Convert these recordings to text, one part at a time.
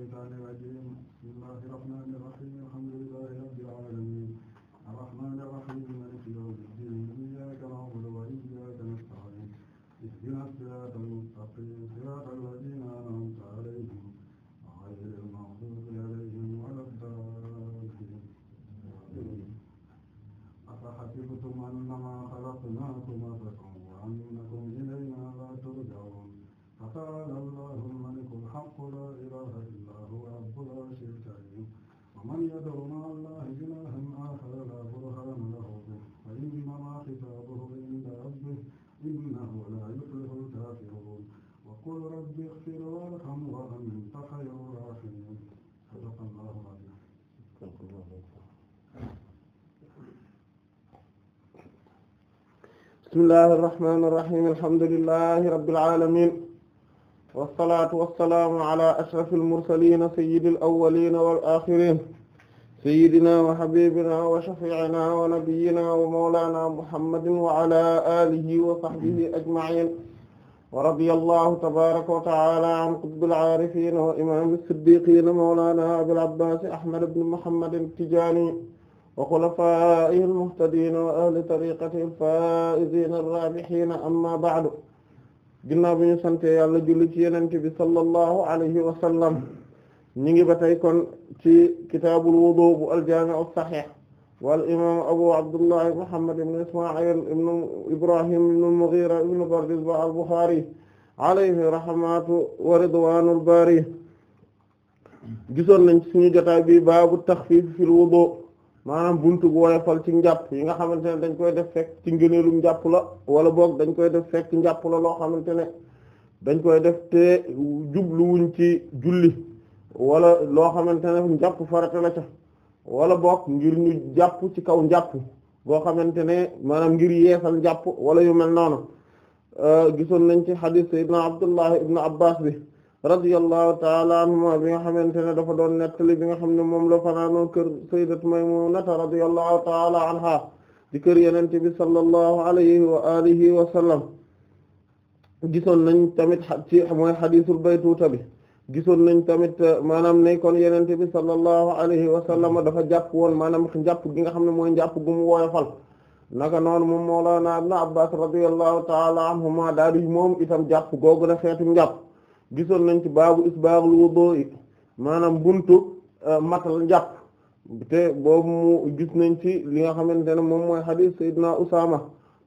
الشيطان الرجيم بسم الله الرحمن الرحيم الحمد لله رب العالمين الرحمن الرحيم مالك يوم الدين إياك نعبد وإياك نستعين اهدنا الصراط المستقيم صراط bismillahi irrahmani irrahim alhamdulilahi rabilalamin walsalaatu walsalaamu ala ashrafi almursalina sayidi alawalina walaxirin sayidina wa habibina wa shafiina wa nabiyina wa mawlana muhammadin wa ala alihi wa sahbihi ajmain wa radiya allahu tabaraka wa taala an qutbil aarifina wa imam as-siddiqina mawlana abil abbas ahmad ibn muhammad at-tijani wa xulafaa'ihi al-muhtadiina wa ahli tariiqatihi al-faa'iziina ar-raabihiina amma ba'du ginnaaw bi ñu sante yàlla julli ci yenente bi sallallahu alayhi wa sallam ñi ngi ba tey kon ci kitaabul wudu bu al-jaami' as-sahiih wal imaam abu abdullahi muhammad ibn isma'il ibn ibrahim ibn al-mughiira ibn bardizbah al-buxaari alayhi rahmatu wa ridwaanul baari gisoon nañ suñu jotaay bi baabu taxfiif fil wudu maanaam buntu bu woyofal ci njàpp yi nga xamante ne dañ koy def fekk ci ngëneelum njàpp la wala boog dañ koy def fekk njàpp la loo xamante ne dañ koy def te jubluwuñ ci julli wala loo xamante ne njàpp farata la ca wala boog ngir ñu jàpp ci kaw njàpp boo xamante ne maanaam ngir yeesal njàpp wala yu mel noonu euh, gisoon nañ ci hadith sayyidina Abdullah ibn Abbas bi radiyallahu taala anhuma bi nga xamante ne dafa doon nettali bi nga xam ne moom la fanaanoon kër sayyidat Maymunata radiyallahu taala anha di kër yenente bi sallallahu alayhi wa alihi wa sallam gisoon nañ tamit ci mooy xadiisul baytuuta bi gisoon nañ tamit maanaam ne kon yenente bi sallallahu alayhi wa sallam dafa jàpp woon maanaam njàpp gi nga xam ne mooy njàpp gu mu woyofal naka noonu moom Mawlana Ibn Abbas radiyallahu taala anhuma daal di moom itam jàpp googu na xeetu njàpp gisoon nañ ci baabu isbaaxul wudu maanaam buntu euh, matal njàpp te boobu gis nañ ci li nga xamante ne moom mooy xadiis sayyidina Usaama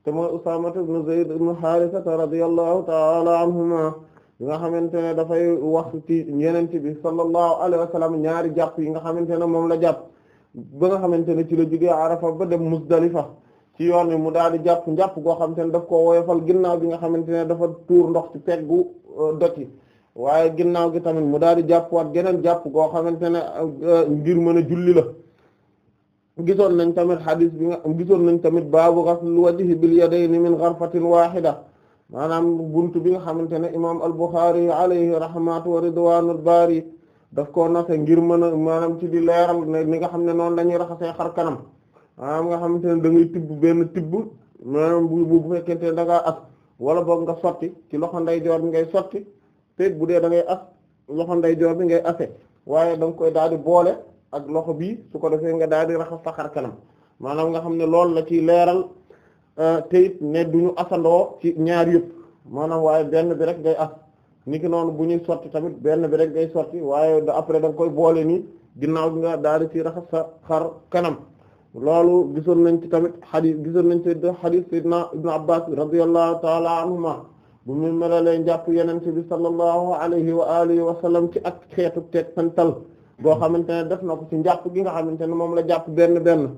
te mooy Usaama ibn Zayd ibn Haarisa radiyallahu ta'ala anhuma li nga xamante ne dafay wax ci Yonent bi sallallahu alayhi wa ñaari jàpp yi nga xamante ne moom la jàpp ba nga xamante ne ci la jógee Arafa ba dem Musdalifa ci yoon wi mu daal di jàpp njàpp goo xamante ne daf ko woyofal ginnaaw bi nga xamante ne dafa tuur ndox ci peggu euh, dot yi waaye ginnaaw gi tamit mu daal di jàppwaat geneen jàpp goo xamante ne euh, ngir mën a julli la gisoon nañ tamit xadis bi nga gisoon nañ tamit baabu ghasl wajhi bil yadayni min gharfatin wahida maanaam bunt bi nga xamante ne imaam al-Bukhari alayhi rahmatu wa ridwanul bari daf koo nase ngir mën a maanaam ci di leeral ne ni nga xam ne noonu la ñuy raxasee xar kanam maanaam nga xamante ne da ngay tibb benn tibb maanaam bu bu fekkente ne da ngaa at wala boog nga sotti ci loxo ndeyjoor bi ngay sotti feeg bu dee da ngay as loxo ndeyjoor bi ngay ase waaye danga koy daal di boole ak loxo bi su ko defee nga daal di raxas sa xar kanam maanaam nga xam ne loolu la ciy leeral euh, te duñu asandoo ci ñaar yëpp maanaam waaye benn bi rek ngay as niki noonu bu ñuy sotti tamit benn bi rek ngay sotti waaye da après da koy boole nii ginnaaw bi nga daal di ci raxas sa xar kanam loolu gisoon nañ ci tamit xadis gisoon nañ ci xadis sayyidina ibnu abbas radiyallahu ta'ala anhuma bu mu melalee njàpp yenente bi sallallahu alayhi wa alihi wa sallam ci ak xeetu teeg santal boo xamante ne def na ko ci njàpp gi nga xamante ne moom la jàpp benn benn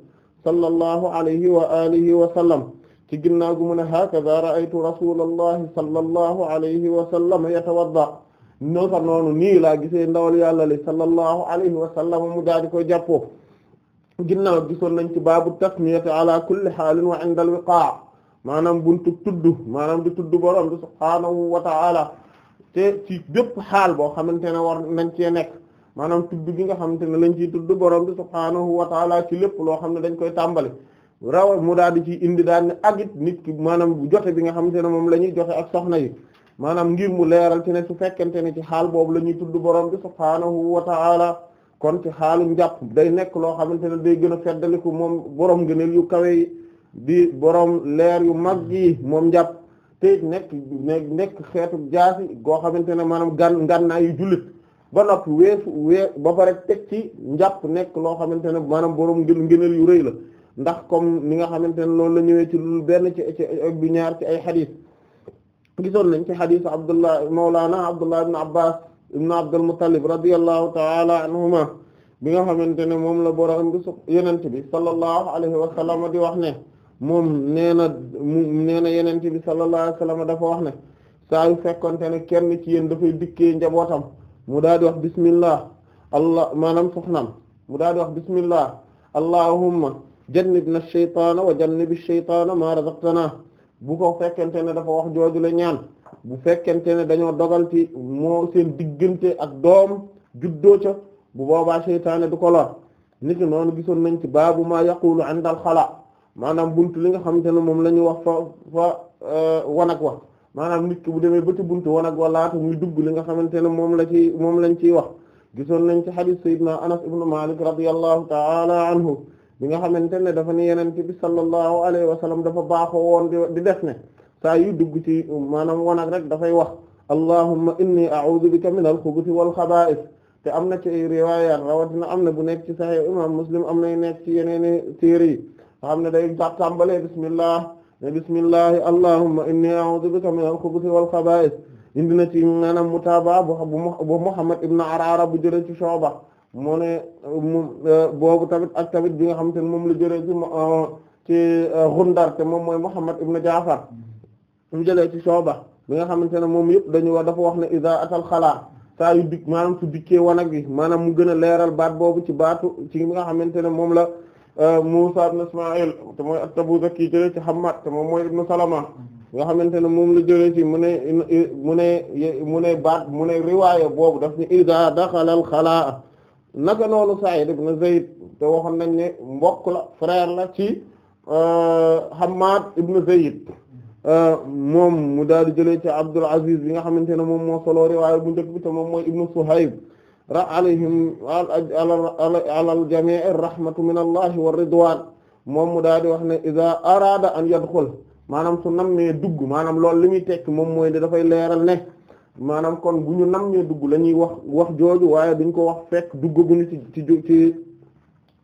sallallahu alayhi wa alihi wa sallam ci ginnaaw gu mu ne hakada ra'aytu rasulallahi sallallahu alayhi wa sallam yatawadda noo sax noonu nii laa gisee ndawal yàlla li sallallahu alayhi wa sallam mu daal di koy jàppoo ginnaaw gisoon nañ ci baabu tasmiyati ala kulli xaalin wa inda al wiqaa maanaam buntu tudd maanaam di tudd borom bi subhaanahu wa ta'ala te ci bépp xaal boo xamante ne war nañ cee nekk maanaam tudd gi nga xamante ne lañ ciy tudd borom bi subhaanahu wa ta'ala ci lépp loo xam ne dañ koy tàmbali raw mu daal di ci indi daal ne ak nit ki maanaam bu jote bi nga xamante ne moom la ñuy joxe ak soxna yi maanaam ngir mu leeral ci ne su fekkente ne ci xaal boobu la ñuy tudd borom bi subhaanahu wa ta'ala kon ci xaalum jàpp day nekk loo xamante ne day gën a feddaliku moom borom gëneel yu kawe di borom leer yu mag yi moom njàpp te nekk nekk xeetu jaasi goo xamante ne maanaam gan ngànnaay yu jullit ba noppi weesu wee ba pare teg ci njàpp nekk loo xamante ne maanaam borom ngën ngënal yu rëy la ndax comme ni nga xamante ne loolu la ñëwee ci lu benn ci ci bi ñaar ci ay xadiis gisoon nañ ci xadiisu Abdullah Mawlana Abdullah ibn Abbas ibn Abdul Muttalib radiyallahu ta'ala anhuma bi nga xamante ne moom la borom bi su yenente bi sallallahu alayhi wa sallam di wax ne moom nee na mu nee na yeneen bi sallallahu alayhi wasallam dafa wax ne saa yu fekkonte ne kenn ci yéen dafay dikkee njabootam mu daal wax bismillah allah maanaam soxnaam mu daal di wax bismillah allahumma jannibna shaytaana wa jannibi shaytaana ma razaqtana bu ko fekkente ne dafa wax jooju la ñaan bu fekkente ne dañoo dogal ci moo seen diggante ak doom juddoo ca bu boobaa shaytaane du ko lor niki noonu gisoon nañ ci baabu ma yaqulu 'inda al-khala' maanaam buntu li nga xamante ne moom la ñu wax fa fa euh, wanag wa maanaam nit ki bu demee ba ci buntu wanag wa laata muy dugg li nga xamante ne moom la ci moom lañ ciy wax gisoon nañ ci hadith sayyidina Anas ibn Malik radiyallahu ta'ala anhu bi nga xamante ne dafa ni yenente bi sallallahu alayhi wax sallam dafa baaxoo woon di def ne saa yu dugg ci maanaam wanag rek dafay wax allahumma inni a'udhu bika min al-khubuthi wal khaba'ith te am na ci ay riwaayaat rawatina am na bu nekk ci sahih imam Muslim am nay nekk ci yeneen téere yi nga xam ne day tàmbalee bismillah ne bismillahi allahumma inni a'udhu bika min al-khubuthi wal indi na ci maanaam mutaaba bu bu Muhammad ibn Arara bu jëlee ci Shu'ba mu ne boobu tamit ak tamit bi nga xamante ne moom la jëlee ci ci Ghundar te moom mooy Muhammad ibn Ja'far mu jëlee ci Shu'ba bi nga xamante ne moom yëpp wax dafa wax ne iza atal xalaa saa yu dikk maanaam su dikkee wanag bi maanaam mu gën a leeral baat boobu ci baatu ci nga xamante ne moom la Euh, Musa ibn Ismaïl te mooy at-Tabuzaki jëlee ci Hammad te moom mooy ibn Salama nga xamante ne moom la jëlee ci mu ne mu ne mu ne baat mu ne riwaaya boobu daf ni idaa daxala xalaa naka noonu Sa'id ibn Zayd te waxoon nañ ne mbokk la frère la ci euh, Hammad ibn Zayd euh, moom mu daal di jëlee ci Abdul Aziz bi nga xamante ne moom moo solo riwaaya bu njëkk bi te moom mooy ibn Suhayb alayhim alal jamii rahmatu min allahi wa ridwan moom mu daal di wax ne iza arada an yadxul maanaam su nammee dugg maanaam loolu li muy tekk moom mooy ne dafay leeral ne maanaam kon bu ñu nammee dugg la ñuy wax wax jooju waaye duñ ko wax fekk duggaguñu ci ci ci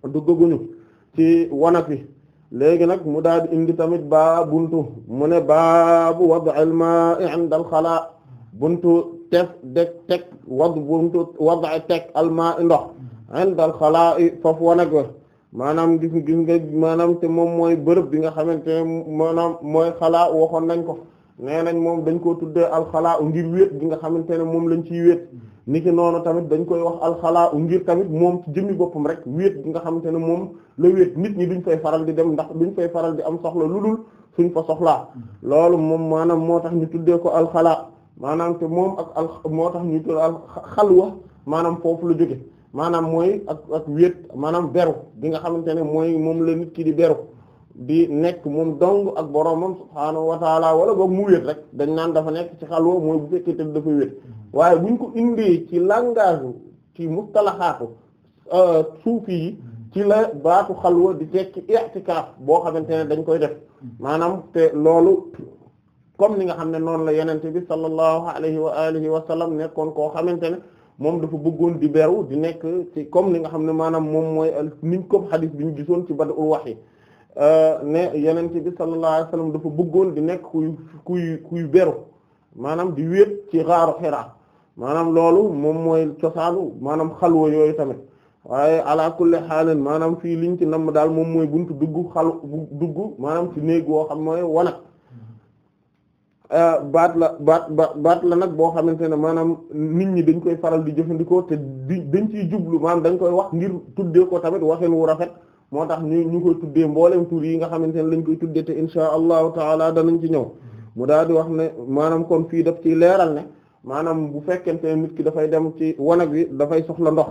duggaguñu ci wanag wi léegi nag mu daal di indi tamit baa buntu mu ne baabu wad'il maa'i 'inda al-xalaa buntu def deg teg wad buntu wada teg alma i ndox indal xalaa i foofu wanag wa maanaam gis gis nga maanaam te moom mooy bërëb bi nga xamante ne maanaam mooy xalaa waxoon nañ ko nee nañ moom dañ koo tuddee alxalaa ngir wéet gi nga xamante ne moom lañ ciy wéet niki noonu tamit dañ koy wax alxalaa ngir tamit moom jëmmi boppam rek wéet gi nga xamante ne moom la wéet nit ñi duñ fay faral di dem ndax duñ fay faral di am soxla lu dul suñ fa soxlaa loolu moom maanaam moo tax ñu tuddee ko alxalaa maanaam te moom ak al moo tax ñu tudd al xalwa maanaam foofu la jóge maanaam mooy ak ak wéet maanaam beru bi nga xamante ne mooy moom la nit ki di beru di nekk moom dong ak boromam subhaanahu wa taala wala boog mu wéet rek dañ naan dafa nekk ci xalwa mooy bu fekkee te dafa wéet waaye buñ ko indee ci langage ci mustalahaatu euh, suufi yi ci la baatu xalwa di tekki i'tikaaf boo xamante ne dañ koy def mm. maanaam te loolu comme ni nga xam ne noonu la yenente bi sallallahu alayhi wa alihi wa sallam nekkoon koo xamante ne moom dafa bëggoon di beru di nekk ci comme li nga xam ne maanaam moom mooy niñ comme xadis bi ñu gisoon ci Badul Wahyi euh, ne yenente bi sallallahu alayhi wa dafa bëggoon di nekk kuy kuy kuy beru maanaam di wéet ci xaaru maanaam loolu moom mooy cosaanu maanaam xalwa yooyu tamit waaye ala kulli xaalin maanaam fii liñ ci namm daal moom mooy buntu dugg xalu dugg maanaam ci néeg woo xam mooy wanag Euh, baat la baat baat la nag boo xamante ne maanaam nit ñi dañ koy faral di jëfandikoo te di dañ ciy jublu maanaam dañ koy wax ngir tuddee ko tamit waxin wu rafet moo tax ñu ñu koy tuddee mboolem tur yi nga xamante ne lañ koy tuddee te insha allahu taala danañ ci ñëw mu daal di wax ne maanaam kon fii daf ciy leeral ne maanaam bu fekkente ne nit ki dafay dem ci wanag wi dafay soxla ndox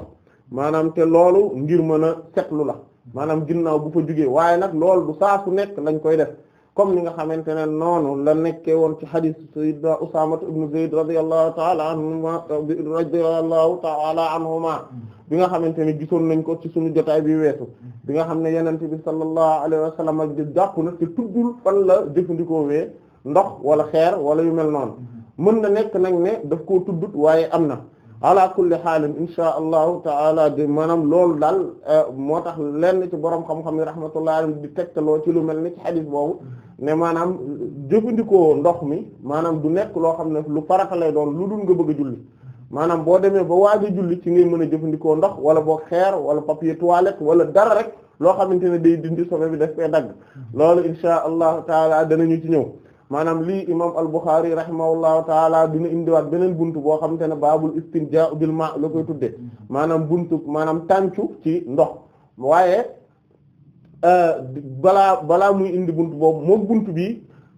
maanaam te loolu ngir mën a setlu la maanaam ginnaaw bu fa jugee waaye nag loolu du saa nekk lañ koy def. comme ni nga xamante ne noonu la nekkee woon ci hadith sayyidina Usaama ibn Zayd radiyallahu ta'ala ta'ala anhuma bi nga xamante ne gisoon nañ ko ci suñu jotaay bi weesu bi nga xam ne yenente bi sallallahu alayhi wa jàpp na te tuddul fan la jëfandikoo wee ndox wala xeer wala yu mel noonu mën na nekk nag ne daf ko tuddut waaye am na ala kulli xaalin insha allahu taala de maanaam loolu daal eh, moo tax lenn ci borom xam-xam yi rahmatullah alayhi di tegtaloo ci lu mel ni ci xadis boobu ne maanaam jëfandikoo ndox mi maanaam du nekk loo xam ne lu farata lay doon lu dul nga bëgg a julli maanaam boo demee ba waaj a julli ci ngay mën a jëfandikoo ndox wala boo xeer wala papier toilette wala dara rek loo xamante ne day dindi sobe bi def koy dagg hmm. loolu insha allahu taala danañu ci ñëw maanaam lii imam al-Bukhari rahimahullahu taala dina indiwaat beneen bunt boo xamante ne baabul istinjaa bil ma la koy tudde maanaam buntu maanaam tàncu ci ndox waaye euh, balaa balaa muy indi bunt boobu moom bunt bi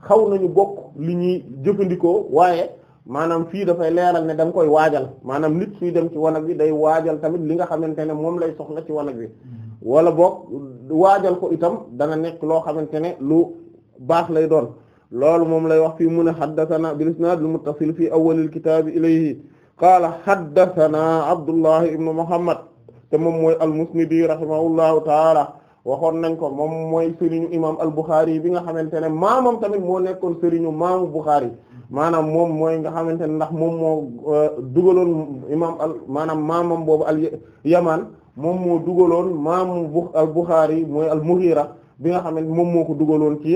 xaw nañu bokk li ñuy jëfandikoo waaye maanaam fii dafay leeral ne da koy waajal maanaam nit suy dem ci wanag bi day waajal tamit li nga xamante ne moom lay soxla ci wanag wi wala boog waajal ko itam dana nekk loo xamante ne lu baax lay doon loolu moom lay wax fii mu ne xaddathana bil isnad al muttasil fii awwalil kitaabi ilayhi qaala xaddathana abdullahi ibnu muhammad te moom mooy al musnidi rahimahullahu taala waxoon nañ ko moom mooy sëriñu imam al buxaari bi nga xamante ne maamam tamit moo nekkoon sëriñu maamu buxaari maanaam moom mooy nga xamante ne ndax moom moo euh, dugaloon imam al maanaam maamam boobu al yamaan moom moo dugaloon maamu bu al buxaari mooy al mughira bi nga xamante moom moo ko dugaloon ci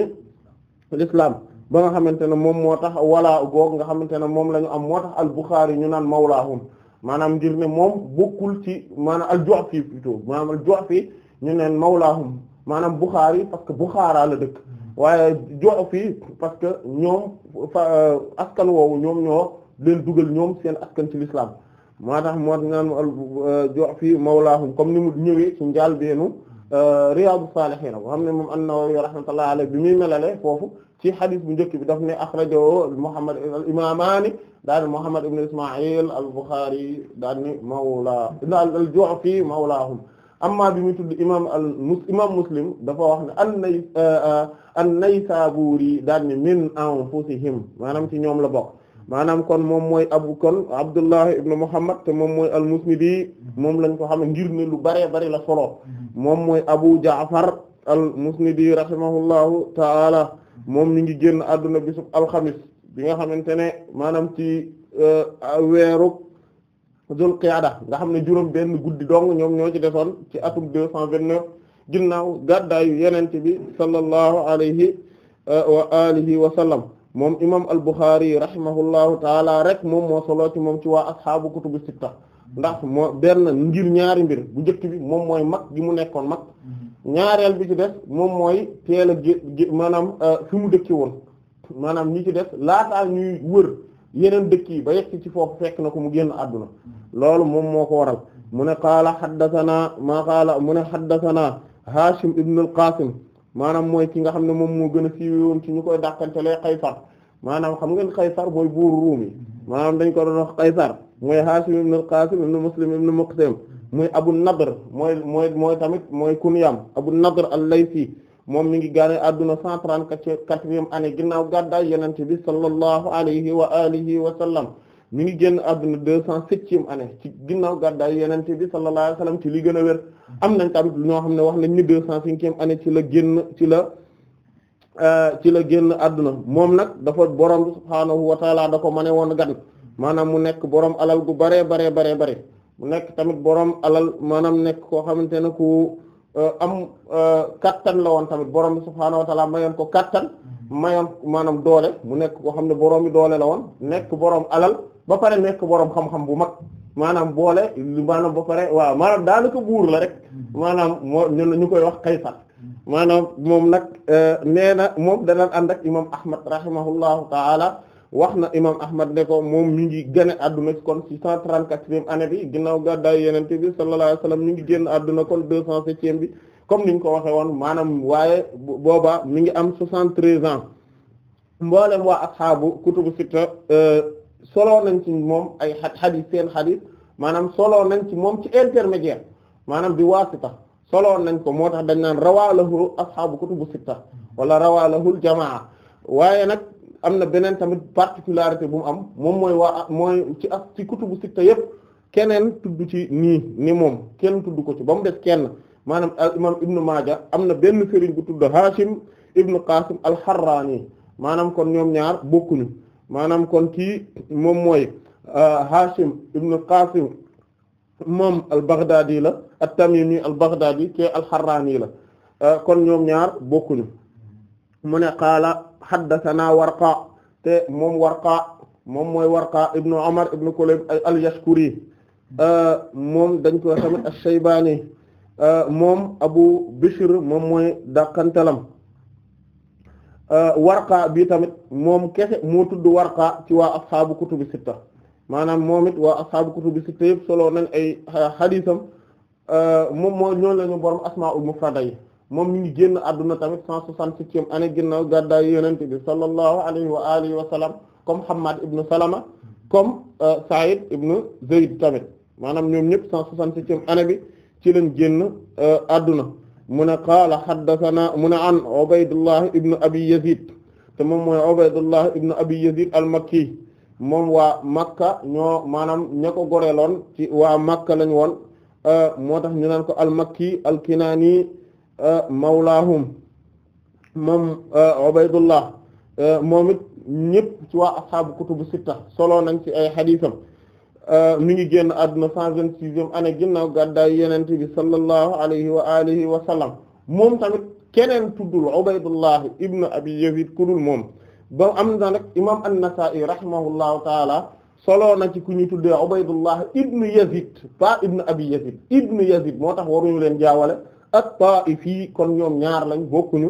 l'islam ba nga xamante ne moom moo tax wala goog nga xamante ne moom la ñu am moo tax al-Bukhari ñu naan mawlaahum maanaam ngir ne moom bokkul ci maanaam al-Ju'fi plutôt maanaam al ñu neen mawlaahum maanaam Bukhari parce que Bukhara la dëkk waaye Ju'fi parce que ñoom fa euh, askan woowu ñoom ñoo leen dugal ñoom seen askan ci l'islam moo tax moo naan al euh, Ju'fi mawlaahum comme ni mu ñëwee ci njaal beenu Euh, Riyadou Salihina boo xam ne moom an-Nawawi rahmatullahi alayhi bi muy melale foofu ci xadis bu njëkk bi daf ne axrajahu Muhammad al-imaamaani daal di Muhammad ibn Isma'il al-Bukhari daal di mawla al-Ju'fi mawlaahum amma bi muy tudd imaam al mus imaam Muslim dafa wax ne euh, euh, an-Naysaburi daal di min anfusihim maanaam ci ñoom la bokk. maanaam kon moom mooy abu kon abdullah ibn muhammad te moom mooy al-musnidi moom lañ ko xam ngir ne lu bare bari la solo moom mooy abu ja'far al-musnidi rahimahullahu ta'ala moom mi ngi génn àdduna bisub alxamis bi nga xamante ne maanaam ci euh, weeru dul qiyaada nga xam ne juróom benn guddi dong ñoom ñoo ci desoon ci atum deux cent vingt-neuf ginnaaw gàddaayu yenente bi sallallahu alayhi euh, wa alihi wa moom imam al-Bukhari rahimahullahu taala rek moom moo solo ci moom ci waa asxaabu kutubu sitta ndax moo benn ngir ñaari mbir bu njëkk bi moom mooy mag gi mu nekkoon mag ñaareel bi ci des moom mooy teel gi gé maanaam euh, fi mu dëkki woon maanaam ñi ci des laataa ñuy wër yeneen dëkk yi ba yegg ci foofu fekk na ko mu génn àdduna loolu moom moo ko waral mu ne qaala xaddasanaa mu ne xaddasanaa Hashim ibn al maanaam mooy ki nga xam ne moom moo gën a siiwee woon ci ñu koy dàqantelee Qaysar maanaam xam ngeen Qaysar mooy buuru Ruum yi maanaam dañ ko doon wax Qaysar mooy Hashim ibn al-Qasim ibn Muslim ibn Muqsim muy Abu Nadr mooy mooy mooy tamit mooy kunyam Abu Nadr al-Laythi moom mi ngi gaane adduna cent trente-quatrième année ginnaaw gàddaay Yonent bi sallallahu alayhi wa alihi wa sallam mi ngi génn àdduna deux cent septième année ci ginnaw gàddaay yenente bi sallallahu alayhi ci li gën a wér am nañ tamit ñoo xam ne wax nañ ni deux cent cinquième année ci la génn ci la euh, ci la génn àdduna moom nag dafa borom bi subhaanahu da ko mane woon gan maanaam mu nekk borom alal gu baree baree baree bare mu nekk tamit borom alal maanaam nekk koo xamante ne ku Euh, am euh, kattan la woon tamit borom bi subhaanahu wa mayoon ko kattan mhm. mayoon maanaam doole mu nekk koo xam ne borom bi doole la woon nekk borom alal ba pare nekk boroom xam-xam bu mag maanaam boole maanaam ba pare waaw maanaam daanaka buur la rek mhm. maanaam moo ñu ñu koy wax Kaysar mhm. maanaam moom nag euh, nee na moom danaan ànd ak imam Ahmad rahimahullahu taala wax na imam ahmad ne ko moom mi ngi génn adduna kon ci cent trente-quatrième année bi ginnaaw gàddaay yenente bi sallallahu alayhi wasallam mi ngi génn adduna kon deux cent septième bi ko waxee maanaam waaye boobaa mi ngi am soixante-treize ans mboolem waa asxaabu kutubu sitta euh, solo nañ ci moom ay xadis seen xadis maanaam solo nañ ci moom ci intermédiaire maanaam bi waatu waasita solo nañ ko moo tax dañ naan rawaalahu asxaabu kutubu sitta wala rawaalahul jamaa waaye nag am na beneen tamit particularité bu mu am moom mooy waa mooy ci ak ci kutubu sitta yëpp keneen tudd ci nii ni moom kenn tudd ko ci ba mu des kenn maanaam al imam ibnu Maaja am na benn sëriñ bu tudd Hashim ibnu Qasim al-Harrani maanaam kon ñoom ñaar bokkuñu maanaam kon kii moom mooy euh, Hashim ibnu Qasim moom al-Baghdadi la at-Tamimi al-Baghdadi ke al-Harrani la euh, kon ñoom ñaar bokkuñu mu ne qaala haddathana warqa te moom warqa moom mooy warqa ibnu Umar ibnu Kulayb al-Yashkuri euh, moom dañ ko tamit ash-Shaybani euh, moom Abu Bishr moom mooy dàqantalam euh, warqa bi tamit moom kese moo tudd warqa ci waa ashaabu kutubi sitta maanaam moom it waa ashaabu kutubi sitta yëpp solo nañ ay xadiisam moom mooy ñoo lañu borom asmaa'ul mufrada yi moom ñu ngi génn adduna tamit cent soixante-septième année ginnaaw gàddaay yonent bi sallallahu alayhi wa alihi wa sallam comme Hammad ibn Salama comme euh, Sa'id ibn Zayd tamit maanaam ñoom ñëpp cent soixante-septième année bi ci leen génn adduna euh, mu ne qaala haddathana mu ne an Ubaydullah ibn Abi Yazid te moom mooy Ubaydullah ibn Abi Yazid al-Makki moom waa Makka ñoo maanaam ña ko ci waa Makka lañ woon euh, moo tax ñu naan ko al-Makki al-Kinaani Euh, mawlaahum moom euh, a euh, moom it ñëpp ci waa ashaabu kutubu sitta solo nañ ci ay xadiisam mi ngi génn àdduna cent vingt-sixième année ginnaaw gàddaay yonent bi sallallahu alayhi wa alihi wa sallam moom tamit keneen tuddul Ubaydullah ibn Abi Yazid kudul moom ba am na nag imaam an-Nasaa'i taala solo na ci ku ñu tuddee Ubaydullah ibn Yazid ba ibn Abi Yazid ibn Yazid moo tax ñu leen jaawale at-Taa'ifi kon ñoom ñaar lañ bokkuñu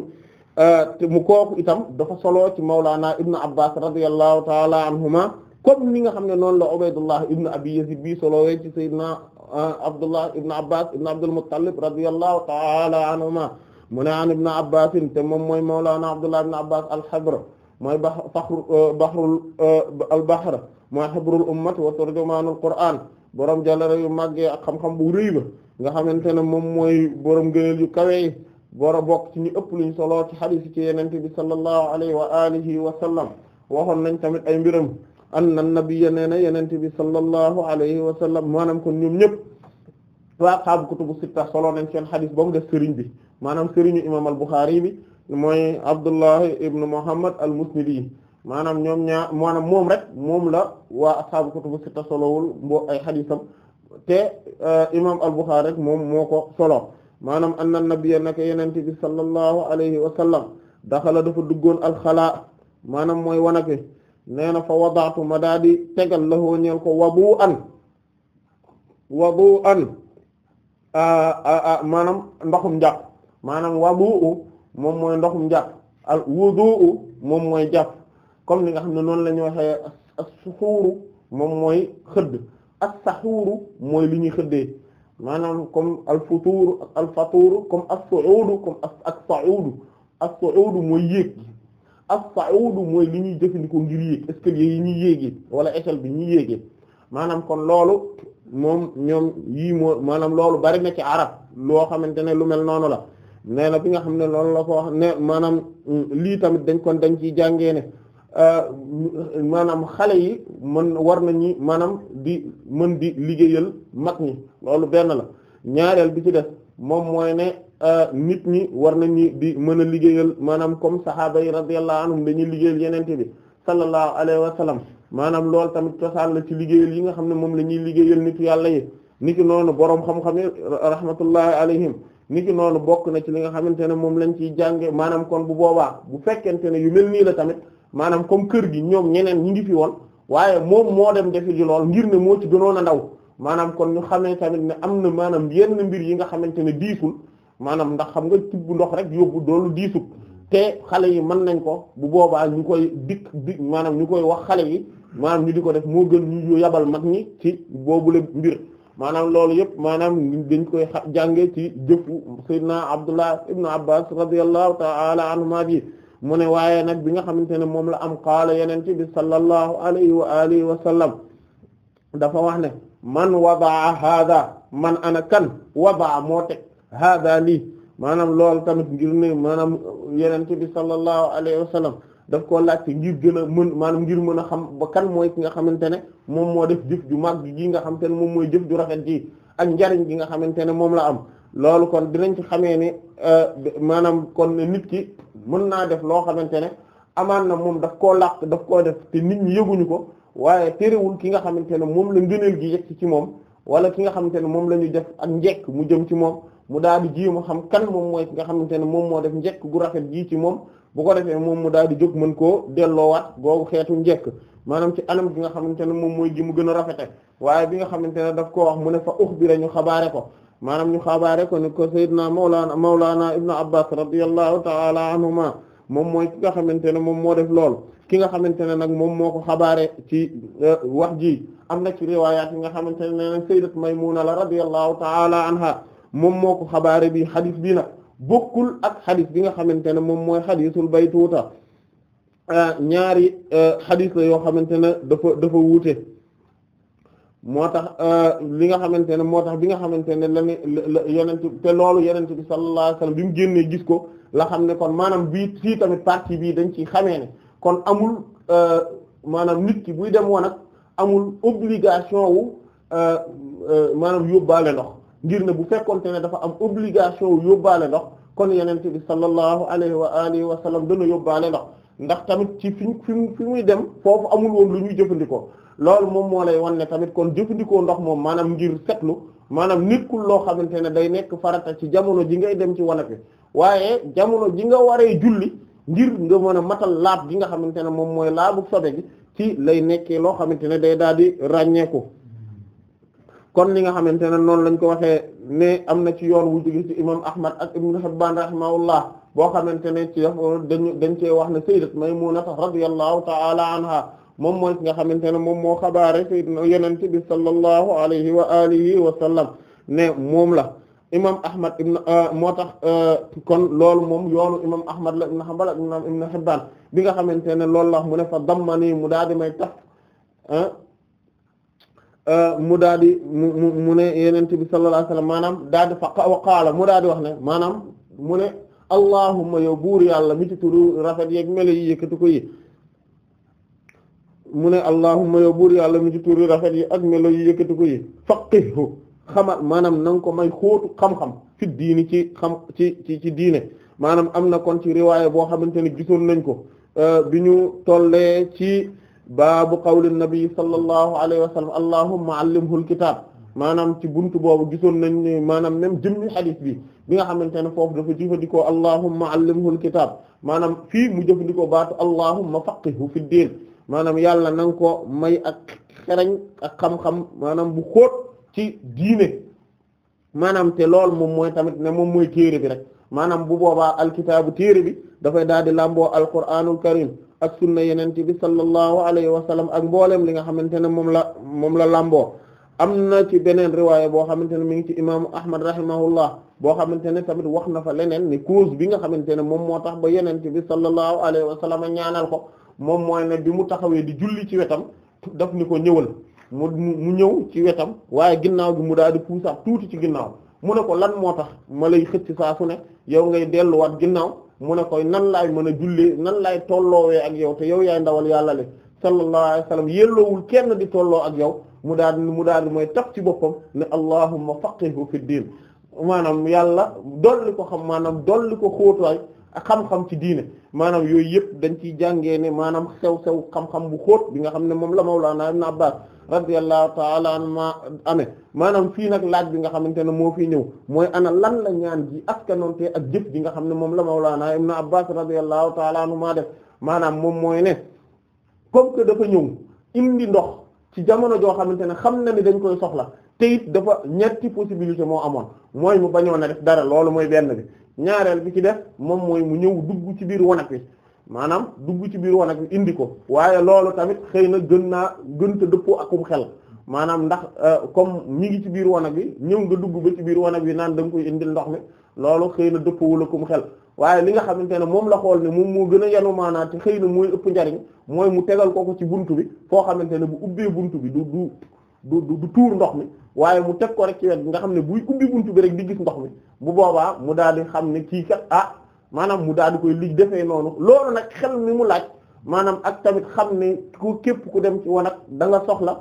euh, te mu kooku itam dafa solo ci Mawlaana Ibn Abbas radiyallahu ta'ala anhuma comme ni nga xam ne noonu la Ubaydullah Ibn Abi Yazid bi solowee ci Sayyidina euh, Abdullah Ibn Abbas Ibn Abdul Muttalib radiyallahu ta'ala anhuma mu ne an Ibn Abbas te moom mooy Mawlaana Abdullah Ibn Abbas al-Habr mooy ba faxru euh, baxrul al-bahr mooy habrul ummati wa turjumaanul Qur'aan borom jàllale yu màggee ak xam-xam bu rëy ba nga xamante ne moom mooy borom gëneel yu kawe yi boro bokk ci ñu ëpp luñ solo ci xadiis ci yonent bi sallallahu alayhi wa alihi wa sallam waxoon nañ tamit ay mbiram anna nabiyya nee na yonent bi sallallahu alayhi wa sallam maanaam kon ñoom ñëpp waa xaabu kutubu sitta solo nañ seen xadiis ba def sëriñ bi maanaam sëriñu imaam al Buxaari bi mooy Abdullahi ibn Muhammad al Musnidi maanaam ñoom ñaar maanaam moom rek moom la waa ashaabu kutubu sitta solowul mbo ay xadiisam te eh, imaam al-Bukhari rek moom moo ko solo maanaam anna nabiyya naka yenente bi sallallahu alayhi wa sallam daxala dafa duggoon alxalaa maanaam mooy wanag wi na fa wadaatu ma daa di tegal la woo ñeel ko wabu an wabu an maanaam ndoxum njàpp maanaam wabu moom mooy ndoxum njàpp al wudu moom mooy jàpp comme ni nga xam ne noonu la ñu waxee as-suhuuru moom mooy xëdd as-suhuuru mooy li ñuy xëddee maanaam comme al-futuur al-fatuur comme as-su'uudu comme ak sa'uudu as-su'uudu mooy yéeg as-sa'uudu mooy li ñuy jëfandikoo ngir yéeg escalier yi ñuy yéegee wala échelle bi ñuy yéegee maanaam kon loolu moom ñoom yii moo maanaam loolu bari na ci arab loo xamante ne lu mel noonu la nee na bi nga xam ne loolu la ko wax ne maanaam mm, lii tamit dañ kon dañ ciy jàngee Euh, maanaam xale yi mën war nañu maanaam di mën di liggéeyal mag ñi loolu benn la ñaareel bi ci def moom mooy ne euh, nit ñi war nañu di mën a liggéeyal maanaam comme saxaaba yi radiyallahu anhum dañuy liggéeyal yenente bi sallallahu alayhi wa sallam maanaam loolu tamit cosaan la ci liggéeyal yi nga xam ne moom la ñuy liggéeyal nit yàlla yi niki noonu boroom xam-xam yi rahmatullahi alayhim niki noonu bokk na ci li nga xamante ne moom lañ ciy jànge maanaam kon bu boobaa bu fekkente ne yu mel nii la tamit maanaam comme kër gi ñoom ñeneen ñi ngi fi woon waaye moom moo dem defi ji lool ngir ne moo ci gënoon a ndaw maanaam kon ñu xamee tamit ne am na maanaam yenn mbir yi nga xamante ne diisul maanaam ndax xam nga tibb ndox rek yóbbu doolu diisul te xale yi mën nañ ko bu boobaa ñu koy dikk di maanaam ñu koy wax xale yi maanaam ñu di ko def moo gën ñu yabal mag ñi ci boobu boobule mbir maanaam loolu yëpp maanaam dañ koy jànge ci jëfu sayyidina Abdullah ibnu Abbas radiyallahu ta'ala anhuma bi mu ne waaye nag bi nga xamante ne moom la am qaala yenente bi sallallahu alayhi wa alihi wa sallam dafa wax ne man wadaa hada man ana kan wadaa moo teg hada lii maanaam loolu tamit ngir ne maanaam yenente bi sallallahu alayhi wa sallam daf koo laajte ngir gën a mën maanaam ngir mën a xam ba kan mooy ki nga xamante ne moom moo def jëf ju màgg gi nga xam tene moom mooy jëf ju rafet ji ak njariñ gi nga xamante ne moom la am loolu kon dinañ ci xamee ni euh, maanaam kon ne nit ki mën naa def loo xamante ne amaan na moom daf koo làq daf koo def te nit ñu yëguñu ko waaye terewul ki nga xamante ne moom la ngëneel gi yegg ci moom wala ki nga xamante ne moom la ñu def ak njekk mu jëm ci moom mu daal di ji mu xam kan moom mooy ki nga xamante ne moom moo def njekk gu rafet ji ci moom bu ko defee moom mu daal di jóg mën koo delloowaat googu xeetu njekk maanaam ci anam gi nga xamante ne moom mooy ji mu gën a rafete waaye bi nga xamante ne daf koo wax mu ne fa ux bi la ñu xabaare ko maanaam ñu xabaare ko ni ko sayyidna mawlana mawlana ibnu abbas radiyallahu ta'ala anhuma moom mooy ki nga xamante ne moom moo def lool ki nga xamante ne nag moom moo ko xabaare ci euh, wax ji am na ci riwaayaat yi nga xamante ne nee na sayyidat maymuna la radiyallahu ta'ala anha moom moo ko xabaare bi xadis bi nag bokkul ak xadis bi nga xamante ne moom mooy xadisul baytuuta euh, ñaari euh, xadis la yoo xamante ne dafa dafa wuute moo tax euh, li nga xamante ne moo tax bi nga xamante ne la yeneen te loolu yeneen bi sallallahu alayhi wasallam bi mu génnee gis ko la xam ne kon maanaam bii fii tamit partie bii dañ ci xamee ne kon amul euh, maanaam nit ki buy dem woon ak amul obligation wu euh, maanaam yóbbaale ndox ngir ne bu fekkoon ne dafa am obligation wu yóbbaale ndox kon yeneen bi sallallahu alayhi wa alihi wa sallam dana yóbbaale ndox ndax tamit ci fi fi fi muy dem foofu amul woon lu ñuy jëfandikoo loolu moom moo lay wan ne tamit kon jëfandikoo ndox moom maanaam ngir setlu maanaam nit ku loo xamante ne day nekk farata ci jamono ji ngay dem ci wanag wi waaye jamono ji nga waree julli ngir nga mën a matal laab gi nga xamante ne moom mooy laabu sobe gi ci lay nekkee loo xamante ne day daal di ràññeeku kon li nga xamante ne noonu lañ ko waxee ne am na ci yoon wu jóge ci imam Ahmad ak Ibn Hibban rahimahullah boo xamante ne ci dañ dañ cee wax n sayyidat Maymuna radiyallahu ta'ala anha moom mooy ki nga xamante ne moom moo xabaare yonent bi sallallahu alayhi wa alihi wa sallam ne moom la imam ahmad ibn euh, moo tax euh, kon loolu moom yoonu imam ahmad la ibn hanbal ak imam bi nga xamante ne loolu la mu ne fa dammanii mu daa di may taf euh, mu daa di mu mu mu ne yonent bi sallallahu wa sallam maanaam daa di fa wa qaala mu daa di wax ne maanaam mu ne allahumma yow buur yàlla mi ci turu rafet yeeg mele yi yëkkati ko yi mu ne allahumma yow buur yàlla mi ci turi rafet yi ak melo yu yëkkati ko yi faqihhu xamal maanaam na ko may xóotu xam-xam fi diini ci xam ci ci ci diine maanaam am na kon ci riwaaya boo xamante ne gisoon nañ ko euh, bi ñu tollee ci baabu qawli nabi sallallahu alayhi wa sallam allahumma allimhu alkitaab maanaam ci buntu boobu gisoon nañ ne maanaam même jëmmi xadiis bi bi nga xamante ne foofu dafa jëfandikoo allahumma allimhu alkitaab maanaam fii mu jëfandikoo baatu allahumma faqihhu fi diin maanaam yàlla na nga ko may ak xereñ ak xam-xam maanaam bu xóot ci diine maanaam te lool moom mooy tamit ne moom mooy téere rek maanaam bu boobaa alkitaabu téere bi dafay daal di làmboo alquraanul karim ak sunna yenente bi sallallahu alayhi wa sallam ak mbooleem li nga xamante ne moom la moom la làmboo am na ci beneen riwaaya boo xamante ne mi ngi ci imaamu ahmad rahimahullah boo xamante ne tamit wax na fa leneen ni cause bi nga xamante ne moom moo tax yeneen yenente bi sallallahu alayhi wa sallam ñaanal ko moom mooy ne bi mu taxawee di julli ci wetam daf ni ko ñëwal mu mu ñëw ci wetam waaye ginnaaw bi mu daal di puusaat tuuti ci ginnaaw mu ne ko lan moo tax ma lay xëcc saa su ne yow ngay delluwaat ginnaaw mu ne koy nan laay mën a jullee nan laay tolloowee ak yow te yow yaay ndawal yàlla le sallallahu alayhi wa sallam kenn di tolloo ak yow mu daal mu daal di mooy taf ci boppam ne allahumma faqihhu fi diin maanaam yàlla dolli ko xam maanaam dolli ko xóotuwaay xam-xam ci diine maanaam yooyu yëpp dañ ciy jàngee ne maanaam sew-sew xam-xam bu xóot bi nga xam ne moom la Mawlana Ibn Abbas radiyallahu ta'ala anhuma amee maanaam fii nag laaj bi nga xamante ne moo fii ñëw mooy ana lan la ñaan ji askanoonte ak jëf bi nga xam ne moom la Mawlana Ibn Abbas radiyallahu ta'ala anhuma def maanaam moom mooy ne comme que dafa ñëw indi ndox ci jamono joo xamante ne xam na ni dañ koy soxla te it dafa ñetti possibilité moo amoon mooy mu bañoon a def dara loolu mooy benn bi ñaareel bi ci def moom mooy mu ñëw dugg ci biir wanag wi maanaam dugg ci biir wanag wi indi ko waaye loolu tamit xëy na gën naa gën te ak akum xel maanaam ndax euh, comme mi ngi ci biir wanag wi ñëw nga dugg ba ci biir wanag wi naan da koy indil ndox mi loolu xëy na dëpp dëppoo la kum xel waaye li nga xamante ne moom la xool ne moom moo gën a yanu maanaa te xëy na mooy ëpp njariñ mooy mu tegal ko ko ci bunt bi foo xamante ne bu ubbee bunt bi du du du du tuur ndox mi waaye mu teg ko rek ci wet bi nga xam ne buy ubbi buntu bi rek di gis ndox mi bu boobaa mu daal di xam ne kii kat ah maanaam mu daal di koy li defee noonu loolu nag xel mi mu laaj maanaam ak tamit xam ne ku képp ku dem ci wanag da nga soxla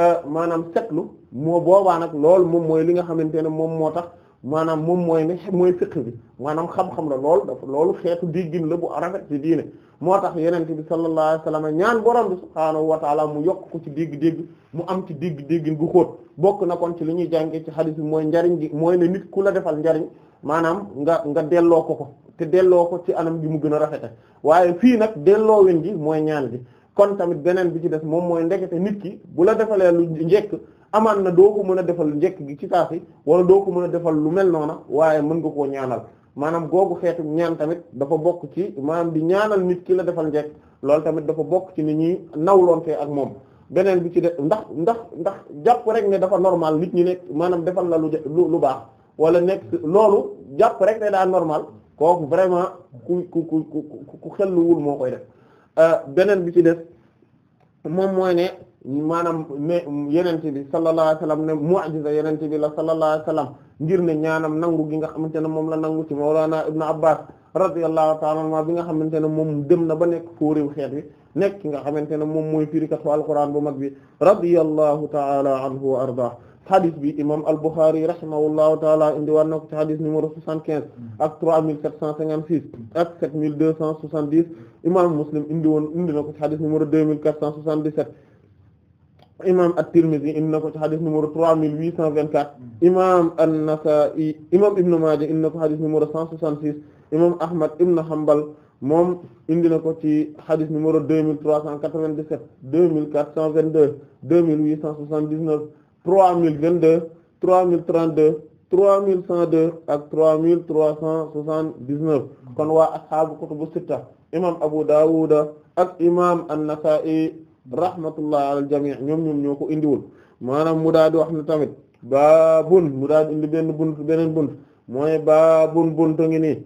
euh, maanaam setlu moo boobaa nag loolu moom mooy li nga xamante ne moom moo tax maanaam moom mooy ne mooy fiqh bi maanaam xam-xam la loolu dafa loolu xeetu déggin la bu rafet ci diine moo tax yenente bi sallallahu alayhi wasallam ñaan borom bi subhaanahu wa mu yokk ko ci dégg-dégg mu am ci digg déggin bu xóot bokk na kon ci li ñuy jàngee ci xadis bi mooy njariñ gi mooy ne nit ku la defal njariñ maanaam nga nga delloo ko ko te delloo ko ci anam gi mu gën a rafete waaye fii nag delloo win gi mooy ñaan gi kon tamit beneen bi ci def moom mooy ndekete nit ki bu la defalee lu njekk amaan na doo ko mën a defal njëkk gi ci saasi wala doo ko mën a defal lu mel noona waaye mën nga koo ñaanal maanaam googu xeetu ñaan tamit dafa bokk ci maanaam di ñaanal nit ki la defal njëkk loolu tamit dafa bokk ci ni ñuy nawloonte ak moom beneen bi ci def ndax ndax ndax jàpp rek ne dafa normal nit ñi nekk maanaam defal la lu lu baax wala nekk loolu jàpp rek ne daa normal kooku vraiment ku ku ku ku xelluwul moo koy def euh, beneen bi ci def moom maanaam ne yenente bi sallallahu alayhi wasallam ne mu'jiza yenente bi la sallallahu alayhi wasallam ngir ne ñaanam nangu gi nga xamante ne moom la nangu ci mawlana ibnu abbas radiyallahu ta'ala anhuma bi nga xamante ne moom dem na ba nekk foo réew xeet wi nekk ki nga xamante ne moom mooy firikatu alquran bu mag bi radiyallahu ta'ala anhu wa ardah xadis bi imam al-Bukhari rahimahullahu taala indi war ko ci xadis numéro 75 ak ak 7270 imam Muslim indi woon indi imam at-Tirmidhi indi na ko ci xadis numéro 3824 imam an-Nasa'i imam Ibn Maaja indi na ko xadis numéro 166 imam Ahmad Ibn Hanbal moom indi na ko ci xadis numéro 2397 2422 2879 3022 3032 3102 ak 3379 kon waa ashaabu kutubu sitta imam Abu Dawud ak imam an-Nasa'i rahmatullah alal jamii ñoom ñoom ñoo ko indiwul maanaam mu daal wax ne tamit baabun mu daal di indi benn bunt beneen bunt mooy baabun buntu ngi nii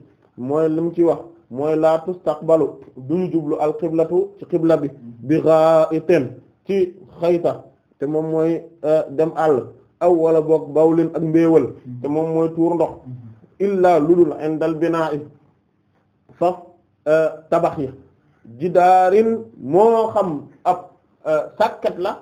mooy li ci wax mooy laa tustaqbalu duñu jublu al qiblatu ci qibla bi bi gha'itin ci xayta te moom mooy eh, dem àll aw wala boog bawlin ak mbéewal te moom mooy tuur ndox illa ludul indal binaa'i faf eh, tabax yi jidaarin moo xam Euh, sàkkat la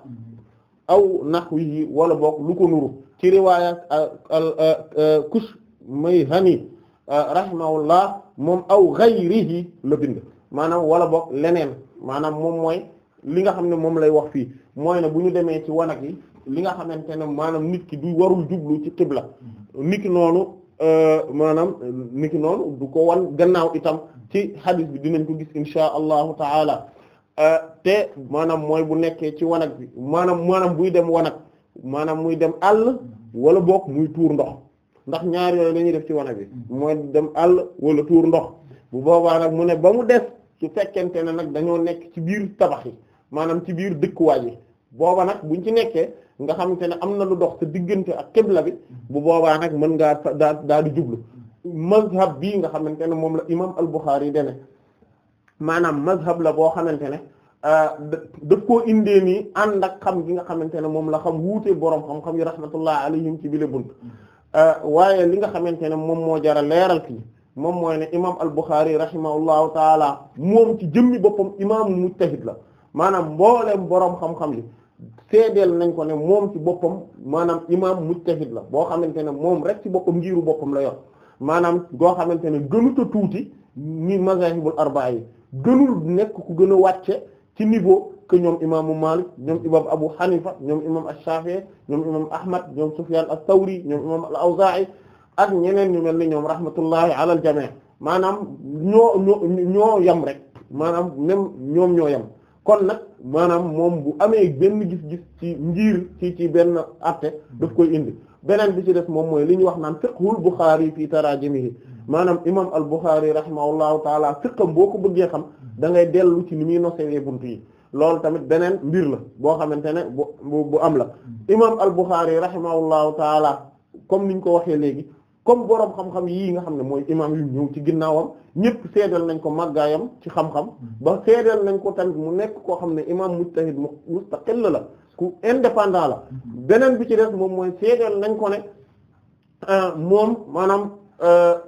aw nahwi yi wala boog lu ko nuru ci riwaaya euh, euh, Kushmayhani rahimahullah moom aw ghayrihi la bind maanaam wala boog leneen maanaam moom mooy li nga xam ne moom lay wax fii mooy ne bu ñu demee ci wanag yi li nga xamante ne maanaam nit ki du warul jublu ci xibla nit noonu maanaam nit ki noonu du ko wan gannaaw itam ci hadith bi dinañ ko gis insha allahu taala Euh, te maanaam mooy bu nekkee ci wanag bi maanaam maanaam buy dem wanag maanaam muy dem àll wala bokk muy tuur ndox ndax ñaar yooyu la def ci wanag bi mooy dem àll wala tuur ndox bu boobaa nag mu ne ba mu des su fekkente ne nag dañoo nekk ci biir tabax yi maanaam ci biir dëkkuwaay yi booba nag buñ ci nekkee nga xamante ne am na lu dox te diggante ak xibla bi bu boobaa nag mën ngaa daa daa di jublu mazhab bii nga xamante ne moom la imam al-Bukhari dene maanaam mazhab la boo xamante ne euh, daf koo indee nii ànd ak xam gi nga xamante ne moom la xam wuute borom xam-xam yi rahmatullah alayhim ci bile bunt euh, waaye li nga xamante ne moom moo jara leeral ki moom mooy ne imam al-Bukhari rahimahullahu taala moom ci jëmmi boppam imaamu mujtahid la maanaam mbooleem borom xam-xam yi seedeel nañ ko ne moom ci boppam maanaam imam mujtahid la boo xamante ne moom rek ci boppam ngiiru boppam la yoon maanaam goo xamante ne gënuta tuuti ñi mazahibul arba'a yi gënul nekk ku gën a wàcce ci niveau que ñoom imaamu Malik ñoom imam Abu Hanifa ñoom imam Ash-Shafi'i ñoom imam Ahmad ñoom Sufyan ath-Thawri ñoom imam al-Awza'i ak ñeneen ñu mel ni ñoom rahmatullahi ala al-jami' maanaam ñoo ñoo yam rek maanaam même ñoom ñoo yam kon nag maanaam moom bu amee benn gis-gis ci njiir ci ci benn atte daf koy indi beneen bi ci def moom mooy li ñu wax naan fiqhul Bukhari fii tarajimihi maanaam imam al-Bukhari rahimahullahu taala fiqam boo ko bëggee xam da ngay dellu ci ni muy nosewee bunt yi loolu tamit beneen mbir la boo xamante ne bu bu am la imam al-Bukhari rahimahullahu taala comme niñ ko waxee léegi comme boroom xam-xam yi nga xam ne mooy imam yu ñëw ci ginnaawam ñëpp seedal nañ ko màggaayam ci xam-xam ba seedal nañ ko tamit mu nekk koo xam ne imam mujtahid mustaqil la ku indépendant la beneen bi ci des moom mooy seedal nañ ko ne euh, maanaam euh,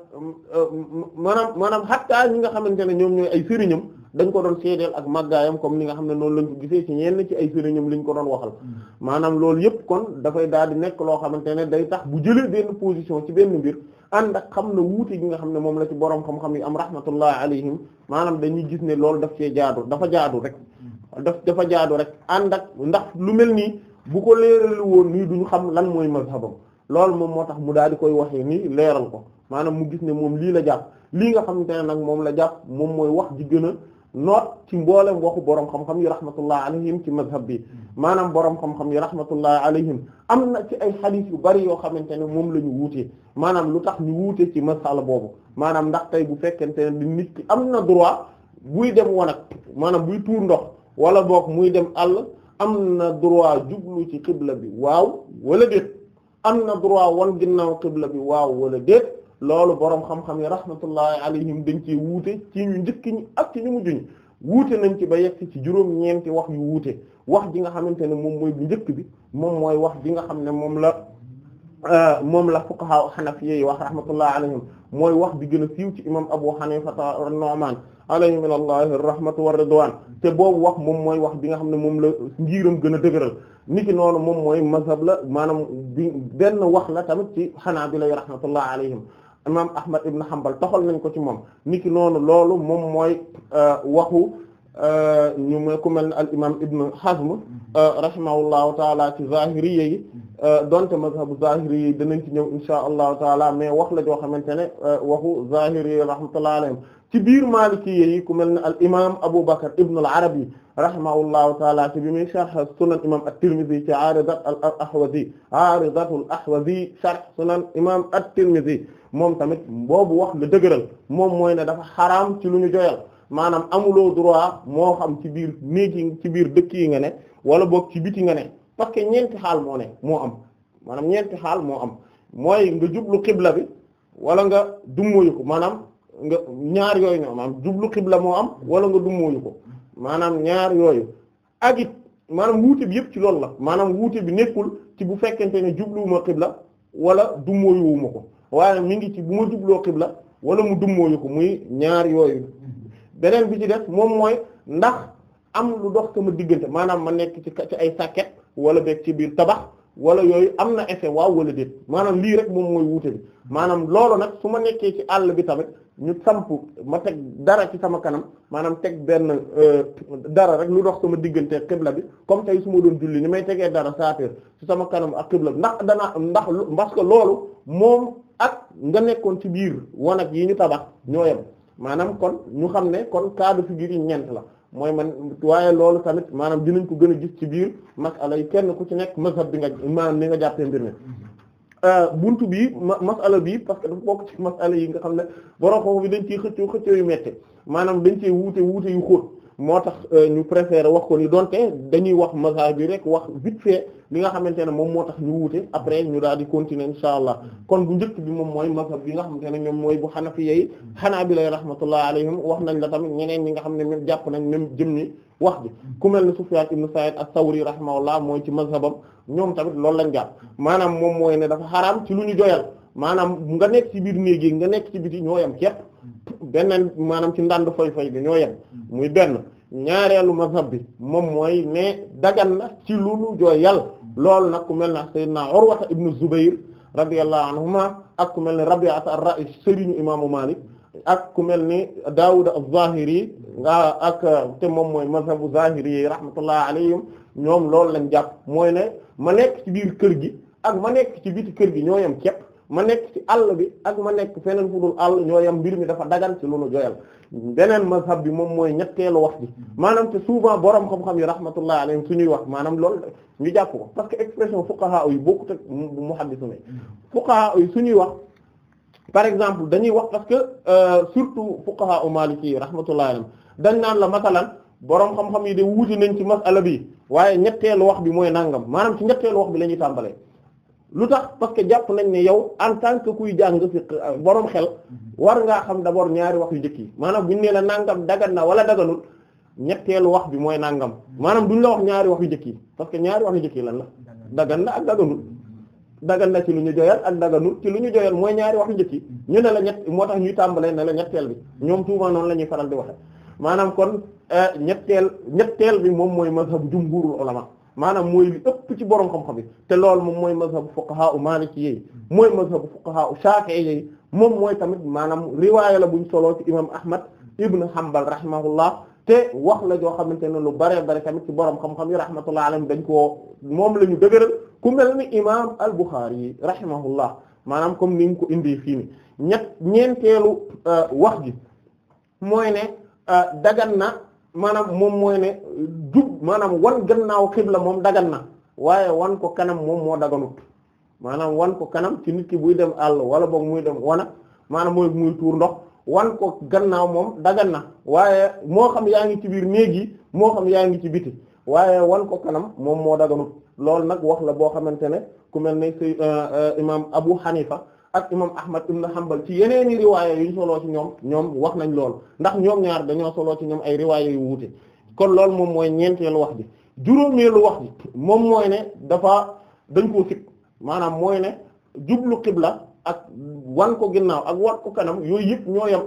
maanaam maanaam xattaa ñi nga xamante ne ñoom ñooy ay sëriñam dañ ko doon seedeel ak màggaayam comme ni nga xam ne noonu lañ ko gisee ci ñenn ci ay sëriñam liñ ko doon waxal mm. maanaam loolu yëpp kon dafay daal di nekk loo xamante ne day tax bu jëlee benn position ci benn mbir ànd ak xam na wuute gi nga xam ne moom la ci borom xam-xam yi am rahmatullah alayhim maanaam dañuy gis ne loolu daf cee jaadu dafa jaadu rek mm. daf dafa jaadu rek ànd ak ndax lu mel nii bu ko leeralu woon nii duñu xam lan mooy mazhabam loolu moom moo tax mu daal di koy waxee ni leeral ko maanaam mu gis ne moom lii la jàpp lii nga xamante ne nag moom la jàpp moom mooy wax ji gën a noot ci mboolem waxu borom xam-xam yi rahmatullah alayhim ci mazhab bi maanaam borom xam-xam yi rahmatullah alayhim am na ci ay yu bari yoo xamante ne moom la ñu wuute maanaam lu tax ñu wuute ci masala boobu maanaam ndax tey bu fekkente ne nit ki am na droit buy dem wanag maanaam buy tuur ndox wala boog muy dem àll am na droit jublu ci xibla bi waaw wala déet am na droit wan ginnaaw xibla bi waaw wala déet loolu boroom xam-xam yi rahmatullahi alayhim dañ ci wuute ci ñu njëkk ñi ak ci ñu mujj ñi wuute nañ ci ba yegg ci juróom-ñeenti wax yu wuute wax ji nga xamante ne moom mooy bu njëkk bi moom mooy wax ji nga xam ne moom la Euh, moom la fuqaha xanafiya yi wax rahmatullah alayhim mooy wax bi gën a siiw ci imam Abu Hanifa Nu'man alayhi min allah rahmatu wa ridwan te boobu wax moom mooy wax bi nga xam ne moom la njiiram gën a dëgëral niki noonu moom mooy mazhab la maanaam bi benn wax la tamit ci xanaabila yi rahmatullah alayhim imam Ahmad ibn Hanbal taxal nañ ko ci moom niki noonu loolu moom mooy euh, waxu Euh, ñu ma ku mel ne al imam Ibn Hazm mhm. euh, rahimahullahu taala ci zahiriyya yi mhm. euh, donte mazhabu zahiriyya yi dinañ ci ñëw insha allahu taala mais wax la joo xamante ne waxu zahiriyya rahmatullahi alayhim ci biir maalikiyya yi ku mel ne al imam Abu Bakr Ibn al Arabi rahimahullahu taala ci bi muy sharh sunan imam at-Tirmidhi ci aaridat al ahwazi aaridatul ahwazi sharh sunan imam at-Tirmidhi moom tamit boobu wax la dëgëral moom mooy ne dafa xaraam ci lu ñu joyal maanaam amuloo droit moo xam ci biir néeg yi ci biir dëkk yi nga ne wala boog ci nga ne parce que ñeenti xaal moo ne moo am maanaam ñeenti xaal moo am mooy nga jublu xibla bi wala nga dummóoyu ko maanaam nga ñaar yooyu ñoo am maanaam jublu moo am wala nga dummóoyu ko maanaam ñaar yooyu ak it maanaam wuute bi yëpp ci loolu la maanaam wuute bi nekkul ci bu fekkente ne jubluwuma xibla wala dummóoyuwuma ko waaye mi ngi ci bu ma jubloo xibla wala mu dummóoyu ko muy ñaar yooyu beneen bi ci def moom mooy ndax am lu dox sama diggante maanaam ma nekk ci ci ay sàkket wala beeg ci biir tabax wala yooyu am na effet waaw wala déet maanaam lii rek moom mooy wuute bi maanaam loolu nag su ma nekkee ci àll bi tamit ñu samp ma teg dara ci sama kanam maanaam teg benn euh, dara rek lu dox sama diggante xibla bi comme tey su ma doon julli ni may tegee dara saatir ci sama kanam ak xibla bi ndax danaa ndax parce que loolu moom ak nga nekkoon ci biir wanag yi ñu tabax ñoo yem maanaam kon ñu xam ne kon cas de gir yi ñeent la mooy man waaye loolu tamit maanaam dinañ ko gën a gis ci biir masala yi kenn ku ci nekk mazhab bi nga maanaam ni nga jàppee mbir mi euh, buntu bii masala bii parce que dafa bokk ci masala yi nga xam ne borom xoox bi dañ ciy xëccoo xëccoo yu metti maanaam dañ ciy wuute wuute yu xóot moo tax euh, ñu préféré wax ko ni donte dañuy wax mazhab bi rek wax vite fait li nga xamante ne moom moo tax ñu wute après ñu daal di continuer insha allah kon bu njëkk bi moom mooy mazhab bi nga xam ne ñoom mooy bu Hanafiya yi Hanabila rahmatullah alayhim wax nañ la tamit ñeneen ñi nga xam ne même jàpp nañ même jëm ni wax bi ku mel ne Sufyan ibn Sa'id as-Sawri rahimahullah mooy ci mazhabam ñoom tamit loolu lañ jàpp maanaam moom mooy ne dafa xaraam ci lu ñu doyal maanaam nga nekk ci biir néeg yi nga nekk ci biti ñoo yam képp beneen maanaam ci ndànd fay-fay bi ñoo yem mm. muy benn ñaareelu mazhab bi moom mooy ne dagan na ci lu nu jooyal mm. loolu nag ku mel na sayyidina Urwa ibnu Zubayr radiyallahu anhuma ak ku mel ni Rabi'at ar-Ra'i sëriñu imaamu Maalik ak ku mel ni Daawud az-Zahiri nga ak te moom mooy mazhabu Zahiri yi rahmatullahi alayhim ñoom loolu lañ jàpp mooy ne ma nekk ci biir kër gi ak ma nekk ci biti kër gi ñoo yem ma nekk ci àll bi ak ma nekk feneen fu dul àll ñooyam mbir mi dafa dagan ci loolu joyal beneen mazhab bi moom mooy ñetteelu wax maanaam te souvent borom xam-xam yi rahmatullah alayhim suñuy wax maanaam loolu ñu jàpp ko parce que expression fuqaha yi bokkut ak muhaddis na fuqaha yi suñuy wax par exemple dañuy wax parce que euh, surtout fuqaha u maliki yi rahmatullah alayhim dañ naan la masalan borom xam-xam yi de wuuti nañ ci masala bi waaye ñetteelu wax bi mooy nangam maanaam ci ñetteelu wax bi la ñuy tàmbalee lu tax parce que jàpp nañ ne yow en tant que kuy jàng fiqh euh, borom xel war ngaa xam d'abord ñaari wax yu njëkk yi maanaam ñu nee la nangam dagan na wala daganul ñetteelu wax bi mooy nangam maanaam duñ la wax ñaari wax yu njëkk yi parce que ñaari wax yu njëkk lan la dagan na ak daganul dagan na ci lu ñu joyal ak daganul ci lu ñu joyal mooy ñaari wax yu njëkk ñu ne la ñett moo tax ñuy tàmbalee ne la ñetteel bi ñoom tuuma noonu la ñuy faral di waxe maanaam kon euh, ñetteel ñetteel bi moom mooy mazhabu jumhurul ulama maanaam mooy li ëpp ci borom xam-xam yi te loolu moom mooy mazhabu fuqaha u maliki yi mooy mazhabu fuqaha u shafi'i yi moom mooy tamit maanaam riwaaya la buñ soloo ci imam ahmad ibn hanbal rahimahullah te wax la joo xamante ne lu bare bare tamit ci borom xam-xam yi rahmatullah alayhim dañ koo moom la ñu dëgëral ku mel ni imam al-Bukhari yi rahimahullah maanaam comme ni ñu ko indee fii ni ñett ñeenteelu euh, wax ji mooy ne euh, dagan na maanaam moom mooy ne jub maanaam wan gannaaw xibla moom dagan na waaye wan ko kanam moom moo daganut maanaam wan ko kanam ci nit ki buy dem àll wala boog muy dem wana maanaam mooy muy tuur ndox wan ko gannaaw moom dagan na waaye moo xam yaa ngi ci biir néeg yi moo xam yaa ngi ci biti waaye wan ko kanam moom moo daganut loolu nag wax la boo xamante ne ku mel ne euh, euh, imaam Abu Hanifa ak imam ahmad ibn hanbal ci yeneen riwaaya yuñ soloo ci ñoom ñoom wax nañ loolu ndax ñoom ñaar dañoo soloo ci ñoom ay riwaaya yu wute kon loolu moom mooy ñeenteelu wax ji juróomeelu wax ji moom mooy ne dafa dañ koo maanaam mooy ne jublu ak wan ko ginnaaw ak wan ko kanam yooyu yëpp ñoo yam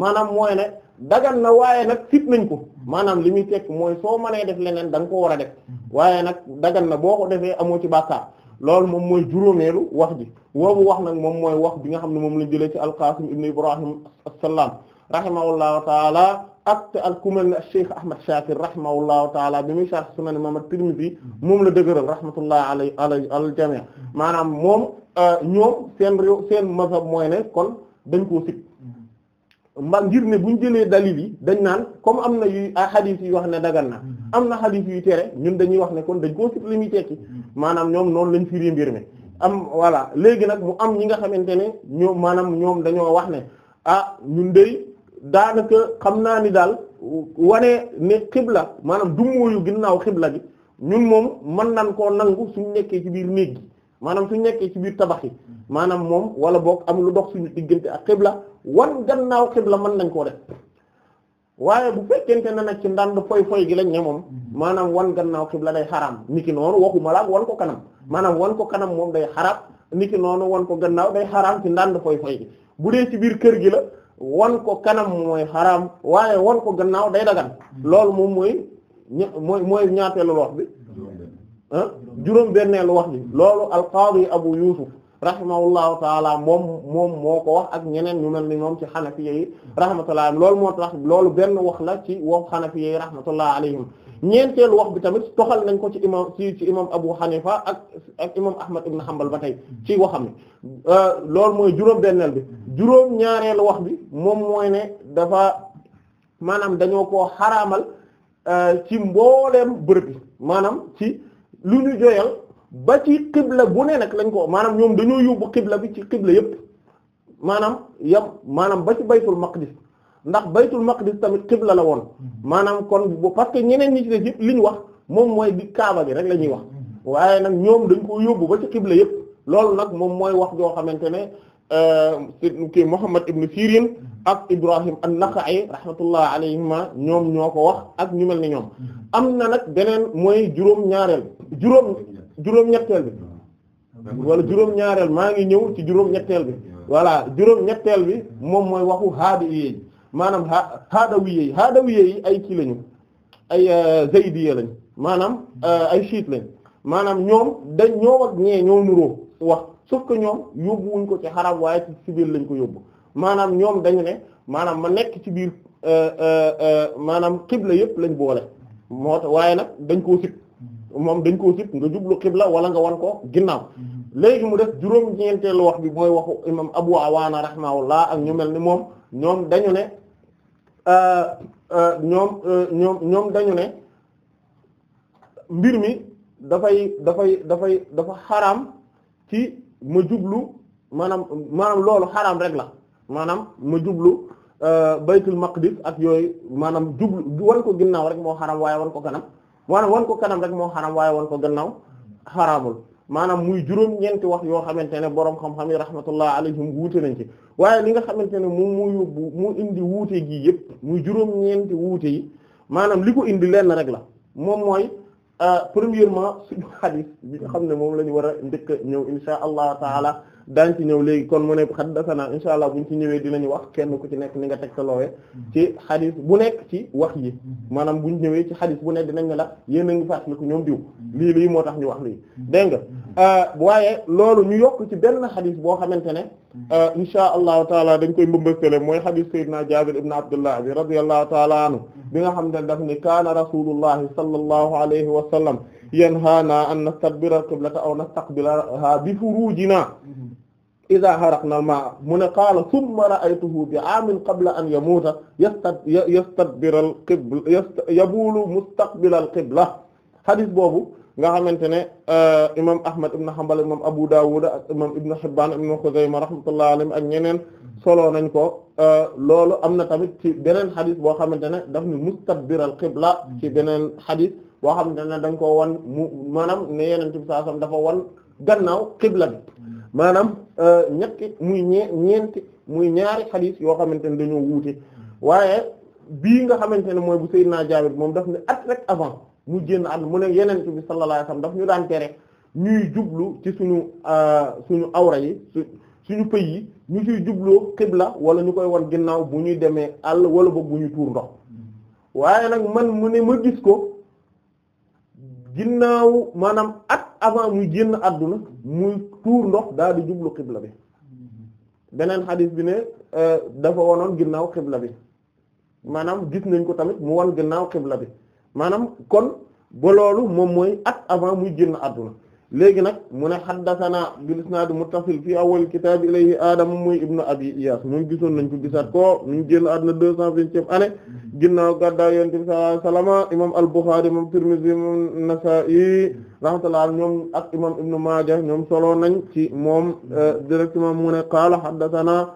maanaam mooy ne dagan na waaye nag sib nañ ko maanaam li muy tekk mooy soo manee def leneen da nga ko war a def mm-hmm. waaye nag dagan na boo ko defee amoo ci bàkkaar loolu moom mooy juróomeelu wax ji woobu wax nag moom mooy wax bi nga xam ne moom lañ jëlee ci alqasim ibn ibrahim as-Sallaam rahimahullahu taala ak ak ku mel ne Cheikh Ahmad Shakir rahimahullahu taala bi muy sharh sunan imam at-Tirmidhi moom la dëgëral rahmatullahi alay alay al jami' maanaam moom euh, ñoom seen réew seen mazhab mooy ne kon dañ koo sib mba ngir ne buñ jëlee dalil yi dañ naan comme am na yu ahadis yi wax ne dagan na am na xadis yuy tere ñun dañuy wax ne kon dañ koo sut li muy tekki maanaam ñoom noonu lañ firi mbir mi am voilà léegi nag mu am ñi nga xamante ne ñoom maanaam ñoom dañoo wax ne ah ñun dey daanaka xam naa ni daal wane ne xibla maanaam du mooyu ginnaaw xibla gi ñun moom mën nan koo nangu suñ nekkee ci biir néeg gi maanaam suñ nekkee ci biir tabax yi maanaam moom wala boog am lu dox suñu diggante ak xibla wan gannaaw xibla mën nañ koo def waaye bu fekkente ne nag ci ndànd foy foy gi lañ ne moom mm-hmm. maanaam wan gannaaw xibla day xaraam niki noonu waxuma la wan ko kanam maanaam wan ko kanam moom day xaraam niki noonu wan ko gannaaw day xaraam ci ndànd foy foy gi bu dee ci biir kër gi la wan ko kanam mooy xaraam waaye wan ko gannaaw day dagan mm-hmm. loolu moom mooy mooy mooy ñaateelu wax bi ah juróom benneelu wax bi mm-hmm. loolu yi abu yusuf rahimahullahu taala moom moom moo ko wax ak ñeneen ñu man ni ñoom ci xanafiya yi rahmatullah loolu moo tax loolu benn wax la ci wax xanafiya yi rahmatullah alayhim ñeenteel wax bi tamit toxal nañ ko ci imam ci ci imam Abu Hanifa ak ak imam Ahmad ibn xambal ba tey ci waxam ne euh, loolu mooy juróom-benneel bi juróom-ñaareelu wax bi moom mooy ne dafa maanaam dañoo koo xaraamal euh, ci mbooleem bërëb bi maanaam ci lu ñu joyal ba ci xibla bu ne nag lañ ko maanaam ñoom dañoo yóbbu xibla bi ci xibla yépp maanaam yam maanaam ba ci baytul maqdis ndax baytul maqdis tamit xibla la woon maanaam kon bu parce que ñeneen ñi ci def yépp li ñu wax moom mooy di kaaba gi rek la ñuy wax waaye nag ñoom dañ ko yóbbu ba ci xibla yépp loolu nag moom mooy wax joo xamante ne euh, kii Muhammad ibn Sirin ak Ibrahim an-Nakhai rahmatullah alayhima ñoom ñoo ko wax ak ñu mel ni ñoom mm-hmm. am na nag beneen mooy juróom ñaareel juróom juróom-ñetteel bi wala juróom maa ngi ñëw ci juróom-ñetteel bi voilà juróom bi moom mooy waxu haada yi maanaam a haadawi yeey haadawi yeey ay kii lañu ay euh, zaydiya lañ maanaam euh, ay chiite lañ maanaam ñoom dañ ñoo ak ñee ñoo nuroo wax suuf que ñoom yóbbuwuñ ko ci xaram waaye ci ci biir lañ ko yóbbu maanaam ñoom dañu ne maanaam ma nekk ci biir euh, maanaam xibla yépp lañ boole moo tax waaye nag dañ koo sit moom dañ koo sib nga jublu xibla wala nga wan ko ginnaaw léegi mu def juróom-ñeenteelu wax bi mooy waxu imam Abu Awaana rahimahullah ak ñu mel ni moom ñoom dañu ne euh, euh, ñoom euh, ñoom ñoom dañu ne mbir mi dafay dafay dafay dafa xaraam ci ma jublu maanaam maanaam loolu xaram rek la maanaam ma jublu baytul maqdis ak yooyu maanaam jublu wan ko ginnaaw rek moo xaraam waaye wan ko kanam maanaam wan ko kanam rek moo xaram waaye wan ko gannaaw xaraamul maanaam muy juróom-ñeenti wax yoo xamante ne boroom xam-xam yi rahmatullah alayhim wuute nañ ci waaye li nga xamante ne moom moo yóbbu moo indi wuute gi yëpp muy juróom-ñeenti wuute yi maanaam li ko indi lenn rek la moom mooy Euh, premièrement suñu xadis bi nga xam ne moom la ñu war a njëkk a ñëw insha allah taala daañ ci ñëw léegi kon mu ne xaddasanaa insha allah bu buñ ci ñëwee dinañu wax kenn ku ci nekk ni nga tegtaloowee ci xadis bu nekk ci wax yi maanaam buñ ñëwee ci xadis bu nekk dinañ ne la yéen a ngi fàttaliku ñoom diw lii lii moo tax ñu wax lii dégg nga Euh, waaye loolu ñu yokk ci benn xadis boo xamante ne mm-hmm. euh, insha allahu taala dañ koy mbëmbëstale mooy xadis sayyidina Jaabir ibn Abdullah bi radiyallahu taala anhu mm-hmm. bi nga xam ne daf ni kaana rasulullahi sallallahu alayhi wa sallam yanhaana an nastadbira al-qiblata aw nastaqbilaha bi furujina mm-hmm. ida haraqna al-ma'a mu ne qaala thumma ra'aytuhu bi aamin qabla an yamuuta yasta yastadbira al-qibla yabuulu mustaqbila al-qibla xadis boobu nga xamante ne euh, imam Ahmad ibn Hanbal imam Abu Dawud ak imam Ibn Hibban ibn Khuzaymah rahmatullahi alayhim ak ñeneen solo nañ ko euh, loolu am na tamit ci beneen xadis boo xamante ne daf ni mustadbiral qibla ci beneen xadis boo xamante ne dañ ko wan mu maanaam ne yeneen bi saa dafa wan gannaaw qibla bi maanaam euh, ñetti muy ñee muy ñaari xadis yoo xamante ne dañu wuute waaye bii nga xamante ne mooy bu Seydina Jaabir moom daf ne at rek avant mu génn àdduna mu ne yeneen bi sallallahu alayhi wasallam daf ñu daan tere ñuy jublu ci suñu euh, suñu awra yi suñu pëy yi ñu ciy jubloo xibla wala ñu koy wan ginnaaw bu ñuy demee àll wala boog bu ñuy tuur ndox waaye nag man mu ne ma gis ko ginnaaw maanaam at avant muy génn àdduna muy tuur ndox daal di jublu xibla bi beneen xadiis bi ne euh, dafa wanoon ginnaaw xibla bi maanaam gis nañ ko tamit mu wan ginnaaw xibla bi maanaam kon ba loolu moom mooy at avant muy génn adduna léegi nag mu ne xaddasanaa bil isnaad muttasil fii awwal kitaab ilayhi aadama muy ibnu abi iyaas moom gisoon nañ ko gisaat ko ñu génn adduna deux cent vingtième année ginnaaw gàddaay yonent bi sallallahu alayhi wasallam imam al-Bukhari imam Tirmidhi imam Nasa'i rahmatullah ñoom ak imam ibnu Maaja ñoom solo nañ ci moom euh, directement mu ne qaala xaddasanaa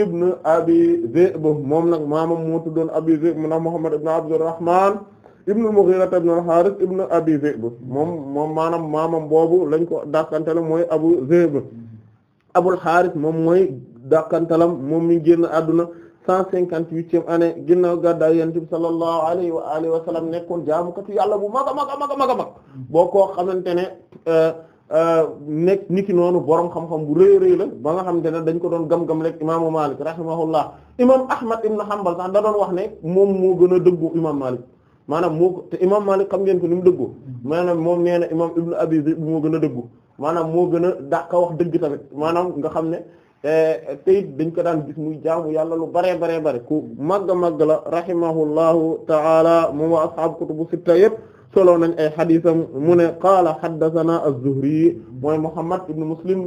ibnu abi Zi'b moom nag maamam moo tuddoon abi Zi'b mu ne Muhammad ibnu Abdurrahman ibn al-Mughira ibn Abi Zi'b moom moom maanaam maamam boobu lañ ko dàqantale mooy Abu Zi'b Abul Harith moom mooy dàqantalam moom mi génn àdduna cent cinquante-huitième année ginnaaw gàddaay yonent bi sallallahu alayhi wa alihi wa sallam nekkoon jaamukatu yàlla bu mag a mag a boo koo xamante ne euh, euh, nekk niki noonu borom xam-xam bu rëy rëy la ba nga xamante ne dañ ko doon gam-gam rek imaamu Malik rahimahullah imam Ahmad ibn Hanbal sax da wax ne moom moo gën a dëggu maanaam moo ko te imaam Maalik xam ngeen ko ni mu dëggu maanaam moom nee na imaam Ibn Abi Zi'b moo gën a dëggu maanaam moo gën a dàqa wax dëgg tamit maanaam nga xam ne eh, te it dañ ko daan gis mu jaamu yàlla lu baree baree bare ku màgg a màgg la rahimahullahu ta'ala moom wa ashaabu kutubu sitta yëpp solo nañ ay xadiisam mu ne qaala haddathana az-Zuhri mooy Muhammad ibn Muslim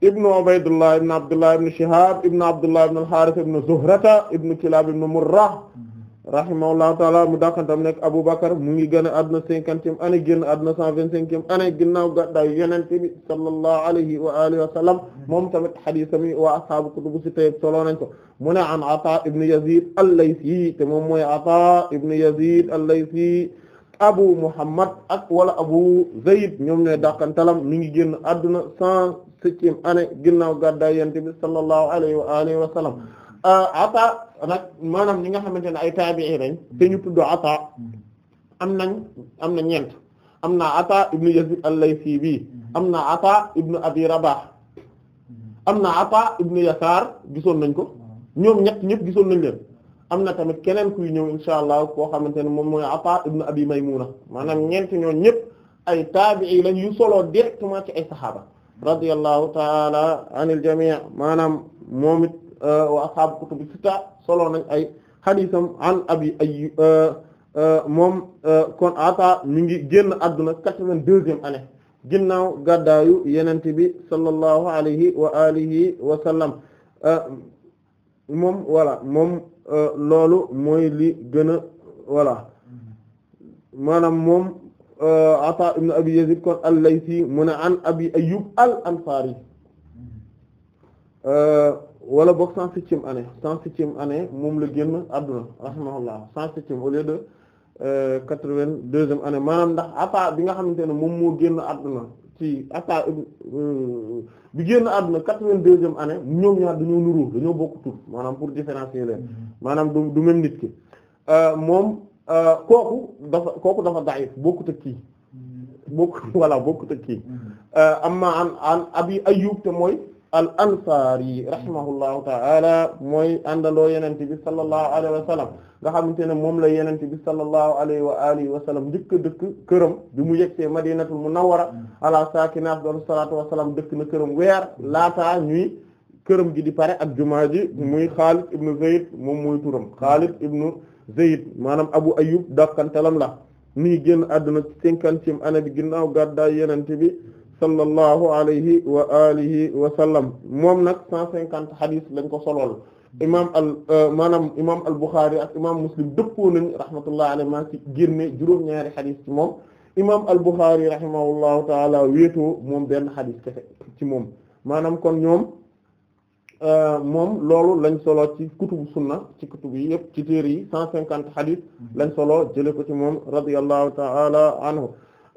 ibn Ubaydullah ibn Abdullah ibn Shihab ibn Abdullah ibn al-Harith ibn Zuhrata ibn Kilab ibn Murrah rahimahullahu taala mu dàqantam nekk Abu Bakar mu ngi gën a adduna cinquantième année génn adduna cent vingt-cinquième année ginnaaw gàddaay Yonent bi sallallahu alayhi wa alihi wa sallam moom tamit xadiisam yi waa ashaabu kutubu sitta solo nañ ko mu ne an Ataa ibn Yazid al-Laysi te moom mooy Ataa ibn Yazid al-Laysi Abu Muhammad ak wala Abu Zayd ñoom ne dàqantalam mi ngi génn adduna cent septième année ginnaaw gàddaay Yonent bi sallallahu alayhi wa alihi wa sallam Euh, Ata nag maanaam ñi nga xamante ne ay taabi'i lañ te ñu tudd Ata am nañ am na ñeent am na Ata ibnu Yazid am na Ata ibnu Abi Rabah am na Ata ibnu Yasar gisoon nañ ko ñoom ñett ñëpp gisoon nañ leen am na tamit keneen kuy ñëw insha allah koo xamante ne moom mooy Ata ibnu Abi Maymuna maanaam ñeent ñoo ñëpp ay taabi'i lañ yu soloo directement ci ay saxaaba radiyallahu ta'ala anil jami' maanaam moom Euh, wa ashaabu kutubu sitta solo nañ ay xadiisam an abi ay euh, euh, moom kon Ata mi ngi génn adduna quatre-vingt-deuxième année ginnaaw gàddaayu yenente bi sallallahu alayhi wa alihi wa sallam moom voilà moom loolu mooy li gën a maanaam moom Ata ibn Abi Yazid kon al-Laythi an Abi Ayyub al-Ansari wala boog cent septième année cent septième année moom la génn adduna rahimahullah cent septième au lieu de euh, quatre vingt deuxième année maanaam ndax ataa bi nga xamante ne moom moo génn adduna ci ataa euh, bi génn adduna quatre vingt deuxième année ñoom ñaar dañoo nuru dañoo bokk tur maanaam pour différencier leen mm-hmm. maanaam du du même nit ki euh, moom kooku dafa kooku dafa daif bokkut a kii mm-hmm. bokk voilà bokkut a kii mm-hmm. amma an an abi ayyub te mooy al ansari rahimahullahu ta'ala mooy àndandoo yenente bi sallallahu alayhi wa sallam nga xamante ne moom la yenente bi sallallahu alayhi wa alihi wa sallam njëkk dëkk këram bi mu yegsee madinatul munawwara ala saakina sakina salaatu wa salaam dëkk na këram weer laata ñuy këram gi di pare ak jumaa ji muy Xaalid ibnu Zayd moom muy turam Xaalid ibnu Zayd maanaam Abu Ayyub dakkantalam la mi ngi génn àdduna cinquantième année bi ginnaaw gàddaay yenente bi sallallahu alayhi wa alihi wa sallam moom nag cent cinquante xadis lañ ko solool imaam al euh, maanaam imaam al Bukhari ak imaam Muslim dëppoo nañ rahmatullahi alayhi ma ci génne juróom-ñaari xadis ci moom imaam al Bukhari rahimahullahu taala wéetoo moom benn xadis kese ci moom maanaam kon ñoom euh, moom loolu lañ solo ci kutubu sunna ci kutubu yi yëpp ci téere yi cent cinquante xadis lañ solo jële ko ci moom radiyallahu taala anhu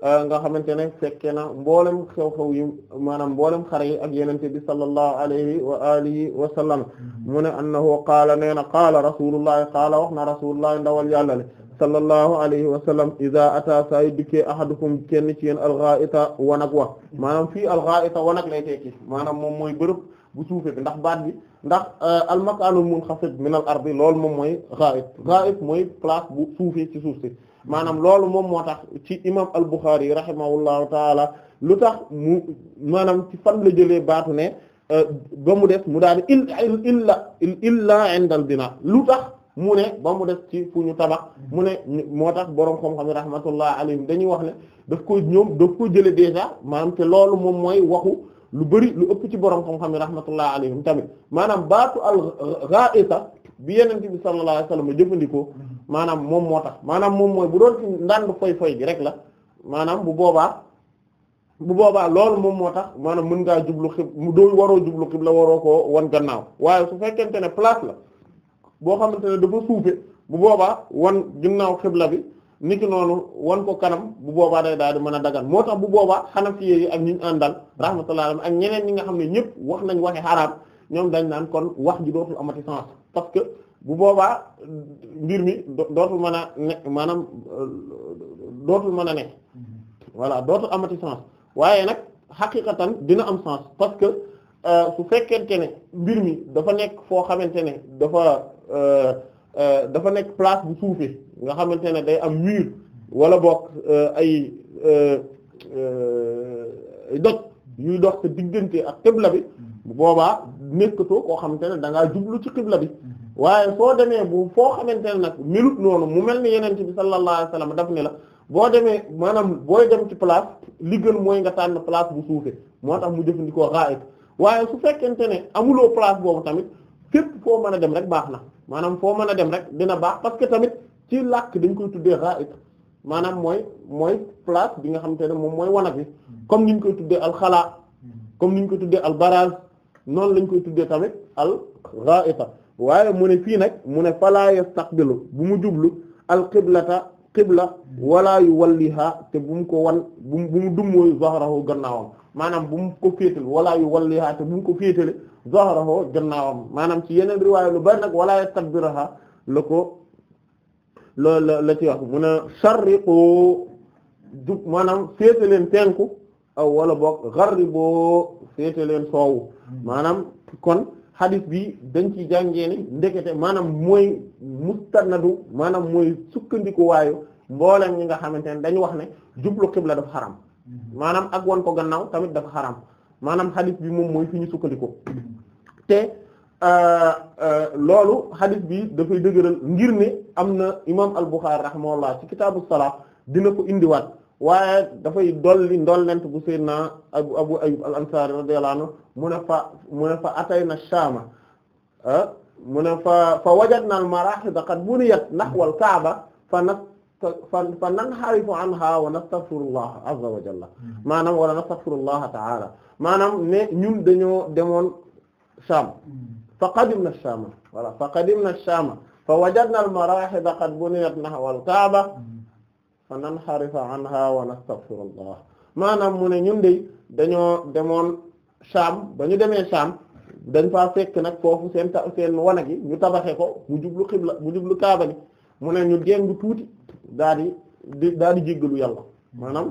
Euh, nga xamante ne fekke na mboolem xew-xew yi maanaam mboolem xare yi ak yenente bi sallallahu alayhi wa alihi wa sallam mm-hmm. mu ne annahu qaala nee na qaala rasulullahi qaala wax na rasulullahi ndawal yàlla le sallallahu alayhi wa sallam iza ata saa yu dikkee ahadukum kenn ci yéen alghaita wanag wa maanaam fii alghaita wanag lay tekki maanaam moom mooy bërëb bu suufe bi ndax baat bi ndax euh, almakaanul munxafid min al ardi loolu moom mooy ghaait ghaait mooy place bu suufee ci maanaam loolu moom moo tax ci imam al-Bukhari rahimahullahu taala lu tax mu maanaam ci fan la jëlee baatu ne euh, ba mu def mu daal di il illa illa indal bina lu tax mu ne ba mu def ci fu ñu tabax mu ne moo tax borom xam-xam yi rahmatullah alayhim dañuy wax ne daf ko ñoom daf ko jële déjà maanaam te loolu moom mooy waxu lu bari lu ëpp ci borom xam-xam yi rahmatullah alayhim tamit maanaam baatu al ghaita bi yeneen bi sallallahu alayhi wasallam jëfandikoo maanaam moom moo tax maanaam moom mooy bu doon ci ndànd foy-foy bi rek la maanaam bu boobaa bu boobaa loolu moom moo tax maanaam mën ngaa jublu xib mu doo waroo jublu xibla waroo ko wan gannaaw waaye su fekkente ne place la boo xamante ne dafa suufe bu boobaa wan ginnaaw xibla bi niki noonu wan ko kanam bu boobaa day daal di mën a dagal moo tax bu boobaa Hanafi yi ak ñu àndal rahmatullah ak ñeneen ñi nga xam ne ñëpp wax nañ waxe xaraam ñoom dañ naan kon wax ji dootul amati sens parce que bu boobaa mbir mi dootul mën a ne maanaam euh, dootul mën a ne voilà dootul sens waaye nag xaqiqatan dina am sens parce que euh, su fekkee ne mbir mi dafa nekk foo xamante ne dafa euh, Euh, dafa nekk place bu suufee nga xamante ne day am mur wala boog euh, ay euh, doj yuy dox sa diggante ak xibla bi boobaa nekkatoo koo xamante ne da ngaa jublu ci xibla bi waaye soo demee bu foo xamante ne nag melut noonu mu mel ni yeneen bi sallallahu alayhi wasallam daf ne la boo demee maanaam booy dem ci place li gën mooy nga tànn place bu suufee moo tax mu jëfandikoo raayit waaye su fekkente ne amuloo place boobu tamit fépp foo mën a dem rek baax na maanaam foo mën a dem rek dina baax parce que tamit ci làkk dañ koy tuddee ra'it maanaam mooy mooy place bi nga xamante ne moom mooy wanag bi comme ni koy tuddee alxalaa comme ni ñu koy tuddee albarage noonu lañ koy tuddee tamit al ra'ita waaye mu ne fii nag mu ne falaa yastaqbilu bu mu jublu al qiblata qibla wala yuwalliha te bu ko wan bu mu bu mu dummóoyu zahrahu gannaawam maanaam bu mu ko féetal wala yuwalliha te bu mu ko féetale zahrahu gannaawam maanaam ci yeneen riwaaya lu bari nag wala yastabiraha la ko la la la ci wax mu ne sharriqu jub maanaam féete leen penku aw wala boog gharribu féete leen soowu maanaam kon xadis bi dañ ci jàngee ndekete maanaam mooy mustanadu maanaam mooy sukkandiku waayu mboolem ñi nga xamante ne dañu wax ne jublu xibla daf xaram mm-hmm. maanaam ak wan ko gannaaw tamit daf xaram maanaam xadis bi moom mooy fi ñu sukkandiku te euh, euh, loolu xadis bi dafay dëgëral ngir ne am na imaam al-Bukhari rahimahullah ci kitaabu salaat dina ko indiwaat waaye dafay dolli ndollent bu sayyidina abu abu ayyub al-Ansari radiyallahu anhu mu ne fa mu na fa Shaama ah, mu ne fa fa wajadna al-marahid qad buniyat nahwa al-Kaaba fa nag fa fa nanxarifu anha wa nastaghfirullah azza wa jalla mm-hmm. maanaam wala nastaghfirullah ta'ala maanaam ne ñun dañoo demoon Sham mm-hmm. fa qadimna Sham wala fa qadimna Sham fa wajadna al-marahib qad buniyat nahwa al-Kaaba mm-hmm. fa nanxarifu anha wa nastaghfirullah maanaam mu ne ñun de dañoo demoon Sham ba ñu demee Sham dañ faa fekk nag foofu seen ta seen wanag yi ñu tabaxe ko mu jublu xibla mu jublu Kaaba ni mu ne ñu génn tuuti daa di di daa di jéggalu yàlla maanaam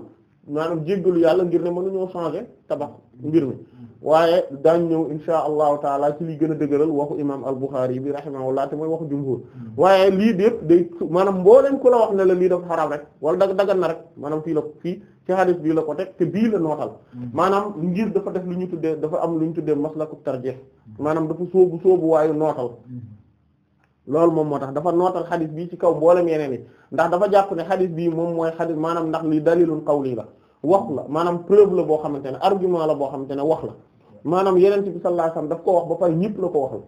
maanaam jéggalu yàlla ngir ne mënuñoo changer tabax ngir mi waaye daan ñëw insha allahu taala ci li gën a dëgëral waxu imam al yi bi rahimahullah te mooy waxu jumhur hmm. waaye lii dépp day maanaam mbooleen ku la wax ne la lii dafa xaraam rek wala dag dagan na rek maanaam fii la fii ci hadith bii la ko teg te bii la nootal hmm. maanaam ngir dafa def lu ñu tuddee dafa am lu ñu tuddee maslaku tarjih hmm. maanaam dafa sóobu sóobu waayu nootal loolu moom moo tax dafa nootal xadis bi ci kaw mboolem yeneen yi ndax dafa jàpp ne xadis bi moom mooy xadis maanaam ndax li dalilun qawli la wax la maanaam preuve la boo xamante ne argument la boo xamante ne wax la maanaam yeneen bi sallallahu alayhi wasallam ko wax ba pare ñëpp la ko waxal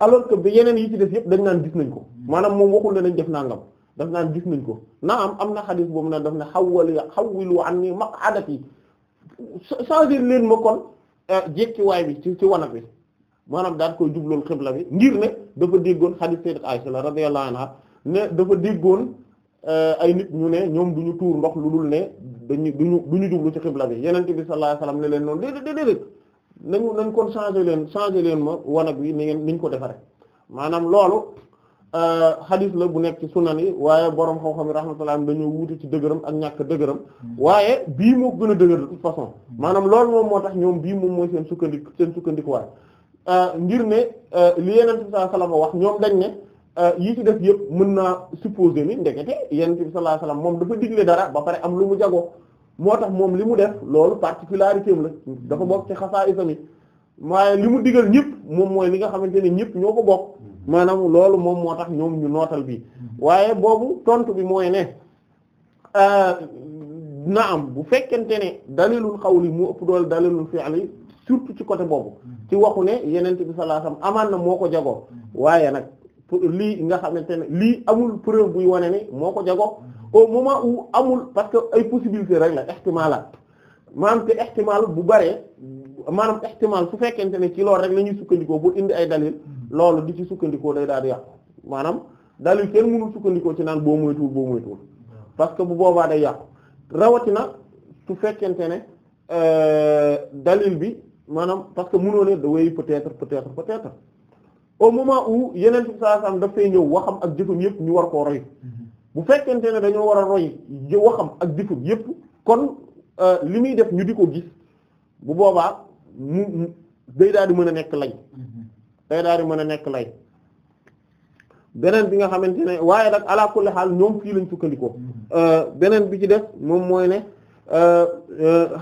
alors que bi yeneen yi ci def yëpp dañ naan gis nañ ko maanaam moom waxul ne dañ def nangam daf naan gis nañ ko na am am na xadis boobu nag daf ne xaw wa xawwali xawwilu anni maq'adati changer leen ma kon euh, jekkiwaay bi ci ci wanag bi maanaam daal koy jubloon xibla bi ngir ne dafa déggoon hadith sayyidat la radiyallahu anha ne dafa déggoon euh, ay nit ñu ne ñoom du ñu tuur ndox lu dul ne dañu duñu du ñu jublu ci xibla bi yeneen bi sallallahu alayhi wasallam ne leen noonu déedéet déedéet nañu nañ kon changer leen changer leen ma wanag wi ni ngeen niñ ko defaree maanaam loolu euh, hadith la bu nekk ci sunan yi waaye borom xam-xam yi rahmatullah dañoo wuute ci dëgëram ak ñàkk dëgërëm hmm. waaye bii moo gën a dëgër de toute façon hmm. maanaam loolu moom moo tax ñoom bii moom mooy seen sukkandiku seen sukkandikuwaay Euh, ngir ne euh, li yenent bi sallallahu alayhi wasallam wax ñoom dañ ne euh, yi ci def yëpp mën naa supposer ni ndekete yenent bi sallallahu alayhi wasallam moom dafa digle dara ba pare am lu mu jagoo moo tax moom li mu def loolu particularité am la dafa bokk ci xasaa isam yi waaye li mu digal ñëpp moom mooy li nga xamante ne ñëpp ñoo ko bokk maanaam loolu moom moo tax ñoom ñu nootal bi waaye boobu tontu bi mooy ne naam bu fekkente ne dalilul xawli mu ëpp doole dalilul fi'li surtout ci côté boobu ci waxu ne yenente bi sallallahu alayhi wasallam amaan na moo ko jagoo mm-hmm. waaye nag lii nga xamante ne lii amul preuve buy wane ne moo ko jagoo mm-hmm. au moment où amul parce que ay possibilité rek la ihtimalaat maanaam te ihtimal bu baree maanaam ihtimal su fekkente ne ci loolu rek la ñuy sukkandikoo pour indi ay dalil mm-hmm. loolu di ci sukkandikoo day daal di yàqu maanaam dalil kenn mënul sukkandikoo ci naan boo moytuwul boo moytuwul parce que bu boobaa day yàqu rawatina su fekkente ne euh, dalil bi maanaam parce que mënoo ne way peut-être peut-être peut au moment où yeneen bi sallallahu alayhi wasallam daf fay ñëw waxam ak jëfam yëpp ñu war koo roy mm-hmm. bu fekkente ne dañoo war a roy waxam ak jëfam yëpp kon euh, li muy def ñu di ko gis bu boobaa mu day daal di mën a nekk lay mm-hmm. day mën a nekk lay beneen bi nga xamante ne waaye nag ala kulli xaal ñoom fii lañ sukkandikoo mm-hmm. euh, beneen bi ci def moom mooy ne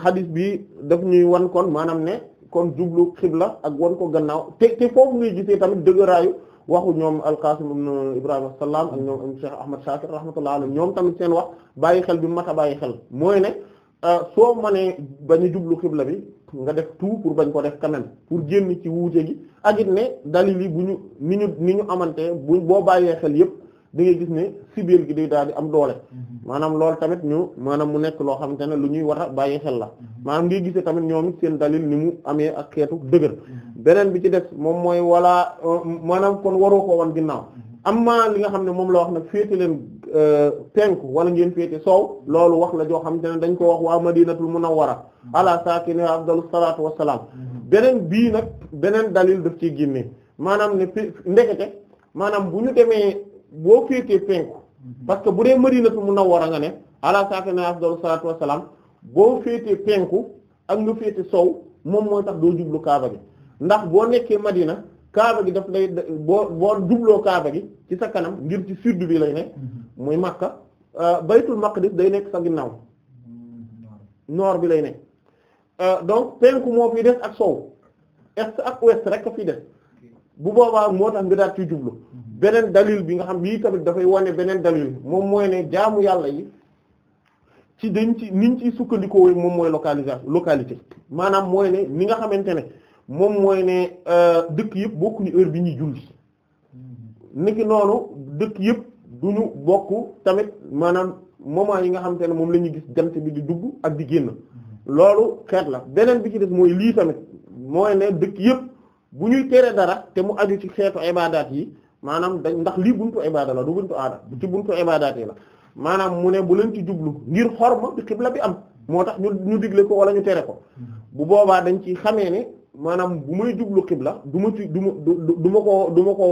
xadis euh, bi daf ñuy wan kon maanaam ne kon jublu xibla ak wan ko gannaaw te te foofu ngay gisee tamit dëgëraayu waxu ñoom alqasim ibn ibrahima salaam ak ñoom am cheikh ahmad shakir rahmatullah alayhi ñoom tamit seen wax bàyyi xel bi mat a bàyyi xel mooy ne euh, soo mënee bañu jublu xibla bi nga def tout pour bañ ko def quand pour génn ci wuute gi ak it ne dalil bu ñu ni ñu ni ñu amante bu boo bàyyee xel yépp da ngay gis ne sibeel gi day daal di am doole mm-hmm. maanaam loolu tamit ñu maanaam mu nekk loo xamante ne lu ñuy war bàyyi xel la mm-hmm. maanaam ngay gisee tamit ñoom seen dalil ni mu amee ak xeetu dëgër mm-hmm. beneen bi ci des moom mooy wala euh, maanaam kon waroo ko wan ginnaaw amma li nga xam ne moom la wax nag féete leen euh, penku wala ngeen féete soow loolu wax la joo xamante ne dañ ko wax waa madinatul munawwara ala saakiniha afdalu salaatu wassalaam beneen bii nag beneen dalil daf ciy génne maanaam ne fi ndekete maanaam bu ñu demee boo féetee penku mhm. parce que bu dee Madinatu a nga ne ala saakina afdalu salaatu wassalaam boo féetee penku ak nga féete sow moom mooy tax doo jublu kaaba gi ndax boo nekkee Madina kaaba gi daf lay boo boo jubloo kaaba gi ci sa kanam ngir ci sud bi lay ne mhm. muy Makka euh, baytul maqdis day nekk sa ginnaaw mhm. noor bi lay nekk euh, donc penku moo fi des ak sow est ak ouest rek a fi des bu boobaa moo tax nga daal ciy jublu beneen dalil bi nga xam bii tamit dafay wane beneen dalil moom mooy ne jaamu yàlla yi ci dañ ci niñ ciy sukkandikoo moom mooy localisation localité maanaam mooy ne ni nga xamante ne moom mooy ne euh, dëkk yëpp bokkuñu heure bi ñuy julli niki noonu dëkk yëpp duñu bokk tamit maanaam moment yi nga xamante ne moom la ñuy gis gant bi di dugg ak di génn loolu xeet la beneen bi ci des mooy lii tamit mooy ne dëkk yëpp bu ñuy tere dara te mu aju ci xeetu ibaadaat yi maanaam dañ ndax lii buntu ibada la du buntu aada ci buntu ibadaat yi la maanaam mu ne bu leen ci jublu ngir xorma bi xibla bi am moo tax ñu ñu digle ko wala ñu tere ko bu boobaa dañ ci xamee ne maanaam bu may jublu xibla du ma ci du du ma ko du ma ko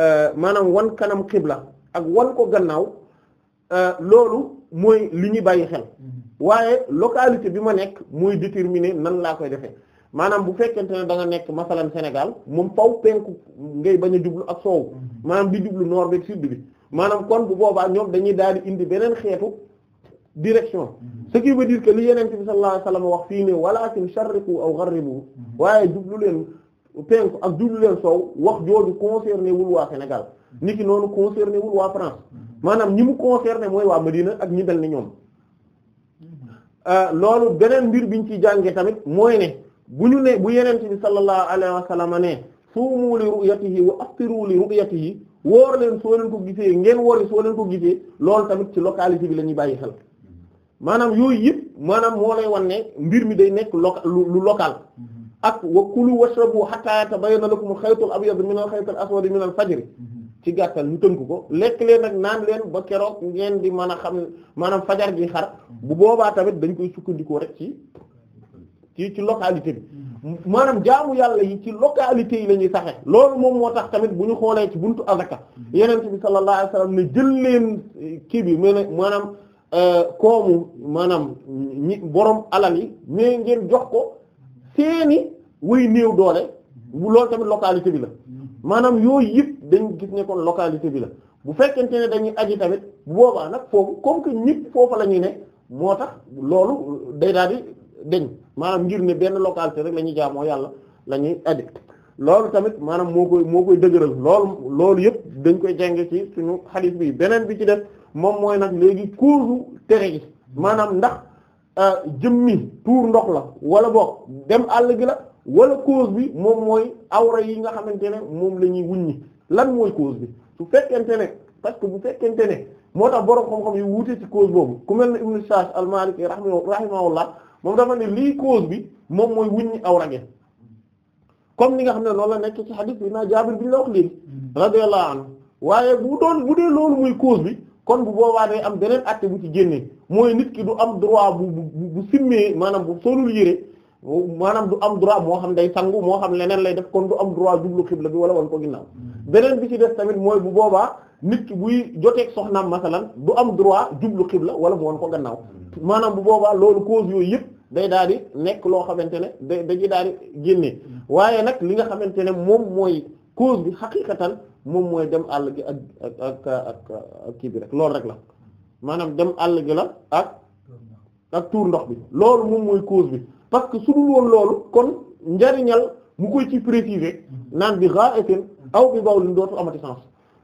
euh, maanaam wan kanam xibla ak wan ko gannaaw euh, loolu mooy li ñuy bàyyi xel mm-hmm. waaye localité bi ma nekk mooy déterminer nan laa koy defee maanaam bu fekkente ne da nga nekk masalan Sénégal moom faw penku ngay bañ a jublu ak soow mhm. maanaam di jublu nord bi sud bi maanaam kon bu boobaa ñoom dañuy daal di indi beneen xeetu direction mhm. ce qui veut dire que li yeneen bi sallallahu alayhi wa sallam wax fii ne walakin sharriqu aw gharribu mhm. waaye jublu leen penku ak jublu leen soow wax jooju concerné wul waa Sénégal niki noonu concerné wul waa France maanaam ñi mu concerné mooy waa Medina ak ñi mel ni ñoom euh, loolu beneen mbir biñ ci jàngee tamit mooy ne. bu ñu ne bu yeneen bi sallallahu alayhi wa sallam ne suumu li ru'yatihi wa aftiru li yi woor leen soo leen ko gisee ngeen woori soo leen ko gisee loolu tamit ci localité bi la ñuy bàyyi xel maanaam yooyu yëpp maanaam moo lay wan ne mbir mi day nekk lu local ak wa kulu washrabu hatta yatabayyana lakum al-khaytul abyadu min al-khaytil aswadi min al-fajr ci gàttal ñu tënk ko lekk leen ak naan leen ba keroog ngeen di mën a xam maanaam fajar gi xar bu boobaa tamit dañ koy sukkandikoo rek ci ci ci localité bi maanaam jaamu yàlla yi ci localité yi la ñuy saxe loolu moom moo tax tamit bu ñu xoolee ci buntu azaka yeneen bi sallallahu alayhi wasallam jël leen kii bi mu ne maanaam euh, koomu maanaam ñi borom alal yi mais ngeen jox ko seeni way néew doole bu loolu tamit localité bi la maanaam yooyu yëpp dañ gis ne kon localité bi la bu fekkente ne dañuy aji tamit bu boobaa nag foofu comme que ñëpp foofa la ñuy ne moo tax loolu day daal deñ maanaam ngir ne benn localité rek la ñuy jaamoo yàlla la ñuy aji loolu tamit maanaam moo koy moo koy dëgëral loolu loolu yëpp dañ koy jàng ci suñu xadis bi beneen bi ci def moom mooy nag léegi kuusu tere gi maanaam ndax euh, jëmmi tuur ndox la wala boog dem àll gi la wala cause bi moom mooy awra yi nga xamante ne moom la wuñ wuññi lan mooy cause bi su fekkente ne parce que bu fekkente ne moo tax boroom xam-xam yi wuute ci cause boobu ku mel ne Ibn Sa'd al-Maliki rahimahullah moom dafa ne lii cause bi moom mooy wuññi awra gi comme ni nga xam ne loolu la nekk ci hadith bi naa Jaabir bi ñu la waaye bu doon bu dee loolu muy cause bi kon bu boobaa day am beneen acte bu ci génnee mooy nit ki du am droit bu bu bu maanaam bu solul yére am droit moo xam day sangu moo xam leneen lay def kon du am droit jublu xibla bi wala wan ko ginnaaw beneen bi ci des tamit mooy bu boobaa nit ki buy joteeg soxnaam masalan du am droit jublu xibla wala mu wan ko gannaaw maanaam bu boobaa loolu cause yooyu yëpp day daal di nekk loo xamante ne day dañuy daal di génne waaye nag li nga xamante ne moom mooy cause bi xaqiqatan moom mooy dem àll gi ak ak ak kii bi rek loolu rek la maanaam dem àll gi la ak ak tuur ndox bi loolu moom mooy cause bi parce que su dul woon loolu kon njariñal mu koy ci préciser naan bi raa eten aw bi lu liñ dootu amati sens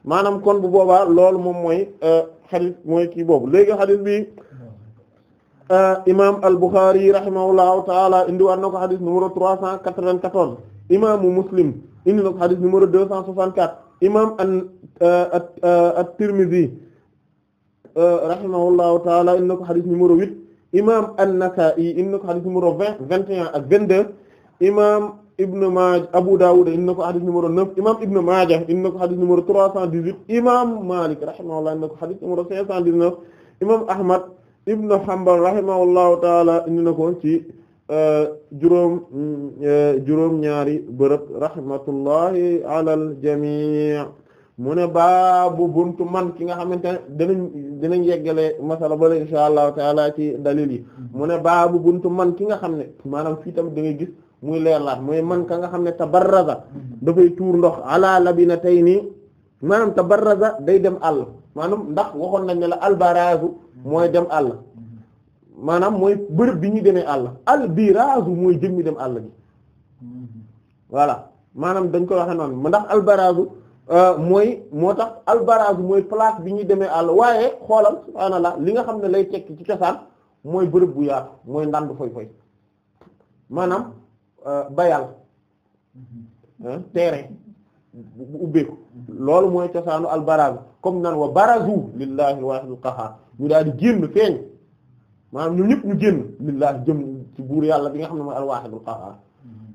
maanaam kon bu boobaa loolu moom mooy euh, xadis mooy kii boobu léegi xadis bi Ah, imaam al-Bukhari rahimahullahu taala indi waat na ko xadis numéro trois cent quatre-vingt-quatorze imaamu Muslim indi na ko xadis numéro deux cent soixante-quatre imaam ah, ah, taala indi na ko xadis numéro huit imaam an-Nasa'i indi na ko vingt vingt et Abu Dawud indi na ko xadis Ibn Maaja indi na ko xadis Malik rahimahullah indi na ko xadis Ahmad ibnu Hanbal rahimahullahu taala indi na ko ci e, juróom e, juróom ñaari bërëb rahmatullahi alal jamii mu ne baabu buntu man ki nga xamante ne dinañ dinañ yeggale masala bala insha ci dalil yi mu ne baabu buntu man ki nga xam ne maanaam fii tamit da ngay gis muy leerlaat mooy man ka nga xam ne tabarraza dafay tuur ndox ala labina tey nii maanaam tabarraza day dem àll maanaam ndax waxoon nañ ne la albarazu mooy dem àll maanaam mooy bërëb bi ñuy demee àll al biraazu mooy jëmmi dem àll bi voilà maanaam dañ koy waxe noonu mu ndax al baraazu euh, mooy moo tax al baraazu mooy place bi ñuy demee àll waaye xoolal subhaanallah li nga xam ne lay tekki ci cosaan mooy bërëb bu yaatu mooy ndandu foy foy maanaam euh, bayal mm-hmm. terrain bu ubbeeku loolu mooy cosaanu al barazu comme naan wa barazu lillahi al-wahidil qahhar ñu daal di génn feeñ maanaam ñun ñëpp ñu génn lillahi jëm ci buur yàlla bi nga xam ne mooy al-wahidil qahhar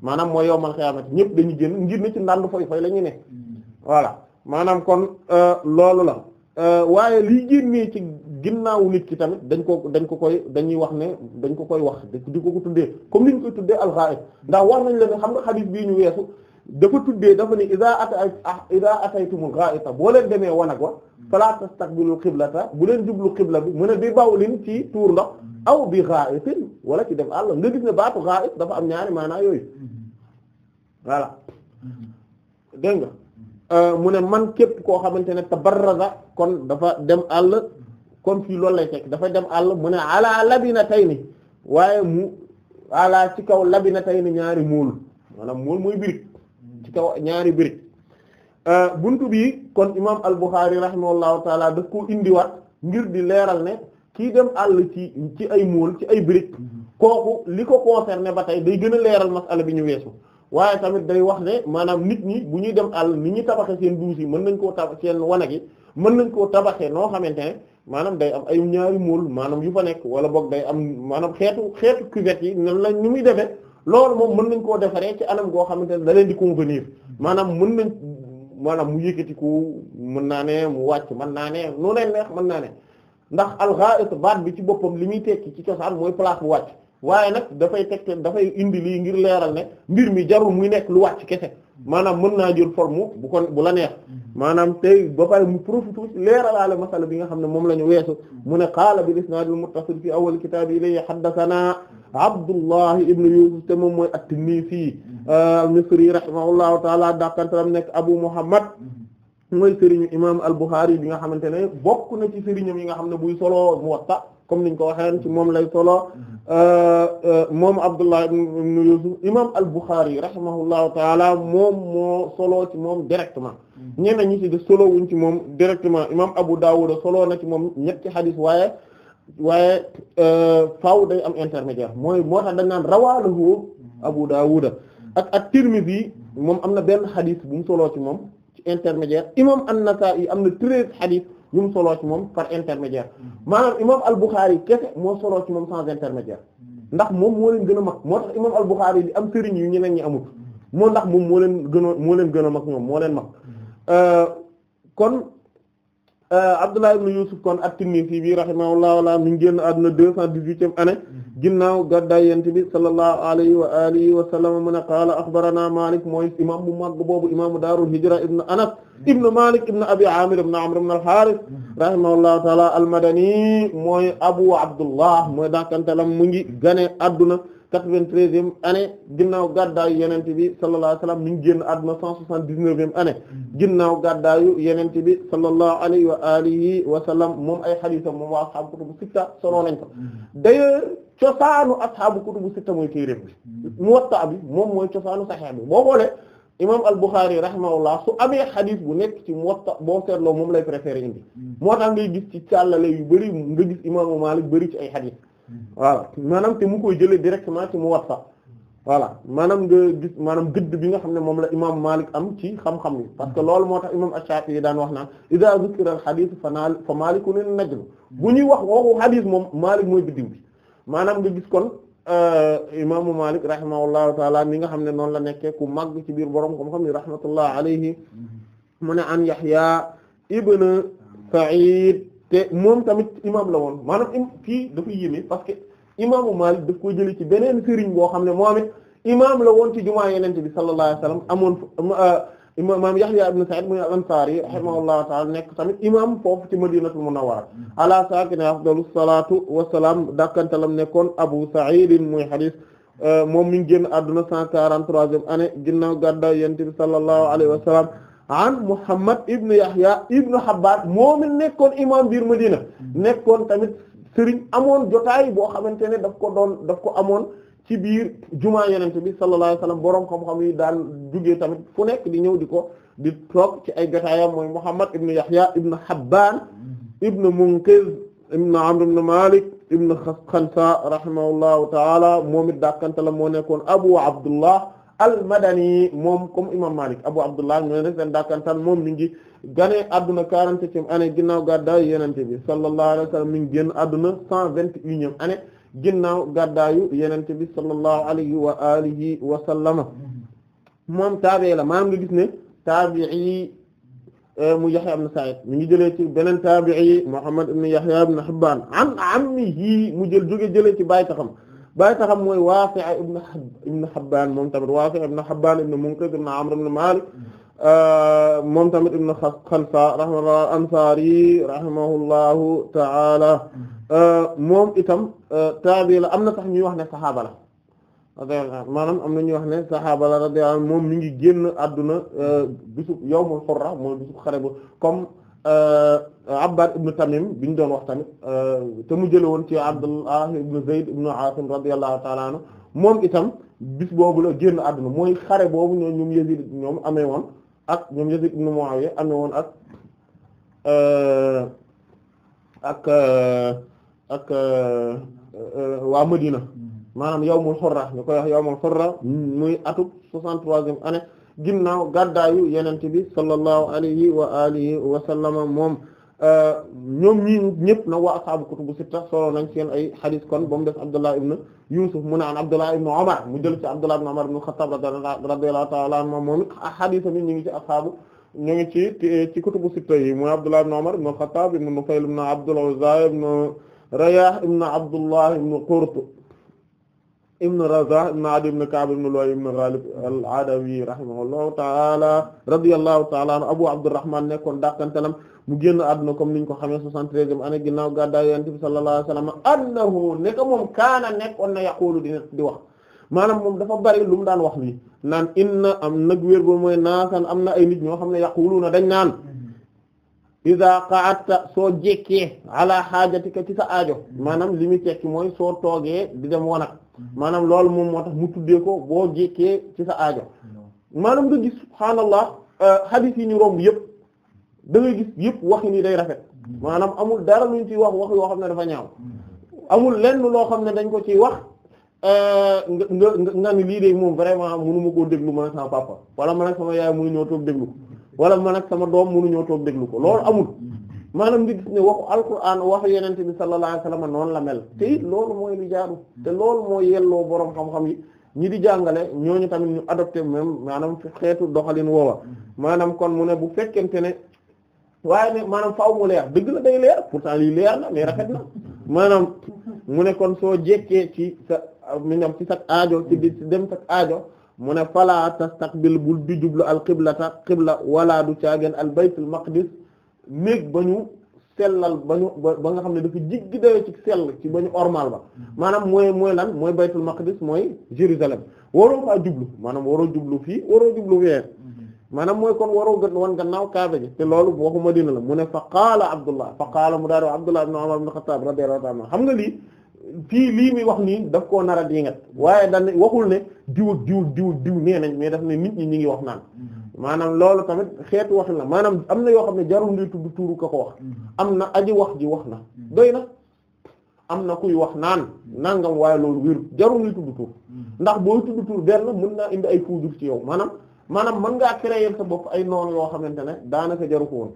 maanaam mooy yowmal xiyaamati ñëpp dañu génn ngir ne ci ndànd foy foy la ñu ne voilà maanaam kon euh, loolu la euh, waaye liy génnee ci ginnaawu nit ki tamit dañ ko dañ ko koy dañuy wax ne dañ ko koy wax di ko ko tuddee comme li ñu koy tuddee al ndax wax nañ la xam nga hadith bii ñu weesu dafa tuddee dafa ne iza ata ah, iza ataytumul gha'ita boo leen demee wanag wa fala tastaqbilu qiblata bu leen jublu qibla bi mu a bi bawlin ci tuur ndox aw bi gha'itin wala ci dem àll nga gis ne baatu gha'it dafa am ñaari maanaa yooyu voilà dégg euh, mu ne man képp koo xamante ne tabarraza kon dafa dem àll kon fii lool lay fekk dafa dem àll mu ne ala labinatayni waaye mu ala ci kaw labinatayni ñaari mool maanaam mool mooy birig ci ñaari bëri euh, bunt bi kon imaam al-Bukhârî rahimahullahu taala daf koo indiwaat ngir di leeral ne kii dem àll ci ci ay mool ci ay bëri mm-hmm. kooku li ko concerné ba tey day gën a leeral masala bi ñu weesu waaye tamit day wax ne maanaam nit ñi bu ñuy dem àll ni ñuy tabaxe seen duus yi mën nañ koo tabax seen wanag yi mën nañ koo tabaxee noo xamante ne maanaam day am ay ñaari mool maanaam yu fa nekk wala boog day am maanaam xeetu xeetu cuvette yi nan la ñu muy defee loolu moom mën nañ koo defaree ci anam goo xamante ne da di convenir maanaam mën nañ maanaam mu yëkkati ku mën naa ne mu wàcc mën naa ne nu leen neex mën naa ne ndax al-gha'it baat bi ci boppam li muy tekki ci cosaan mooy place bu wàcc waaye nag dafay teg dafay indi lii ngir leeral ne mbir mi jarul muy nekk lu wàcc kese maanaam mën naa jël forme bu kon bu la neex mm-hmm. maanaam tey ba pare mu profité leeralaale masala bi nga xam ne moom la ñu weesu mm-hmm. mu ne qaala bil isnaadil muttasil fi awwal kitaab ilayhi haddasanaa Abdullahi ibn Yusuf te moom mooy at-Tinnisi mm-hmm. euh, al-Misri rahimahullahu taala dakantaram nekk Abu Muhammad mooy sëriñu imam al-Bukhari bi nga xamante ne bokk na ci sëriñam yi nga xam ne buy solo Muwatta comme niñ ko waxee ci moom lay solo euh, euh, moom Abdullah ibn Yusuf imam al-Bukhari rahimahullahu taala moom moo solo ci moom directement ñeneen ñi ci de solo wuñ ci moom directement imam Abu Dawud solo na ci moom ñetti xadis waaye waaye euh, faaw day am intermédiaire mooy moo tax dañ naan Abu Dawud ak at-Tirmidhi moom am na benn xadis bu mu solo ci moom ci intermédiaire imam an-Nasa'i am na treize xadis yu mu ci moom par intermédiaire maanaam imam al-Bukhari kese moo soloo ci moom sans intermédiaire ndax moom moo leen gën a mag moo tax imam al-Bukhari di am sëriñ yu ñeneen ñi amul moo ndax moom moo leen gën a moo leen gën a mag ñoom moo leen mag euh, kon euh, Abdullah ibn Yusuf kon at-Tinnisi bi rahimahullahu ta'ala mi ngi génn àdduna deux cent dix-huitième année ginnaaw gàddaay yonent bi sallallahu alayhi wa alihi wa sallam mu ne qaala axbarana Malik mooy imam bu mag boobu imaamu daarul hijra ibn Anas ibn Malik ibn Abi Amir ibn Amr ibn al-Harith rahimahullahu ta'ala al-Madani mooy Abu Abdullah mooy daakantalam mu ngi gane adduna quatre-vingt-treizième année ginnaaw gàddaayu yenente bi sallallahu alayhi wa sallam mi ngi génn àdduna cent soixante-dix-neuvième année ginnaaw gàddaayu yenente bi sallallahu alayhi wa alihi wa sallam moom ay xadiisam moom waa ashaabu kutubu sitta soloo nañ ko mm-hmm. d'ailleurs cosaanu ashaabu kutubu sitta mooy téereem bi mm-hmm. Muwatta bi moom mooy cosaanu Sahih bi boo xoolee imam al-Bukhari rahimahullah su amee xadis bu nekk ci Muwatta boo seetloo moom lay préféré indi mm-hmm. moo tax ngay gis ci càllale yu bëri nga gis imaamu Maalik bëri ci ay xadis voilà maanaam te mu koy jëlee directement ci Muwatta voilà maanaam nga gis maanaam gëdd bi nga xam ne moom la imaam Malik am ci xam-xam yi parce que loolu moo tax imaam Ash-Shafi'i yi daan wax naan iza zukira al-hadith fa naal fa Malikun an bu ñuy wax waxu hadith moom Malik mooy biddiw bi maanaam nga gis kon euh, imaamu Malik rahimahullahu taala mi nga xam ne noonu la nekkee ku màgg ci biir borom xam-xam ni rahmatullah alayhi mm-hmm. mu ne an Yahya ibn Sa'id te moom tamit imam la woon maanaam fii dafa yéeme parce que imaamu Maalik daf ko jëlee ci beneen sëriñ boo xam ne moom it imaam la woon ci jumaa yenente bi sallallahu alayhi wasallam amoon ah, imaam Yahya ibn Sa'id muy al-Ansari rahimahullahu ta'ala nekk tamit imam foofu ci Madinatul Munawwara ala saakine afdalu salatu wasalam dakkantalam nekkoon Abu Sa'id muy hadis ah, moom mi ngi génn àdduna cent quarante-troisième année ginnaaw gàddaay yenente bi sallallahu alayhi an Muhammad ibn Yahya ibn Habbat moom it nekkoon imam biir Madina hmm. nekkoon tamit sëriñ amoon jotaay boo xamante ne daf ko doon daf ko amoon ci biir jumaa yenente bi sallallahu alayhi wasallam boroom xam-xam yi daan jugee tamit fu nekk di ñëw di ko di toog ci ay jotaayam mooy Muhammad ibn Yahya ibn Habban hmm. ibn Munqiz ibn Amr ibn Malik ibn Khansa rahimahullahu taala moom it dàkkante la moo nekkoon Abu Abdullah al-Madani moom comme imam Malik Abu Abdullah ñu ne seen dàkkantaan moom mi ngi gane adduna quarante-septième année ginnaaw gàddaayu yenente bi sallallahu alayhi wa sallam mi ngi génn adduna cent vingt-et-unième année ginnaaw gàddaayu yenente bi sallallahu alayhi wa alihi wa sallama moom taabi la maanaam nga gis ne taabii eh, mu Yahya ibn Sa'id mi ngi jëlee ci beneen taabii Muhammad ibn Yahya ibn Hibban an ammihi mu jël jóge jëlee ci bàyyi bàyyi taxam mooy Waafi' ibn ibn Habbaan moom tamit Waafi' ibn Habbaan ibn Munqidh mm-hmm. moom tamit ibn Khansa Ansaari rahimahullahu ta'ala mm-hmm. moom itam taabi la am na sax ñuy wax ne saxaaba la maanaam am na ñuy wax ne saxaaba la radiyallahu moom mi ngi génn àdduna mm-hmm. bisub yawmul hurra mooy bisub xare bu Euh, Abbad ibn Tamim bi ñu doon wax tamit euh, te mu jële woon ci Abdullah ibn Zayd ibn Asim radiyallahu ta'ala anhu moom itam bis boobu la génn àdduna mooy xare boobu ñoo ñoom Yazid ñoom amee woon ak ñoom Yazid ibn Muawiya amee woon ak euh, ak ak waa Madina mm-hmm. maanaam yawmul hurra ñu muy atub soixante-troisième année ginnaaw gàddaayu yenente bi sallallahu alayhi wa alihi wa sallama moom euh, ñoom ñi ñëpp na waa ashaabu kutubu sitta solo nañ seen ay xadis kon ba mu def Abdullah ibn Yusuf mu naan Abdullah ibn Umar mu jël ci Abdullah ibn Umar ibn Khattab radiyallahu ta'ala anhu moom it xadis bi ñu ngi ci ashaabu ñu ngi ci ci kutubu sitta yi mooy Abdullah ibn Umar ibn Khattab ibn Nufayl ibn Abdul Uzza ibn Rayah ibn Abdullah ibn Qurt ibn Raza ibn Adi ibn Ka'b ibn Lu'ay ibn Ghalib al-Adawi rahimahullahu ta'ala radiyallahu ta'ala anhu Abu Abdurrahman nekkoon dàqanteelam mu génn àdduna comme niñ ko xamee soixante-treizième année ginnaaw gàddaay Yonent bi sallallahu alayhi wa sallam nekk moom kaana nekkoon na yaqulu di di wax maanaam moom dafa bari lu mu daan wax lii naan inna am nag wér ba mooy naasan am na ay nit ñoo xam ne yaquluuna dañ naan iza qa'adta soo jekkee ala haajatika ci sa aajo maanaam li mu tekki mooy soo toogee di dem wanag maanaam loolu moom moo tax mu tuddee boo jekkee ci sa aajo maanaam nga gis subhaanallah euh, hadith yi ñu romb yëpp da gis yëpp wax ni day rafet maanaam amul dara luñ ci wax wax yoo xam ne dafa ñaaw amul lenn loo xam ne dañ ko ciy wax euh, nga nga nga ni lii de moom vraiment mënu ma koo déglu man sa papa wala man sama yaay muy ñëw toog déglu wala man ak sama doom ñëw toog déglu ko loolu mm-hmm. amul maanaam ngi gis ne waxu alquran waxu yenente bi sallallahu alayhi wasallam noonu la mel te loolu mooy lu jaaru mm-hmm. te loolu mooy yelloo boroom xam-xam yi ñi di jàngale ñooñu tamit ñu adopté même maanaam xeetu doxalin woowa mm-hmm. maanaam kon mu ne bu fekkente ne waaye ne maanaam faaw mu leer dëgg la day leer pourtant lii leer na mais rafet na maanaam mu ne kon soo jekkee ci sa minam ci sa aajo ci dem sa aajo mu ne fala tastaqbil bul di jublu al qiblata qibla walaa du caageen al baytul maqdis néeg ba ñu sellal ba ñu ba nga xam ne dafa jiggi dayo ci sell ci ba ñu ormal ba maanaam mooy mooy lan mooy baytul maqdis mooy Jérusalem waroo faa jublu maanaam waroo jublu fii waroo jublu fee maanaam mooy kon waroo gën wan gannaaw kaaba ji te loolu waxu Madina la mu ne fa qaala Abdullah fa qaala mu daal di Abdullah ibn Umar ibn Khattab radiyallahu ta'ala xam nga lii fii lii muy wax nii daf koo nara a diingat waaye dañ waxul ne diw ak diw diw diw nee nañ mais daf ne nit ñi ñi ngi wax naan mm-hmm. maanaam loolu tamit xeetu wax la maanaam am na yoo xam ne jarul ndi tudd tuuru ka ko wax mm-hmm. am na aji wax ji wax na mm-hmm. doy na am na kuy wax naan nangam waaye loolu wéru jarul ndi tuur ndax boo tudd tuur benn mën naa indi ay poudre ci yow maanaam maanaam mën ngaa créer sa bopp ay noon yoo xamante ne daanaka jaru ko woon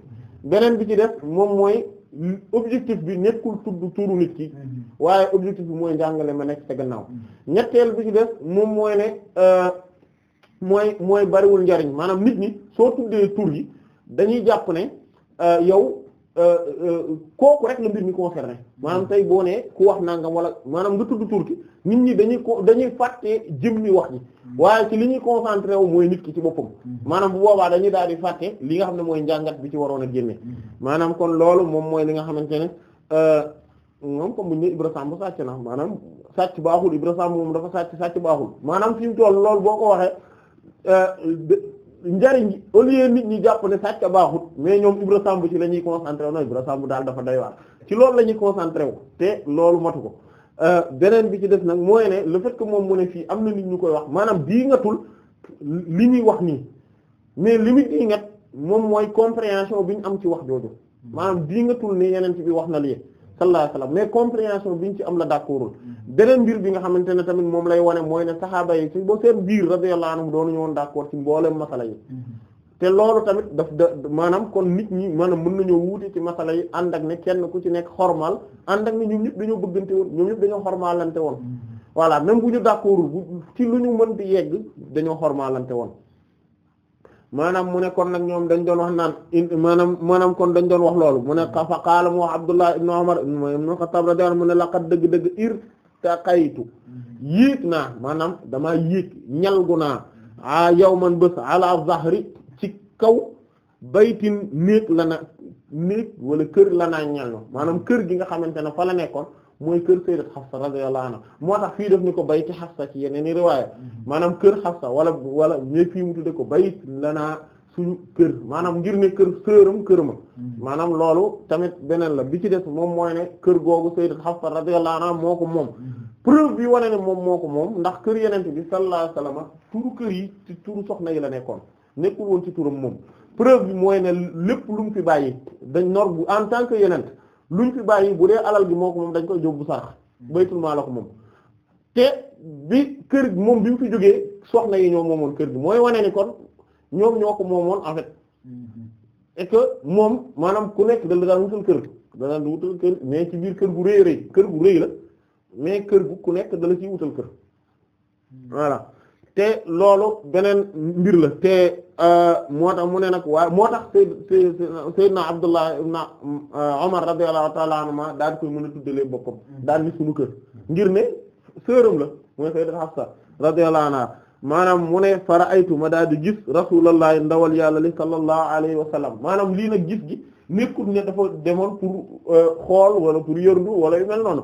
beneen bi ci def moom mooy objectif bi nekkul tudd turu nit ki mhm. waaye objectif bi mooy njàngale ma nekk sa gannaaw mhm. ñetteel bi ci def moom mooy ne euh, mooy mooy bariwul njariñ maanaam nit ñi soo tuddee tur yi dañuy jàpp ne euh, yow Euh, euh, kooku rek la mbir mi concerné maanaam tey boo nee ku wax nangam wala maanaam nga tudd tuur ki nit ñi dañuy ko dañuy fàtte jëm ni wax ji waaye ci li ñuy concentré wu mooy nit ki ci boppam maanaam bu boobaa dañuy daal di fàtte li nga xam ne mooy njàngat bi ci waroon a génne maanaam kon loolu moom mooy li nga xamante ne euh, moom comme bu ñu ne Ibra Samb sàcc na maanaam sàcc baaxul Ibra moom dafa sàcc sàcc baaxul maanaam fi toll loolu boo ko waxee njariñ gi au lieu nit ñi jàpp ne sàcc baaxut mais ñoom Ibra Samb ci la ñuy concentré wu na Ibra Samb daal dafa doy waar ci loolu la ñuy wu te loolu matu ko euh, beneen bi ci def nag mooy ne le fait que moom mu ne fii am na nit ñu koy wax maanaam bii nga ngatul li ñuy wax nii mais li mu dii ngat moom mooy compréhension bi ñu am ci wax jooju maanaam dii ngatul ne yeneen ci bi wax na lii sallallahu alayhi wasallam mais compréhension bi ñu ci am la d'accordul beneen mbir bi nga xamante ne tamit moom lay wone mooy ne saxaaba yi ci boo seen biir radiyallahu anhum doonu ñëwoon d'accord ci mboolem masala yi te loolu tamit daf da maanaam kon nit ñi maanaam mën nañoo wuute ci masala yi ànd ak ne kenn ku ci nekk xormal ànd ak ne ñoom ñëpp dañoo bëggante woon ñoom yëpp dañoo xormalante woon mm-hmm. voilà même bu ñu d'accordul bu ci lu ñu mën di yegg dañoo xormalante woon maanaam mu ne kon nag ñoom dañ doon wax naan maanaam maanaam kon dañ doon wax loolu mu ne fa qaala mu wax Abdullah ibn Umar ibn ko radiyallahu anhu mu ne laqad dëgg-dëgg ir taqaytu yéeg naa maanaam damaa yéeg ñalgu naa a yawman bés ala zahri ci kaw baytin néeg la na néeg wala kër la naa ñal maanaam kër gi nga xamante ne fa la nekkoon mooy kër sayyidat Xafsa radiyallahu anha moo tax fii def ni ko bayti Xafsa ci yeneen i riwaaya mm-hmm. maanaam kër Xafsa wala wala mais fii mu tudde ko bayt naa suñu kër maanaam ngir ne kër sëram kër ma mm-hmm. maanaam loolu tamit beneen la bi ci des moom mooy ne kër googu sayyidat Xafsa radiyallahu anha moo ko moom mm-hmm. preuve bi wane ne moom moo ko moom ndax kër yenente bi sallallahu alayhi wasallam turu kër yi ci turu soxna yi la nekkoon nekkul woon ci turam moom preuve bi mooy ne lépp lum fi bàyyi dañ nor en tant que yenent lu ñu fi bàyyi bu dee alal gi moo ko moom dañ koy jóbbu sarax baytul maal la ko moom te bi kër gi moom bi mu fi jógee soxna yi ñoo moomoon kër gi mooy wane ni kon ñoom ñoo ko moom en fait mm-hmm. et que moom maanaam ku nekk dal daan wutal kër daan wutal kër mais ci biir kër gu rëy rëy kër gu rëy la mais kër gu ku nekk dala ciy wutal kër mm-hmm. voilà te loolu beneen mbir la te euh, moo tax mu ne nag waaye moo tax na Abdullah ibn Umar euh, radiyallahu ta'ala anhuma daal koy mën a tuddalee boppam daal ni suñu kër ngir ne sœuram la mu mooy Sayyida Hafsa radiyallahu anha maanaam mu ne fara'aytu ma daal di gis rasulullah ndawal yàlla li sallallahu alayhi wa sallam maanaam lii nag gis gi nekkul ne dafa demoon pour euh, xool wala pour yërdu wala yu mel noonu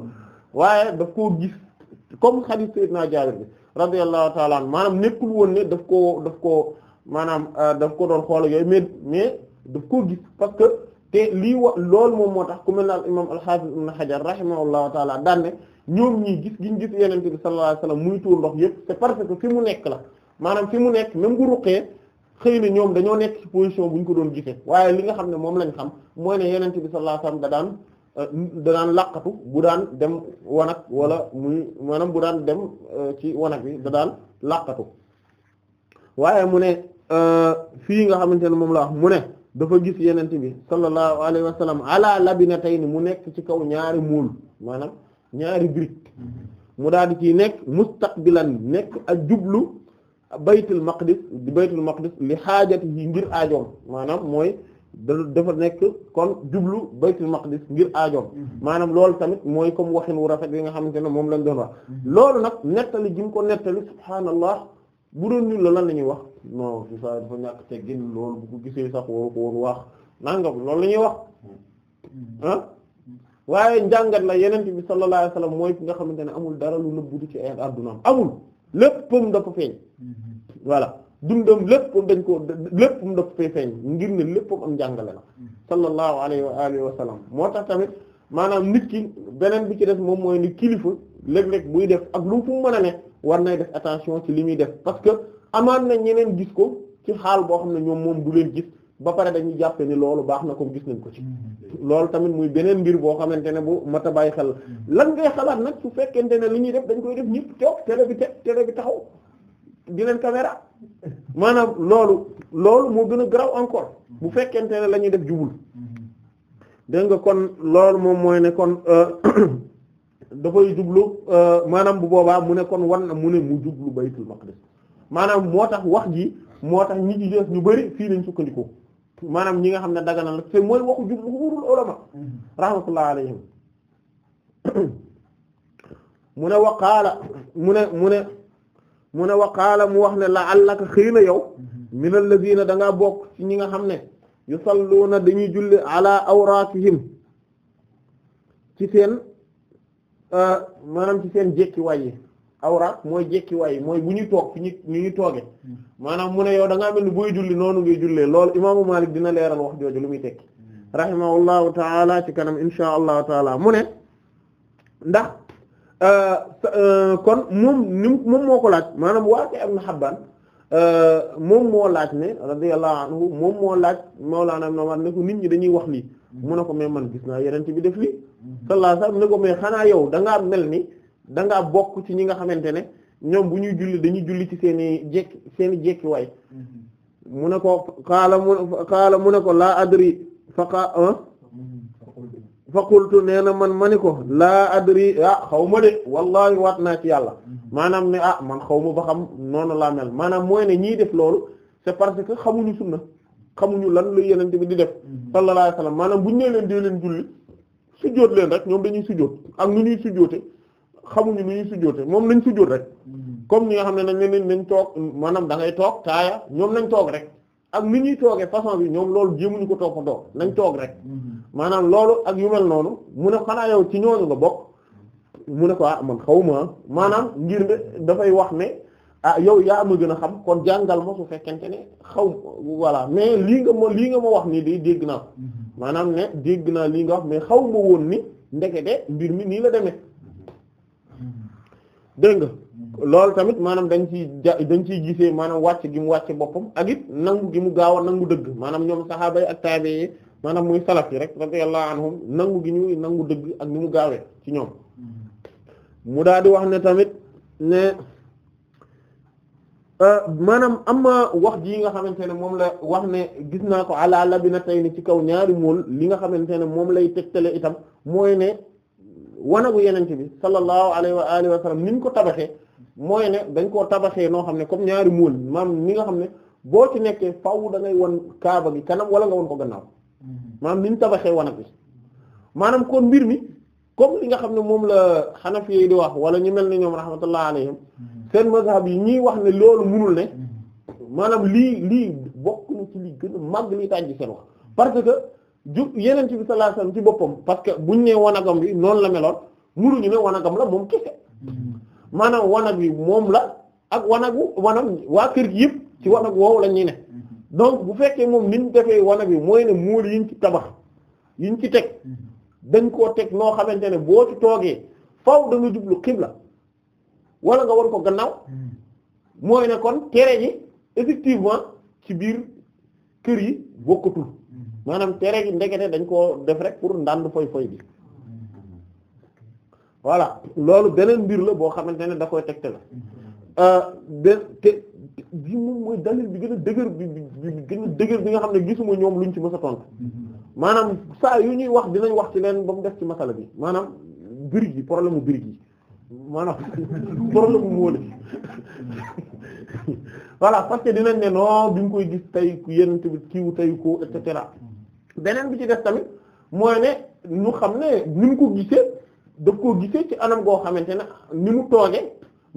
waaye daf koo gis comme xadiis Seydina Jaabir bi radiyallahu taala anhu maanaam nekkul woon ne daf koo daf koo maanaam euh, daf ko doon xool yooyu mais mais daf koo gis parce que te lii wa loolu moom moo tax ku mel ne al al-Hafiz ibn Hajar rahimahullahu taala daan ne ñoom ñii gis giñ gis Yonent bi sallallahu alayhi wasallam muy tuur ndox yépp parce que fi mu nekk la maanaam fi mu nekk même bu ruqee xëy na ñoom dañoo nekk ci position bu ko doon gisee waaye li nga xam ne moom lañ xam mooy ne Yonent bi sallallahu alayhi wasallam da daan Euh, danaan làqatu bu daan dem wanag wala muy maanaam bu daan dem euh, ci wanag bi da daan laqatu waaye mu ne euh, fii nga xamante ne moom la mu ne dafa gis yenente bi sallallahu alayhi wa sallam ala mu nekk ci kaw ñaari muul maanaam ñaari brique mu daal di ciy nekk mustaqbilan nekk ak jublu baytul maqdis di baytul maqdis li xaajati yi ngir aajoom maanaam mooy dafa nekk kon jublu baytul maqdis ngir aajoom mhm. maanaam loolu tamit mooy comme waxin wu rafet yi nga xamante ne moom lañ doon wax mhm. loolu nag nettali gi mu ko nettali subhaanallah bu doon ñun la lan la ñuy wax non si ça dafa ñàkk teggin loolu bu ko gisee sax waru ko woon wax loolu la ñuy wax mhm. ah waaye njàngat la yeneen bi sallallahu alayhi wasallam mooy ki nga xamante ne amul dara lu nëbbu ci ay addunaam amul léppam dafa feeñ voilà dundam lépp dañ ko lépp mu def fay feeñ ngir ne lépp am njàngale na mm-hmm. sallallahu alayhi wa alihi wa sallam moo tax tamit maanaam nit ki beneen bi ci def moom mooy ni kilifa léeg-léeg def ak lu fu mu mën a ne war nay def attention ci li muy def parce que amaan na ñeneen gis ko ci xaal boo xam ne ñoom moom du leen gis ba pare dañuy jàppe ni loolu baax na ko gis nañ ko ci mm-hmm. loolu tamit muy beneen ngir boo xamante ne bu mat a bàyyi xel mm-hmm. lan ngay xalaat nag su fekkente ne li ñuy def dañ koy def ñëpp toog télé bi te télé bi taxaw di leen maanaam loolu loolu moo gën a garaw encore bu fekkente ne lañuy def jubul dégg nga kon loolu moom mooy ne kon euh, dafay jublu euh, maanaam bu boobaa mu ne kon war na mu ne mu jublu baytul maqdis maanaam moo tax wax ji moo tax ñi ci def ñu bari fii lañ sukkandiku maanaam ñi nga xam ne dagana la te mooy waxu jublu wurul ulama rahmatullah alayhim mu ne waqaala mu ne mu ne mu ne wa mu wax ne la allaka xëy na yow mhm. min alladina da ngaa bokk ci ñi nga xam ne yusalluuna dañuy julli ala awraatihim ci seen euh, maanaam ci seen jekki waay awraat mooy jekki waay mooy bu ñuy toog fi ñu ñu ñu tooge mhm. maanaam mu ne yow danga ngaa mel ni booy julli noonu ngay jullee loolu imaamu Maalik dina leeral wax jooju lu muy tekki mhm. rahimahullahu taala ci kanam insha allahu taala mu ne ndax Euh, euh, kon moom ni moom moo ko laaj maanaam waa am na Habbaan euh, moom moo laaj ne radiyallahu anhu moom moo laaj Mawlaana na Umar ne ko nit ñi dañuy wax lii mu ne ko mais man gis naa yeneen bi def lii sallallahu alayhi wasallam ne ko mais xanaa yow danga ngaa mel ni danga ngaa bokk ci ñi nga xamante ne ñoom bu ñuy julli dañuy julli ci seeni i jekki seen jekki waay mm-hmm. mu ne ko xaala mu ne ko laa adri faqa fa qultu nee na man ma ni ko laa adri ah xaw ma de wallahi waat naa ci yàlla mm-hmm. maanaam ne ah man xaw ma ba xam noonu laa mel maanaam mooy ne ñii def loolu c'est parce que xamuñu na xamuñu lan la yenente bi di def mm-hmm. sallallahu alayhi wasallam maanaam bu ñu nee leen dee leen julli sujjóot leen rek ñoom dañuy sujjóot ak nu ñuy sujjóote xamuñu nu ñuy sujjóote moom nañ sujjóot rek mm-hmm. comme ñi nga xam ne nañ leen nañ toog maanaam da ngay toog taaya ñoom nañ toog rek ak ni ñuy toogee façon bi ñoom loolu jéemuñu ko toppatoo nañ toog rek maanaam loolu ak yu mel noonu mu ne xanaa yow ci ñooñu nga bokk mu ne ko ah man xaw ma maanaam ngir ne dafay wax ne ah yow yaa am a gën a xam kon jàngal ma su fekkente ne xaw voilà mais lii nga ma lii nga ma wax nii di dégg naa maanaam ne dégg naa lii nga wax mais xaw ma woon ni ndekete mbir mi nii la demee dégg nga loolu tamit maanaam dañ ciy ja dañ ciy gisee maanaam wàcc gi mu wàcc boppam ak it nangu gi mu gaaw a nangu dëgg maanaam ñoom saxaaba yi ak taabe yi maanaam muy salaf yi rek radiyallahu anhum nangu gi ñuy nangu dëgg ak ni mu gaawee ci ñoom mm-hmm. mu daal di wax ne tamit ne euh, maanaam am na wax jii nga xamante ne moom la wax ne gis naa ko bi tey labinatayni ci kaw ñaari mool li nga xamante ne moom lay tegtale itam mooy ne wanagu yenente bi sallallahu alayhi wa alihi wa ni ñu ko tabaxee mooy ne dañ koo tabaxee noo xam ne comme ñaari móol maam ni nga xam ne boo ci nekkee faaw dangay ngay wan kaaba gi kanam wala nga wan ko gannaaw mm-hmm. maam ni ñu tabaxee wanag bi maanaam kon mbir mi comme li nga xam ne moom la Hanafi yi di wax wala ñu mel ne ñoom rahmatullah alayhim mm-hmm. seen mazhab yi ñuy wax ne loolu munul ne mm-hmm. maanaam lii lii bokk na ci li gën a màgg li tàjji seen wax parce que ju yeneen bi sallallahu alayhi wasallam ci boppam parce que buñ ne wanagam bi noonu la meloon munuñu ne wanagam la moom kese maanaam wanag wi moom la ak wanagu wanag waa kër gi yëpp ci wanag woowu lañ ñuy ne donc bu fekkee moom ni ñu defee wanag wi mooy ne muul yiñ ci tabax yiñ ci teg dañ koo teg noo xamante ne boo ci toogee faw da nga jublu xibla wala nga war ko gannaaw mooy ne kon tere ji effectivement ci biir kër yi bokkatul maanaam tere gi ndekete dañ koo def rek pour ndànd foy foy bi voilà loolu beneen mbir la boo xamante ne da koy tegte euh, la ben te bi moom mooy dalil bi gën a dëgër bi bi gën a dëgër bi nga xam ne gisuma ñoom luñ ci mës a tontu maanaam saa yu ñuy wax dinañ wax ci leen ba mu def ci masala bi maanaam birig yi problème mu birig yi maanaam problème mu wóole voilà parce que dinañ ne non bi ñu koy gis tay yenn tamit kiiwu tay ko et beneen bi ci def tamit mooy ne ñu xam ne ñu ko gisee daf koo gisee ci anam goo xamante ne ni mu tooge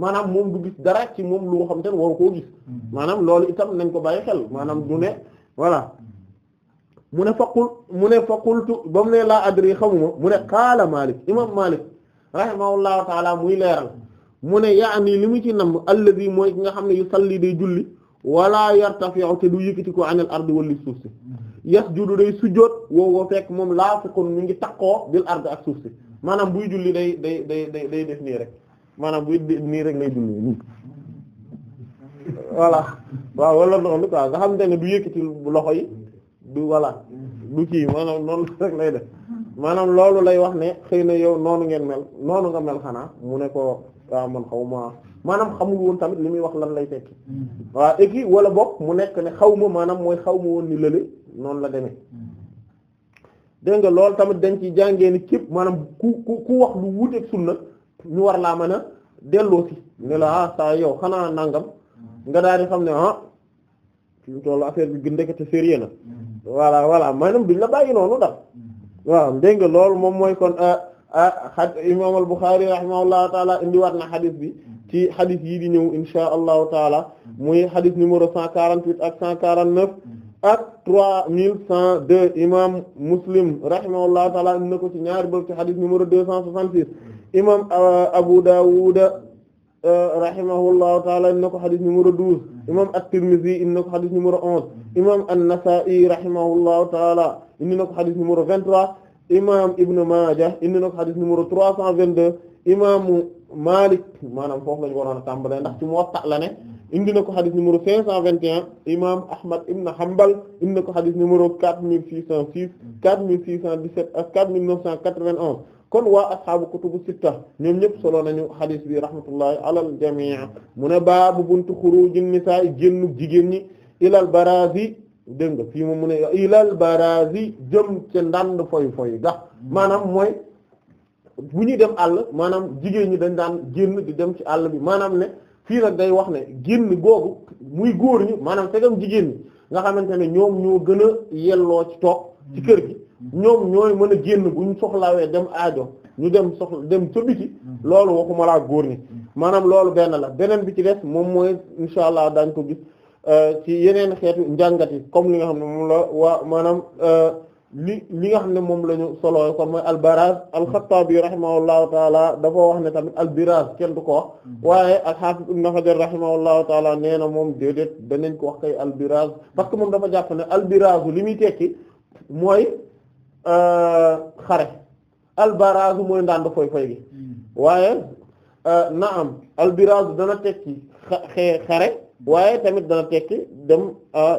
maanaam moom du gis dara ci moom loo xamante ne waru ko gis mm-hmm. maanaam loolu itam nañ ko bàyyi xel maanaam du ne voilà mm-hmm. mu ne faqul mu ne faqultu ba mu ne laa adri xamuma mu ne qaala Malik imam muy leeral mu ne li mu ci namm allazi mooy ki nga xam ne yu salli day julli wala yartafi'u te du yëkkati ko anil ardi wala suuf si mm-hmm. yasjudu day sujjóot woo woo fekk moom laafiqun mu ngi takkoo bil ardi ak suuf si maanaam buy julli day day day day day def nii rek maanaam buy nii rek lay julli nii voilà waaw wala noonu quoi nga xamante ne du yëkkati loxo yi du voilà du kii maanaam noonu lay def maanaam loolu lay wax ne xëy na yow noonu ngeen mel noonu nga mel xanaa mu ne ko man xaw ma maanaam xamul woon tamit li muy wax lan lay tekki mm. waaw et puis wala bopp mu nekk ne xaw ma maanaam mooy xaw ma woon ni lële noonu la demee dégg nga loolu tamit dañ ci jàngee ni képp maanaam ku ku ku wax lu wuuteeg na ñu war laa ma a delloo si ne la ah yow xanaa nangam nga daal di xam ne ah fi mu toll affaire bi gën ndekete sérieux na voilà voilà maanaam duñ la bàyyi noonu waaw dégg nga loolu moom mooy kon xaj ah, ah, imaam al-Bukhari rahimahullahu taala indiwaat na xadis bi ci xadis yi di ñëw insha allahu taala muy xadis numéro cent quarante huit ak cent quarante neuf ak trois mille cent deux imam Muslim rahimahullahu taala indi ko ci ñaari bërëb ci xadis numéro deux cent soixante-six imam euh, Abu Dawud euh, rahimahullahu taala indi ko xadis numéro douze imam At-Tirmidhi indi na ko xadis numéro onze imam An-Nasa'i rahimahullahu taala indi ko xadis numéro vingt-trois imam Ibn Majah indi ko xadis numéro trois cent vingt-deux imam Malik maanaam la indi na ko xadis numéro 521 imam Ahmad ibn Hanbal indi na ko xadis numéro 4606 4617 ak 4991 kon waa asxaabu kutubu sitta ñoom ñëpp solo nañu xadis bi rahmatullahi alal jamii mu ne baabu buntu xurujin nisaa génnu jigéen ñi ilal barazi dégg nga fii moom mu ne ilal barazi jëm ca ndand foy foy ga maanaam mooy bu ñuy dem àll maanaam jigéen ñi dañ daan génn di dem ci àll bi maanaam fii nag day wax ne génn googu muy góor ñi maanaam tegam jigéen ñi nga xamante ne ñoom ñoo gën a yelloo ci toog ci kër gi ñoom ñooy mën a génn bu ñu soxlawee dem aajo ñu dem soxla dem ca biti loolu waxuma laa góor ñi maanaam loolu benn la beneen bi ci des moom mooy insha allah daañ ko gis euh, ci yeneen xeetu njàngat yi comme li nga xam ne moom la waa maanaam euh, li li nga xam ne moom lañu ñu solooy kon mooy albaraz alxattaabi rahimahullahu taala dafa wax ne tamit albiraz kenn du ko wax mm-hmm. waaye alxaafis ibn hajar rahimahullahu taala nee na moom déedéet danañ ko wax kay albiraz parce que moom dafa jàpp ne albirazu li muy tekki mooy euh, xare albarazu mooy ndànd foy foy gi mm-hmm. waaye euh, naam albirazu dana tekki xare waaye tamit dana tekki dem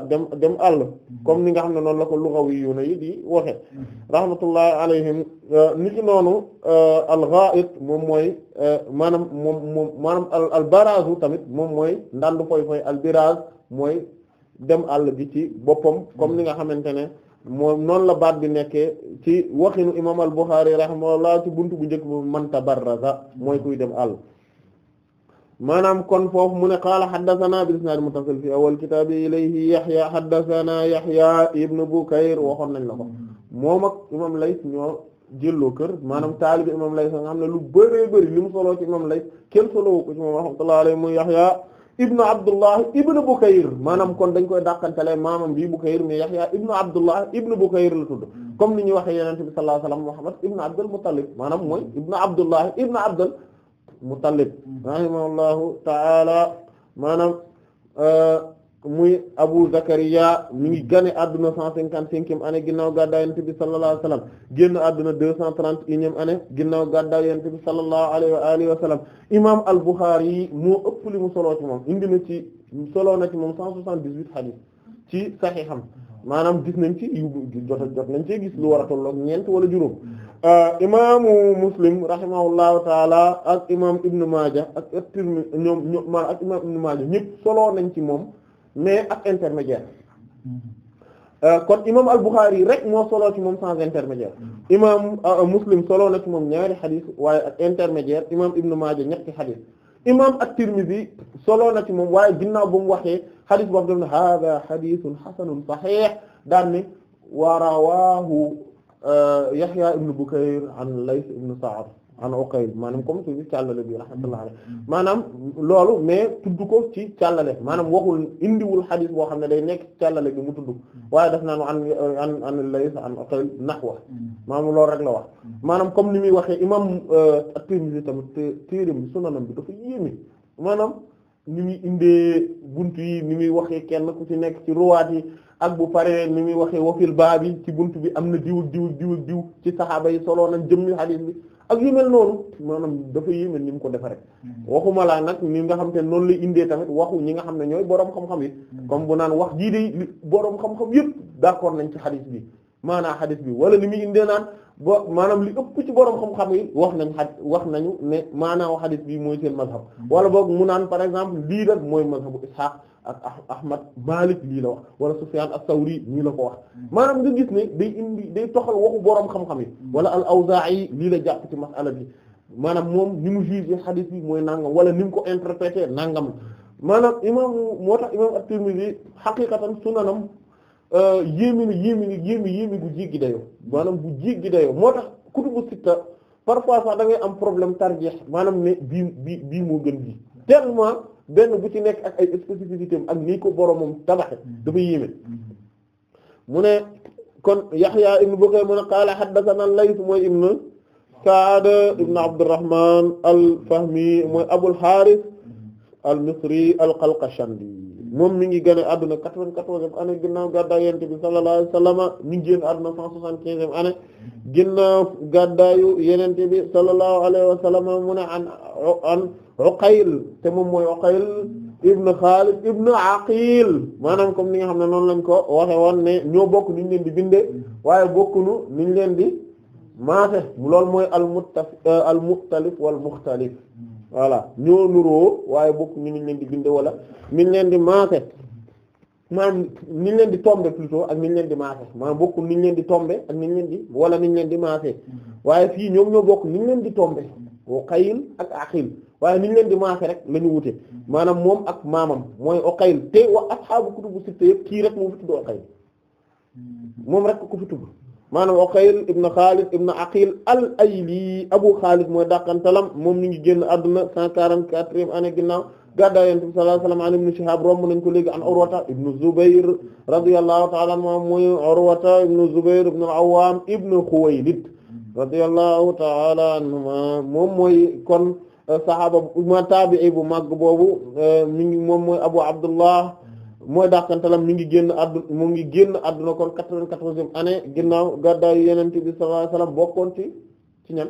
dem dem àll mhm. comme ni nga xam ne noonu la ko lughawiyuna yi di waxe mhm. rahmatullahi alayhim e, niki noonu e, al-gha'it moom mooy e, maanaam moom moom maanaam al-barazu tamit moom mooy ndandu foy foy al-biraz mooy dem àll bi ci boppam comme ni nga xamante ne moom noonu la baat bi nekkee ci waxinu imam al-Bukhari laa ci bunt bu njëkk bu manta tabarraza mooy kuy dem àll maanaam kon foofu mu ne qaala haddathana bil isnaad muttasil fi awwal kitaab ilayhi yahya haddathana yahya ibn bukayr waxoon nañ la ko moom ak imam Layth ñoo jëlloo kër maanaam taalibi imam Layth nga xam ne lu bëree bëri li mu soloo ci imam Layth kenn soloo ko ci moom rahmatullahi alayhi muy yahya ibnu abdullah ibnu bukayr maanaam kon dañ koy dàqantele maamam bi bukayr mais yahya ibnu abdullah ibnu bukayr la tudd comme ni ñu waxee yenente bi sallallahu alayhi wasallam muhammad ibnu abdul muttalib maanaam mooy ibnu abdullah ibnu abdul Muttalib rahimahullahu ta'ala maanaam euh, muy Abu Zakariya mi ngi gane adduna cent cinquante-cinquième année ginnaaw gàddaay yonent bi sallallahu alayhi wa sallam génn adduna deux cent trente-et-unième année ginnaaw gàddaay yonent bi sallallahu alayhi wa alihi wa sallam imam al-Bukhari yi moo ëpp li mu soloo ci moom indi na ci soloo na ci moom cent soixante-dix-huit hadith ci Sahiham maanaam gis nañ ci yu jot jot nañ cee gis lu war a tolloog ñeent wala juróom mm. euh, imaamu muslim rahimahullahu taala ak imaam ibnu maaja ak at-Tirmidhi ñoom ñoom ak ñëpp soloo nañ ci moom mais ak intermédiaire mm. euh, kon imaam al-Bukhari rek moo soloo ci moom sans intermédiaire mm. imaam euh, muslim soloo na ci moom ñaari xadis waaye ak intermédiaire imaam ibnu maaja ñetti xadis imam at-Tirmidhi solo na ci moom waaye ginnaaw ba mu waxee xadis boo xam ne hada xadisun xasanun saxiix daan ne wa rawaahu eh, Yaxya ibn Bukayr an Layth ibn Sa'd an Uqayl maanaam comme tu bi rahmatullah mm-hmm. maanaam loolu mais tudd ko ci càllale maanaam waxul indiwul xadis boo xam ne day nekk càllale bi mu tudd mm-hmm. waaye daf naan an an an Layth an Uqayl nahwa mm-hmm. maanaam loolu rek la wax maanaam comme ni muy waxee imam euh, at-Tirmidhi tamit téeram bi sunanam bi dafa yéeme maanaam ni muy indee bunt yi ni muy waxee kenn ku ci nekk ci ruwaat yi ak bu paree ni muy waxee wafil baa bi ci bunt bi am na diw diw diw diw ci saxaaba yi soloo nañ jëmmi xadis bi ak yu mel noonu maanaam dafa yéeme ni mu ko defaree waxuma laa nag ni nga xam te noonu la indee tamit waxu ñi nga xam ne ñooy boroom xam-xam yi comme bu naan wax jii de boroom xam-xam yëpp d'accord nañ ci xadis bi maanaam xadis bi wala li muy indee naan ba maanaam li ëpp ci boroom xam-xam yi wax nañ xa wax nañu ne maanaam xadis bi mooy seen mazhab wala boog mu naan par exemple lii rek mooy mazhabu Ishaq ak ah, Ahmad Malik lii la wax wala Sufyan as-Sawri nii la ko wax maanaam nga gis ne day indi day toxal waxu boroom xam-xam yi mm. wala al-Awza'i lii la jàpp ci masala bi maanaam moom ni mu jugé xadiis mooy nangam wala ni mu ko interprété nangam maanaam imaam moo tax imaam at-Tirmidhi xaqiqatan sunanam euh, yéemi ni yéemi ni yéemi yéemi gu jéggi dayoo maanaam bu jéggi dayoo moo tax kutubu sitta parfois sax da ngay am problème tarjih maanaam ne bii bii bii moo gën bii tellement benn bu ci nekk ak ay spécificité am ak nii ko boromam tabaxe mm-hmm. dafa yéeme mm-hmm. mu ne kon Yaxya ibn Bukayr mu ne qaala haddathana Layth mooy ibn Sa'd ibn Abdurrahman al-Fahmi mooy Abul Harith mm-hmm. al-Misri al-Qalqashandi moom mi ngi gën a adduna quatre-vingt-quatorzième année ginnaaw gàddaay yonent bi sallallahu alayhi wasallam an Uqayl te moom mooy Uqayl ibn Khalid ibn Aqil maanaam comme ni nga xam ne noonu lañ ko waxe woon ne ñoo bokk niñ leen di bindee waaye bokkunu niñ leen di maase loolu mooy al muttaf al muxtalif wal voilà ñoo nuroo waaye bokk ñu niñ leen di bindee wala niñ leen di maase maanaam niñ leen di tombe plutôt ak niñ leen di maase maanaam bokkul niñ leen di tombee ak niñ leen di wala niñ leen di maase waaye fii ñoom ñoo bokk niñ leen di tombe Uqayl ak Aqil waaye ni leen di maase rek la ñu wute maanaam moom ak maamam mooy Uqayl te wa kii moo fi tudd moom rek ko fi tudd maanaam Uqayl ibn Khalid ibn Aqil al-Ayli Abu Khalid mooy dàqantalam moom ñu ngi génn àdduna cent quarante-quatrième année ginnaaw gàddaay Yonent bi Shihab romb nañ ko léegi an Urwata ibn Zubayr radiyallahu ta'ala anhu mooy Urwata ta'ala moom mooy kon saxaaba ma taabi'i bu màgg boobu euh, mi ngi moom mooy Abu Abdullah mooy dàqantalam mi ngi génn addu mu ngi génn adduna kon quatre-vingt-quatorzième année ginnaaw gàddaayu Yonent bi sallallahu alayhi wasallam bokkoon ci ci ñan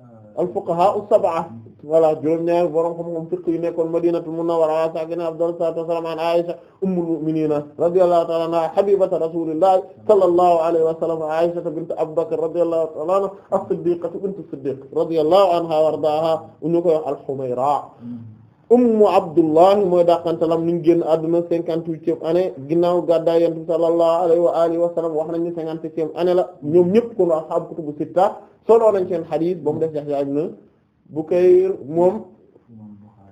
euh, al fuqaha as-sab'a voilà juróom-ñaar borom xam-xam fiqh yu nekkoon Madinatul Munawwara sakina afdalu salaatu wa salaam an Aisha ummul mu'minina radiyallahu ta'ala anha habibata rasulillahi sallallahu alayhi wa sallam Aisha bint Abi Bakr radiyallahu ta'ala anha as-siddiqatu bint as-siddiq radiyallahu anha wa ardaaha ñu koy wax al-Humayra ummu Abdullah mooy dàqantalam ñu génn àdduna cinquante-huitième année ginnaaw gàddaay Yonent bi sallallahu alayhi wa alihi wa sallam wax nañu cinquante-septième année la ñoom ñëpp ko la ashaabu kutubu sitta solo nañ seen xadiis ba mu def Yahya ibn Bukayr moom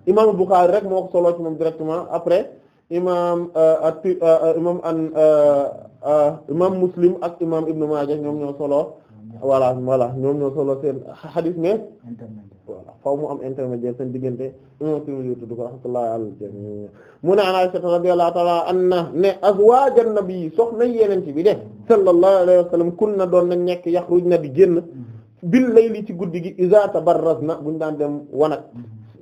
imaamu Bukhari rek moo ko solo ci moom directement après imaam euh, at euh, euh, imaam an imaam Muslim ak imaam Ibn Maaja ñoom ñoo solo wala voilà ñoom ñoo solo seen xadis mais voilà mu am intermédiaire seen diggante imam Tirmidhi tudd ko rahmatullahi alayhi jami mu ne an Aisha radiyallahu ta'ala anha ne azwaajan nabi soxna yeneen ci bi de sallallahu alayhi wa sallam kun na doon nañ nekk yaxruj na di génn bil layli ci guddi gi iza tabarrazna buñ daan dem wanag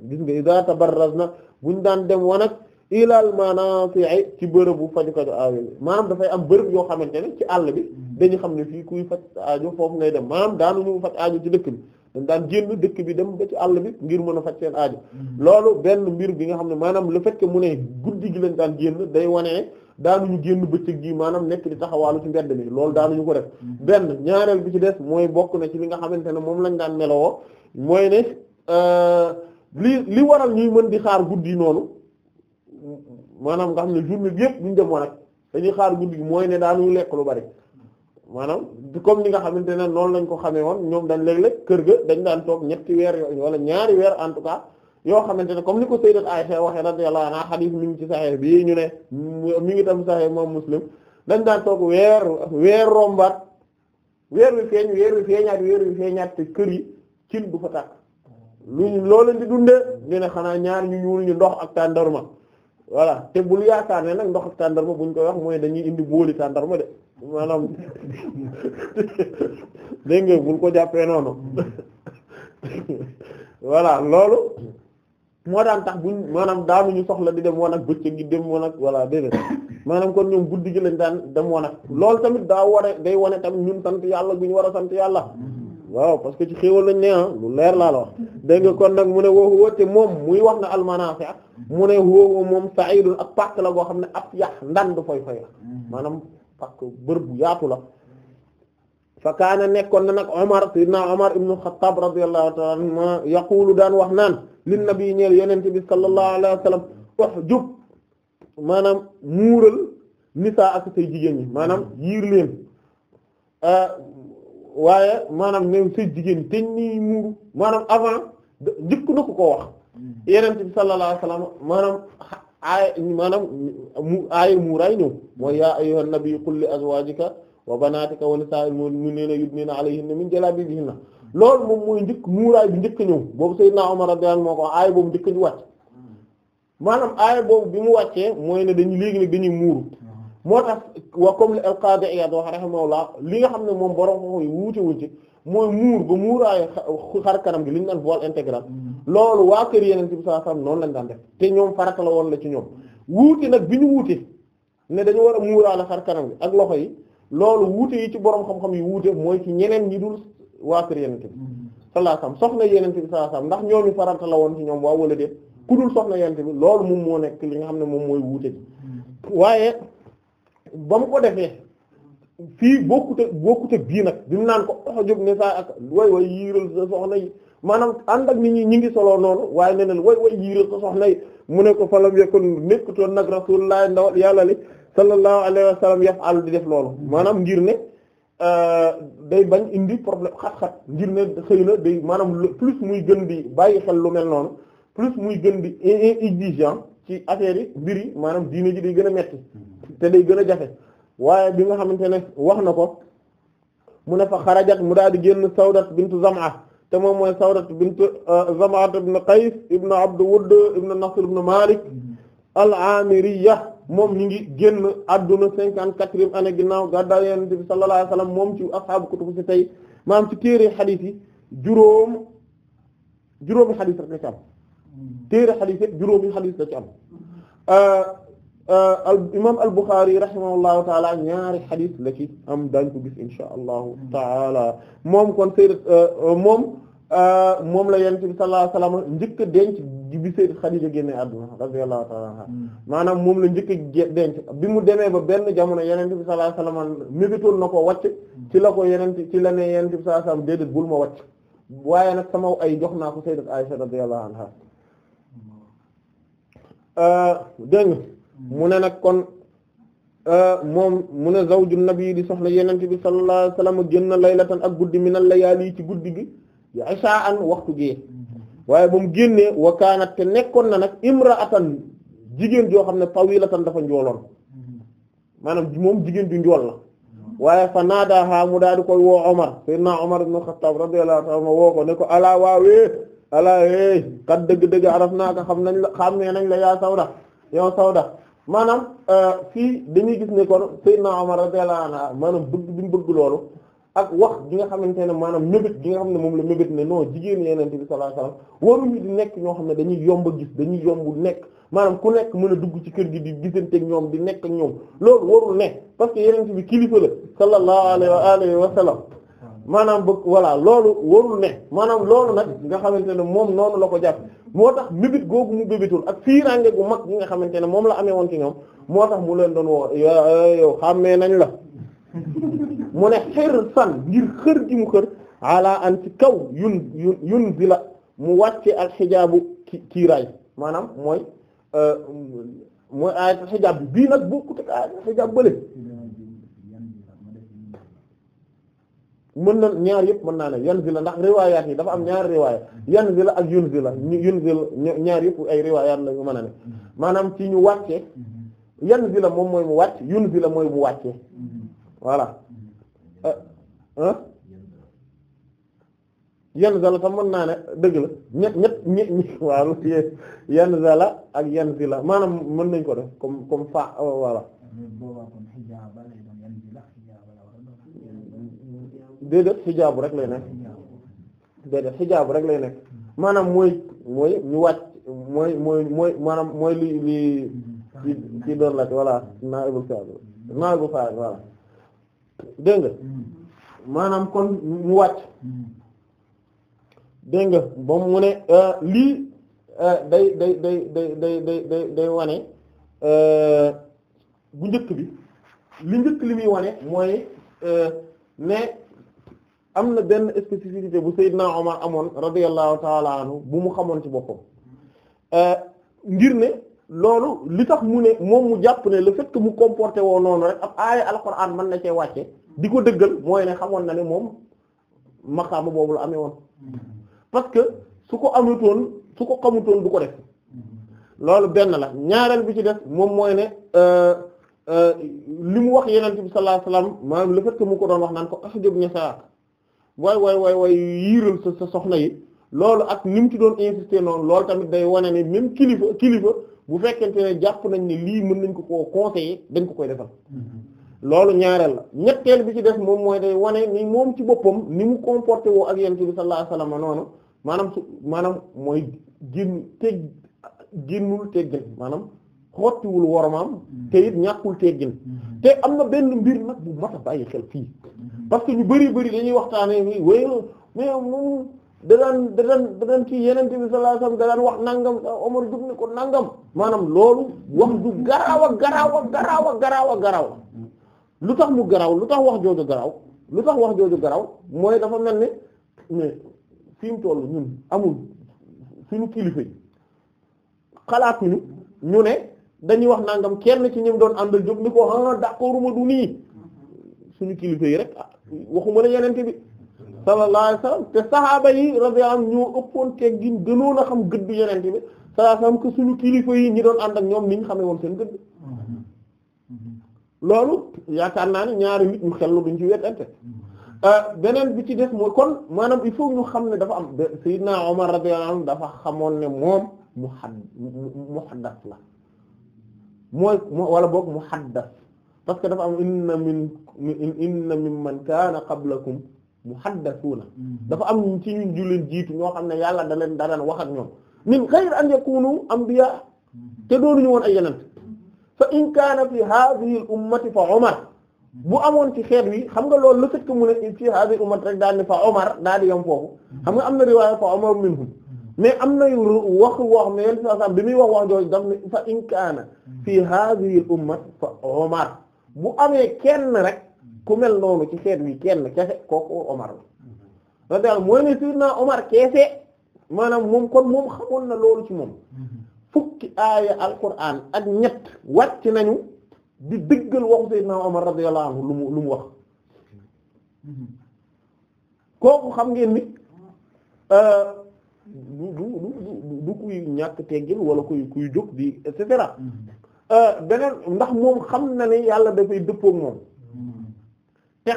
gis nga iza tabarrazna buñ daan dem wanag ilal manafi'i ci bërëbu fajukaju aajo bi maanaam dafay am bërëb yoo xamante ne ci àll bi dañu xam ne fii kuy faj aajo foofu ngay dem maanaam daanuñu faj aajo ci dëkk bi dañ daan génn dëkk bi dem ba ci àll bi ngir mën a faj seen aajo mm-hmm. loolu benn mbir bi nga xam ne maanaam le fait mu ne guddi gi lañ daan génn day wanee daanuñu génn bëccëg gi maanaam nekk di taxawaalu ci mbedd mi loolu daanuñu ko def benn ñaareel bi ci des mooy bokk na ci li nga xamante ne moom lañ daan melowoo mooy ne euh, li li waral ñuy mën di xaar guddi noonu maanaam nga xam ne journée bi yëpp ñu demoon rek dañuy xaar guddi gi mooy ne daanuñu lekk lu bari maanaam comme ni nga xamante ne noonu lañ ko xamee woon ñoom dañ léeg-léeg kër ga dañ daan toog ñetti weer yooyu wala ñaari weer en tout cas yoo xamante ne comme ni ko sayyidat Aisha waxee radiyallahu anha hadith mi ngi ci Sahih bi ñu ne mi ngi tam Sahih moom Muslim dañ daan toog weer weer rombaat weer wi feeñ weer wi feeñaat weer wi feeñaat te kër yi cin du fa tàkk luñ loo leen di dundee ñu ne xanaa ñaar ñu ñuul ñu ndox ak tàndarma voilà te bul yaakaar ne nag ndox ak tàndarma buñ ko wax mooy dañuy indi booli tàndarma de maanaam dégg nga bul ko jàppee noonu voilà loolu moo daan tax buñ maanaam daanuñu soxla di dem woon ak bëccëg gi dem woon ak voilà déedéet maanaam kon ñoom guddi gi lañ daan dem woon ak loolu tamit daa ware day wane tamit ñun sant yàlla gu ñu war a sant yàlla waaw parce que ci xéewal lañ nee ah lu leer laa la wax dégg nga kon nag mu ne woowu te moom muy wax na almanafi ak ah, mu ne woowu moom sa'idun ak pàkk la goo xam ne ab yax ndan du foy foy la maanaam pàkk bërëb bu yaatu la fa kaana nekkoon na nag Omar sayyidina Omar ibn Khattab radiyallahu ta'ala anhu yaqulu daan wax naan lin nabi ñeel yonent bi sallallahu alayhi wa sallam wax jub maanaam muural ak say jigéen ñi maanaam yiir leen ah, waaye maanaam ne say jigéen te avant njëkk na ko koo wax yonent bi sallallahu alayhi wa sallam maanaam ñëw mooy yaa ayyuhan nabiyyu qul li wa banaatika wa nisaa'il mu'minina yudnina alayhinna min jalaabibihinna loolu moom mooy njëkk muuraay bi njëkk ñëw boobu Seydina Umar radiyallahu anhu moo ko aay boobu njëkk ñu wàcc maanaam aay boobu bi mu wàccee mooy ne dañu léegi nag dañuy muuru moo tax wa comme le al-Qaadi Iyaad wax li nga xam ne moom borom xox yi wuute wuñ ci mooy muur ba muuraayu xar kanam gi li ñu naan voile intégral waa kër Yonent bi sallallahu alayhi noonu lañ daan def te ñoom farata la woon la ci ñoom wuute nag bi ñu wuute ne dañu war a muuraale xar kanam gi ak loxo yi loolu wuute yi ci borom xam-xam yi wuute mooy ci ñeneen ñi dul waa kër yenente mm-hmm. bi sallallahu alayhi wasallam soxna yenente bi sallallahu ndax ñooñu farata la woon ci ñoom waa wala déet ku dul soxna yenente bi loolu moom moo li nga xam ne moom mooy wuute mm-hmm. waaye ba mu ko defee fii bokkute bokkute bii nag bi mu naan ko oxojub ne saa ak way way yiiral sa soxna yi maanaam ànd ak nit ñi ñi ngi soloo noonu waaye ne way way yiiral sa soxna yi mu ne ko falam yakun nekkutoon nag rasulullah ndawal yàlla li sallallahu alayhi wa sallam yaf'alu di def loolu maanaam ngir ne euh, day bañ indi problème xat-xat ngir ne xëy day maanaam plus muy gën di bàyyi xel lu mel noonu plus muy gën di exigeant ci affaire yi mbir yi maanaam diine ji day gën a metti te day gën a jafe waaye bi nga xamante ne wax na ko mu ne fa xarajat mu daal di génn sawdat bintu zam'a te moom mooy sawdat bintu euh, zam'a ibn qays ibn abd wudd ibn nasr ibn malik al-amiriyya moom mi ngi génn adduna cinquante-quatrième année ginnaaw gàddaay Yonent bi sallallahu alayhi moom ci ashaabu kutubu sitta tey maanaam ci téere xadiis yi juróom juróomi xadiis rek am téere xadiis juróomi xadiis la am euh, euh, imaam al-Bukhari rahimahullahu taala ñaari xadiis la ci am daañu ko gis insha allahu taala moom kon sayyidat euh, moom Euh, moom la yonent bi sallallahu alayhi wa sallam njëkk a denc bi Sayyida Xadiija génne àdduna radiyallahu ta'ala anha hmm. maanaam moom la njëkk a denc bi mu demee ba benn jamono yonent bi sallallahu alayhi wa sallam na ko wàcc hmm. ci la ko yonent ci la ne yonent bi sallallahu alayhi waaye nag sama ay jox naa ko Sayyida Aisha hmm. euh, mu ne nag kon euh, moom mu ne zawju nabi di soxla soxna yonent bi sallallahu alayhi wa sallam génn laylatan ak guddi minal yi ci guddi gi isha an waxtu gee waaye ba mu wa kaana te nekkoon na nag imra'atan jigéen joo xam ne tawilatan dafa njooloon maanaam moom jigéen ju njool la waaye fa naadaha mu daal di koy woo Omar sayyidna Omar ibn Khattab radiyallahu anhu woo ko ne ko alaa dëgg-dëgg araf xam nañ la xam ne nañ la yaa sawda yow sawda maanaam euh, fii dañuy gis ne kon sayyidna Omar radiyallahu anhu maanaam bëgg bi bëgg loolu ak wax gi nga xamante ne maanaam mébét gi nga xam ne moom la mébét ne noo jigéen yenente bi sallallahu alayhi wasallam waruñu di nekk ñoo xam ne dañuy yomb a gis dañuy yomb nekk maanaam ku nekk mën a dugg ci kër gi di gisante ak ñoom di nekk ak ñoom loolu warul ne parce que yenente bi kilifa la sallallahu alayhi wa alihi wa sallam maanaam bëgg voilà loolu warul ne maanaam loolu nag nga xamante ne moom noonu la ko jàpp moo tax mébét googu mu mébétul ak fiiraange gu mag gi nga xamante ne moom la amee woon ci ñoom moo tax mu leen doon woo yow xàmmee nañ la mu ne xirsan ngir xër gi mu xër ala an ci kaw yun yun yun di la mu wàcce al xijaabu ki kiiraay maanaam mooy euh, mooy ayat xijaab bii nag boo kuteg ayat xijaab bële mën na ñaar yëpp mën naa ne yan zila ndax riwaayaat yi dafa am ñaar riwaaya yan zila ak yun zila yun zila ñaar yëpp ay riwaayaat la ñu mën a ne maanaam ci ñu wàcce mm-hmm. yan zila moom mooy mu wàcc yun zila mooy mu wàcce mm-hmm. voilà yan euh, zala tam mën naa ne dëgg la ñett ñett ñett ñi waaw yan zala ak yan zila maanaam mën nañ ko def comme comme fa euh, voilà déedéet xijaabu rek lay nekk déedéet xijaabu rek lay nekk maanaam mooy mooy ñu wàcc mooy mooy mooy maanaam mooy li li ci mm-hmm. doon la voilà naibul fa'il naibul fa'il voilà dégg nga hmm. maanaam kon mu wàcc hmm. dégg nga ba mu ne euh, lii euh, day day day day day day day wane euh, bu njëkk bi li njëkk li muy wane mooy ne am na benn spécificité bu Seydina Omar amoon radiyallahu taala bu mu xamoon ci boppam ngir ne loolu li tax mu ne moom mu jàpp ne le fait que mu comporté woo noonu rek ab aaya alxuraan mën na cee wàcce di ko dëggal mooy ne xamoon na ne moom maqaama boobu la amee woon parce que su ko amutoon su ko xamutoon du ko def loolu benn la ñaareel bi ci def moom mooy ne euh, euh, li mu wax yeneen bi sallallahu alayhi wasallam maanaam le fait que mu ko doon wax naan ko axjob ñasaak waay waay waay waay yiiral sa sa soxna yi loolu ak ni mu ci doon insister noonu loolu tamit day wane ne même kilifa kilifa bu fekkente ne jàpp nañ ne lii mën nañ ko koo conseiller dañ ko koy defal mm-hmm. loolu ñaareel la ñetteel bi ci def moom mooy day wane ni moom ci boppam ni mu comporté woo ak yonent bi sallallahu alayhi wasallam noonu maanaam su maanaam mooy génn teg génnul teggin maanaam xottiwul wormaam mm-hmm. te it ñàkkul teggin mm-hmm. te am na benn mbir nag bu mat a bàyyi xel fii parce que ñu bari bari dañuy waxtaanee ni wéy mais moom da daan da daan da daan ci yenente bi sallallahu alayhi wasallam da daan wax nangam Omar jub ni ko nangam maanaam loolu wax du garaaw a garaaw a garaaw a garaaw lu tax mu garaaw lu tax wax jooju garaaw lu tax wax jooju garaaw mooy dafa mel ne mais fi mu toll ñun amul suñu kilifa yi xalaatuñu ñu ne dañuy wax nangam kenn ci ñim doon àndal jóg ni ko ah d'accord ma du nii suñu kilifa yi rek ah, waxuma la yenente bi sallallahu alayhi wasallam te saxaaba yi radiyallahu anhum ñoo ëppoon teggin gënoon a xam gëddu yonent bi sallallahu alayhi wasallam que suñu kilifa yi ñi doon ànd ak ñoom ni ñu xame woon seen gëdd loolu yaakaar naa ne ñaari nit ñu xellu duñ ci wettante euh, beneen bi ci des mooy kon maanaam il faut ñu xam ne dafa am Seydina Omar radiyallahu anhu dafa xamoon ne moom mu xad muhaddas la mooy mu boog muhaddas parce que dafa am inna min inna mimman kaana qablakum mu muhaddasuuna mm-hmm. dafa am ci ñun ju jiitu ñoo xam ne yàlla da leen daan wax ak ñoom min ghayri an yakunu anbiya mm-hmm. te doonuñu woon ay yeneen mm-hmm. fa in kaana fi hadhihi al ummati fa Umar bu amoon ci xeet wi xam nga loolu la fekk mu ne ci hadhihi al daal ne fa daal di yam foofu xam na riwaaya fa Umar mais am na wax wax mais yenn saa bi fa in kaana fi hadhihi al ummati bu amee kenn rek. ku mel noonu ci xeet wi kenn kese kooku Omar la daal mooy ne Seydina Omar keese maanaam moom kon moom xamoon na loolu ci moom fukki aaya alquran ak ñett ci nañu di dëggal waxu Seydina Omar radiyallahu anhu lu mu lu mu wax kooku xam ngeen ni euh, du du du du kuy ñàkk teggin wala kuy kuy jóg di et cetera mm-hmm. euh, ndax moom xam na ne yàlla dafay dëppook moom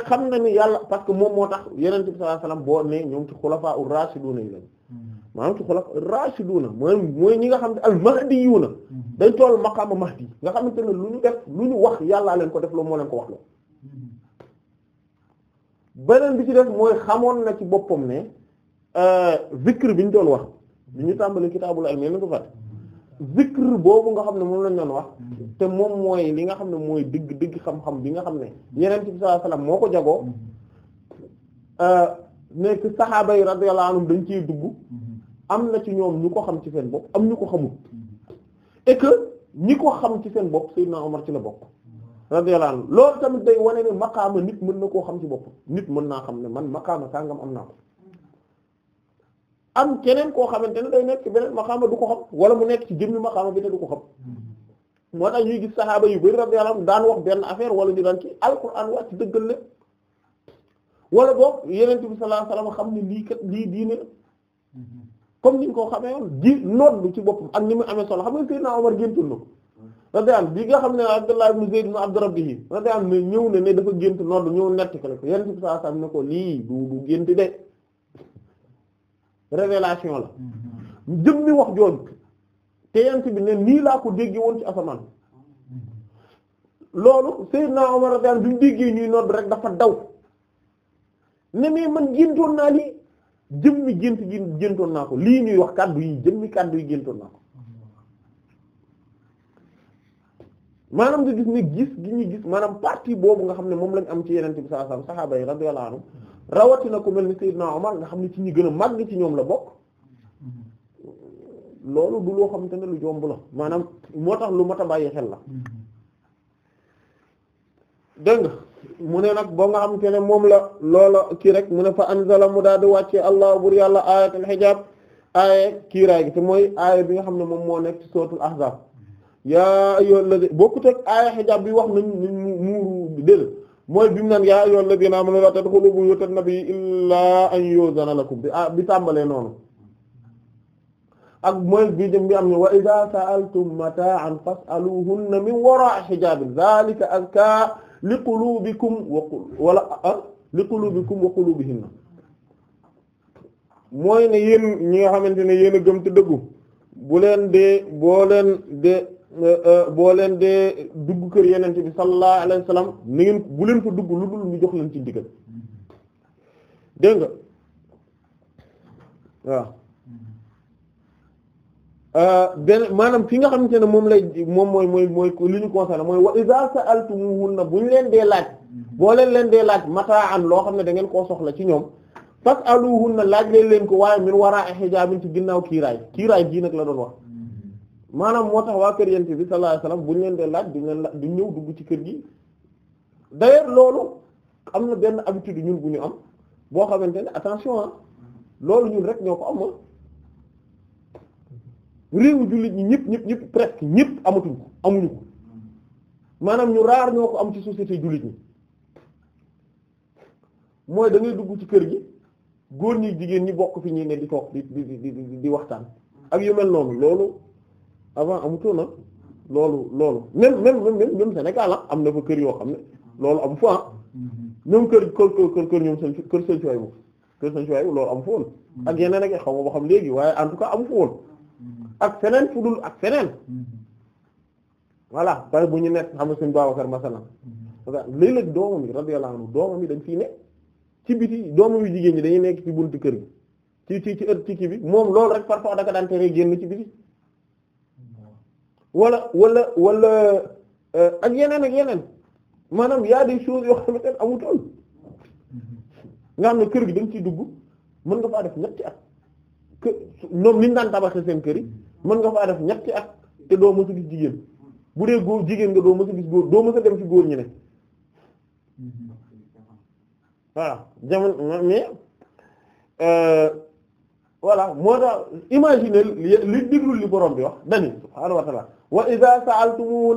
xam na ni yàlla parce que moom moo tax yeneen bi sallallahu alayhi boo ne ñoom ci xulafaa ur raashiduna yi lañ hmm. maanaam ci xulafaa ur raashiduna mooy mooy ñi nga xam ne al na hmm. dañ toll maqaama mahdi nga xamante ne lu ñu def lu ñu wax yàllaa leen ko def loolu moo leen ko wax la hmm. beneen bi ci def mooy xamoon na ci boppam ne euh, zikr bi ñu doon wax bi ñu tàmbali kitaabul ilm ko fat zikr boobu nga xam ne moom lañ doon wax mm-hmm. te moom mooy li nga xam ne mooy dëgg dëgg xam-xam bi nga xam ne yeneen bi sallallahu alayhi moo ko jagoo nekk mm-hmm. euh, saxaaba yi radiyallahu anhum dañ ciy dugg mm-hmm. am na ci ñoom ñu ko xam ci seen bopp am ñu ko xamul et que ñi ko xam ci seen bopp Seydina Omar ci la bokk radiyallahu anhu loolu tamit day wane ne maqaama nit mën na koo xam ci bopp nit mën naa xam ne man maqaama sangam am naa ko am keneen koo xamante ne day nekk ci beneen maqaama du ko xam wala mu nekk ci jëmmi maqaama bi ne du ko xam mm-hmm. moo tax ñuy gis saxaaba yu bari radiyallahu anhum daan wax benn affaire wala ñu daan ci alquran wax ci dëggal la yeneen bi sallallahu alayhi wasallam xam ne lii kat lii diine mm-hmm. comme ni ñu ko xamee woon di nodd ci boppam ak ni mu amee solo xam nga Seydina Omar géntul na ko mm-hmm. radiyallahu bi nga xam ne Abdullah ibn Zayd ibn Abd Rabbih radiyallahu ne ñëw ne ne dafa gént nodd ñëw netti ko le ko yeneen ne ko lii du du gént de révélation la mm-hmm. jëm mi wax jooju te yant bi ne nii laa ko déggee woon ci asamaan mm-hmm. loolu Seydina Omar daan duñ déggee ñuy nodd rek dafa daw ne mais man géntoon naa lii jëm mi gént gi géntoon naa ko lii ñuy wax kàddu yi jëm mi kàddu yi géntoon naa ko maanaam nga gi ñu gis maanaam partie boobu nga xam ne moom lañ am ci yenente bi sallallahu alayhi wasallam sahaaba yi radiyallahu anhum rawatina ko mel ni Seydina Omar nga xam ne ci ñi gën a màgg ci ñoom la bokk xamante ne lu jomb maanaam moo tax lu mat a bàyyi xel la mu ne nag boo nga xamante ne moom la loola kii rek mu ne fa anzala mu daal di wàccee allah bur yàlla ayatul hijab aaye kiiraay gi te mooy aaye bi nga xam ne moom moo nekk ci sootul ahzab yaa ayyuhal ladina bokkut ak aaya xijaab bi wax nañ mu muuru déedéet mooy bi mu naan yaa ayyuhal ladina amanu laa tadxulu buyutan nabi illaa an yuzana lakum bi ah bi tàmbalee noonu ak mooy bi jëm bi am ne wa idha sa'altum mata'an fas'aluhunna min wara'i hijaab dhalika azka li qulubikum wa wala ah, li qulubikum wa qulubihinna mooy ne yéen ñi nga xamante ne yéen a gëm te dëggu bu leen dee boo leen dee Euh, boo leen dee dugg kër yenente bi sallallahu alayhi wa sallam ni ngeen bu ko dugg lu dul mu jox leen ci ndigal nga waaw euh, benn maanaam xamante ne moom lay moom mooy mooy mooy li ñu concerné mooy wa iza sa'altumuhunna bu ñu leen dee laaj boo leen leen dee laaj mata'an loo xam ne da ngeen koo soxla ci ñoom fas'aluhunna laaj leen leen ko waaye min wara'i hijabin ci ginnaaw kiiraay kiiraay gii nag la doon wax maanaam moo tax waa kër yent bi sallallahu alayhi wasallam buñ leen dee laaj duñ leen ñëw dugg ci kër gi d'ailleurs loolu am na benn habitude ñun bu ñu am boo xamante ne attention ah loolu ñun rek ñoo ko am ah. réew jullit ñi ñëpp ñëpp ñëpp presque ñëpp amatuñ ko amuñu ko maanaam ñu raar ñoo ko am ci société jullit ñi mooy dangay dugg ci kër gi góor ñi jigéen ñi bokk fi ñi ne di toog di di di di waxtaan ak yu mel noonu loolu avant amutoon na loolu loolu même même même même Sénégal ah am na fa kër yoo xam ne loolu am fa ah mm-hmm. kër kër kër kër ñoom seen kër seen cooy bu kër seen cooy bu loolu amu fa woon mm-hmm. ak yeneen ak xaw ma ba xam léegi waaye en tout cas amu fa woon mm-hmm. ak feneen fu dul ak feneen voilà bu ñu nekk xam nga suñu Babacar masala léeg-léeg doomam yi la anhu doomam yi dañ fii nekk ci biti doomam yu jigéen ñi dañu nekk ci buntu kër gi ci ci ci ëtt ci kii bi moom loolu rek parfois da ko daan tere génn ci biti. wala walla walla euh, ak yeneen ak yeneen maanaam y de des choses yoo xamante ne amutoon nga xam ne kër gi da nga ciy dugg mën nga faa def ñetti at que ñoom niñ daan tabaxe seen kër yi mën nga faa def ñetti at te doo mësa gis jigéen bu dee góor jigéen nga doo mësa gis góor doo mësa dem ci góor ñi ne voilà jamono mais euh, voilà moo tax imaginer li déglu li borom bi wax dañu subhaanahu wa wa idha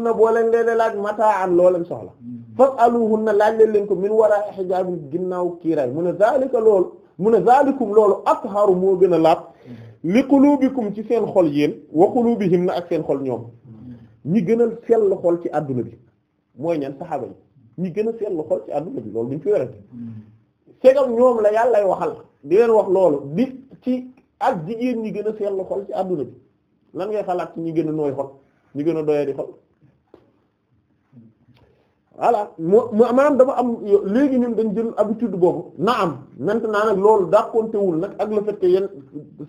na boo leen leen laaj mata'an an leen soxla mm-hmm. na laaj leen leen ko min wara'i hijab ginnaaw kiiraay mu a zalika loolu mu ne zalikum loolu atharu moo gën a laab mm-hmm. li qulubikum ci seen xol yéen wa qulubihim na ak seen xol ñoom mm-hmm. ñi gën a sell xol ci àdduna bi mooy ñan saxaaba ñi gën a sell xol ci àdduna bi loolu duñ ci werante segam ñoom la yàllay waxal di leen wax loolu di ci ak jigéen ñi gën a sell xol ci àdduna bi lan ngay xalaat ci ñi gën a nooy xol ñu gën a doyee di xol voilà mu maanaam dafa am léegi ñun dañ jël habitude boobu na am maintenant nag loolu dàqontewul nag ak le fait que yéen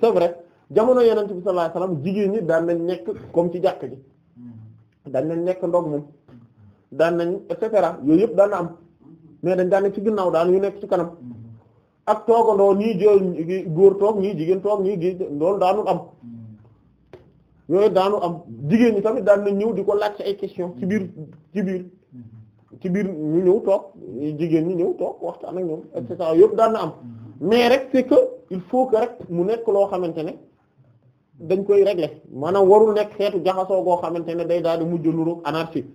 c'est vrai jamono yeneen bi sallallahu alayhi jigéen ñi daan nañ nekk kom ci jàkk ji daan nañ nekk ndoog moom daan nañ et yooyu yëpp daan na am mais dañ daan nekk ci ginnaaw daan ñu nekk ci kanam ak toogandoo nii jooy góor toog ñii jigéen toog ñii gi loolu daanul am yooyu daanu am jigéen ñi tamit daan nañ ñëw di ko laaj ay question ci biir ci biir mhm. ci biir ñu ñëw toog jigéen ñu ñëw toog waxtaan ak ñoom et cetera yëpp daan na am mhm. mais rek c'est il faut que rek mu nekk loo xamante ne dañ koy régler maanaam warul nekk xeetu jaxasoo goo xamante ne day daal di mujj niru anarchie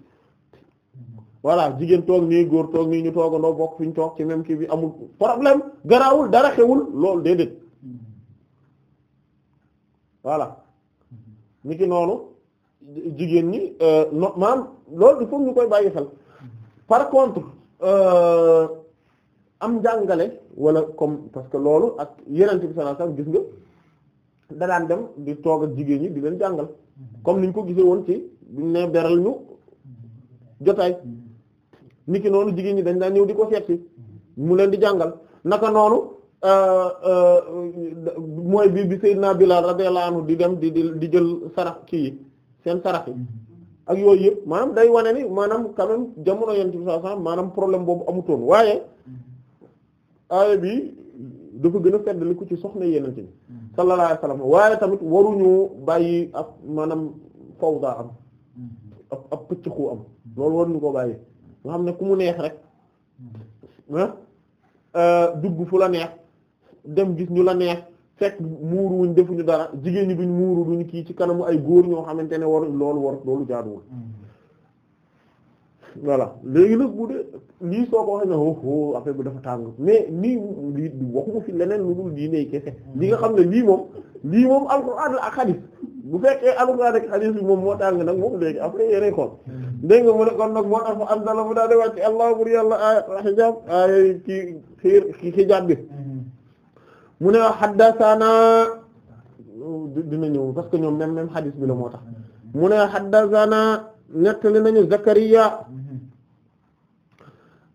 voilà jigéen toog nii góor toog nii ñu toogandoo bokk fi ñu toog ci même kii bi amul problème garaawul dara xewul loolu déedéet mhm. voilà ni ki noonu jigéen ñi euh, no maanaam loolu il ñu koy bàyyi xel par contre euh, am njàngale wala comme parce que loolu ak yeneen bi sallallahu alayhi gis nga da daan dem di toog ak jigéen ñi di leen jàngal comme ñu ko gisee woon ci buñ ne beral ñu jotaay ki noonu jigéen ñi dañ daan ñëw di ko seet mu leen di jàngal naka noonu Euh, euh, euh, mooy bi bi Seydina Bilal radiyallahu anhu di dem di di jël sarax kii seen sarax yi ak yooyu yëpp maanaam day wane ni maanaam quand jamono yonent bi sallallahu alayhi maanaam problème boobu amutoon waaye aaya bi dafa gën a feddali ku ci soxna yonent bi sallallahu alayhi wasallam waaye tamit waruñu bàyyi ak maanaam fawda am ak ak pëccëxu am loolu waruñu ko bàyyi nga xam ne ku mu neex rek ah, dugg fu la neex dem gis ñu la neex fekk muuru wuñ defuñu dara jigéen ñi duñ muuru duñ kii ci kanamu ay góor ñoo xamante ne war loolu war loolu jaaduwul mm-hmm. voilà léegi nag bu dee lii soo ko waxee ne oh, oh, tàng mais nii lii waxuma fi leneen lu dul diine mm-hmm. li nga xam ne lii moom lii moom alxuraan ak xadiis bu fekkee alxuraan ak xadiis bi moom moo tàng nag léegi après yéenay xool mm-hmm. nga mu kon nag moo am dala mu daal di wàcc allah bur yàlla ay xijaab ay ki xiir xijaab bi mu ne xaddasana dina parce que ñoom même même xadis bi mu ne xaddasana nettali nañu Zakariya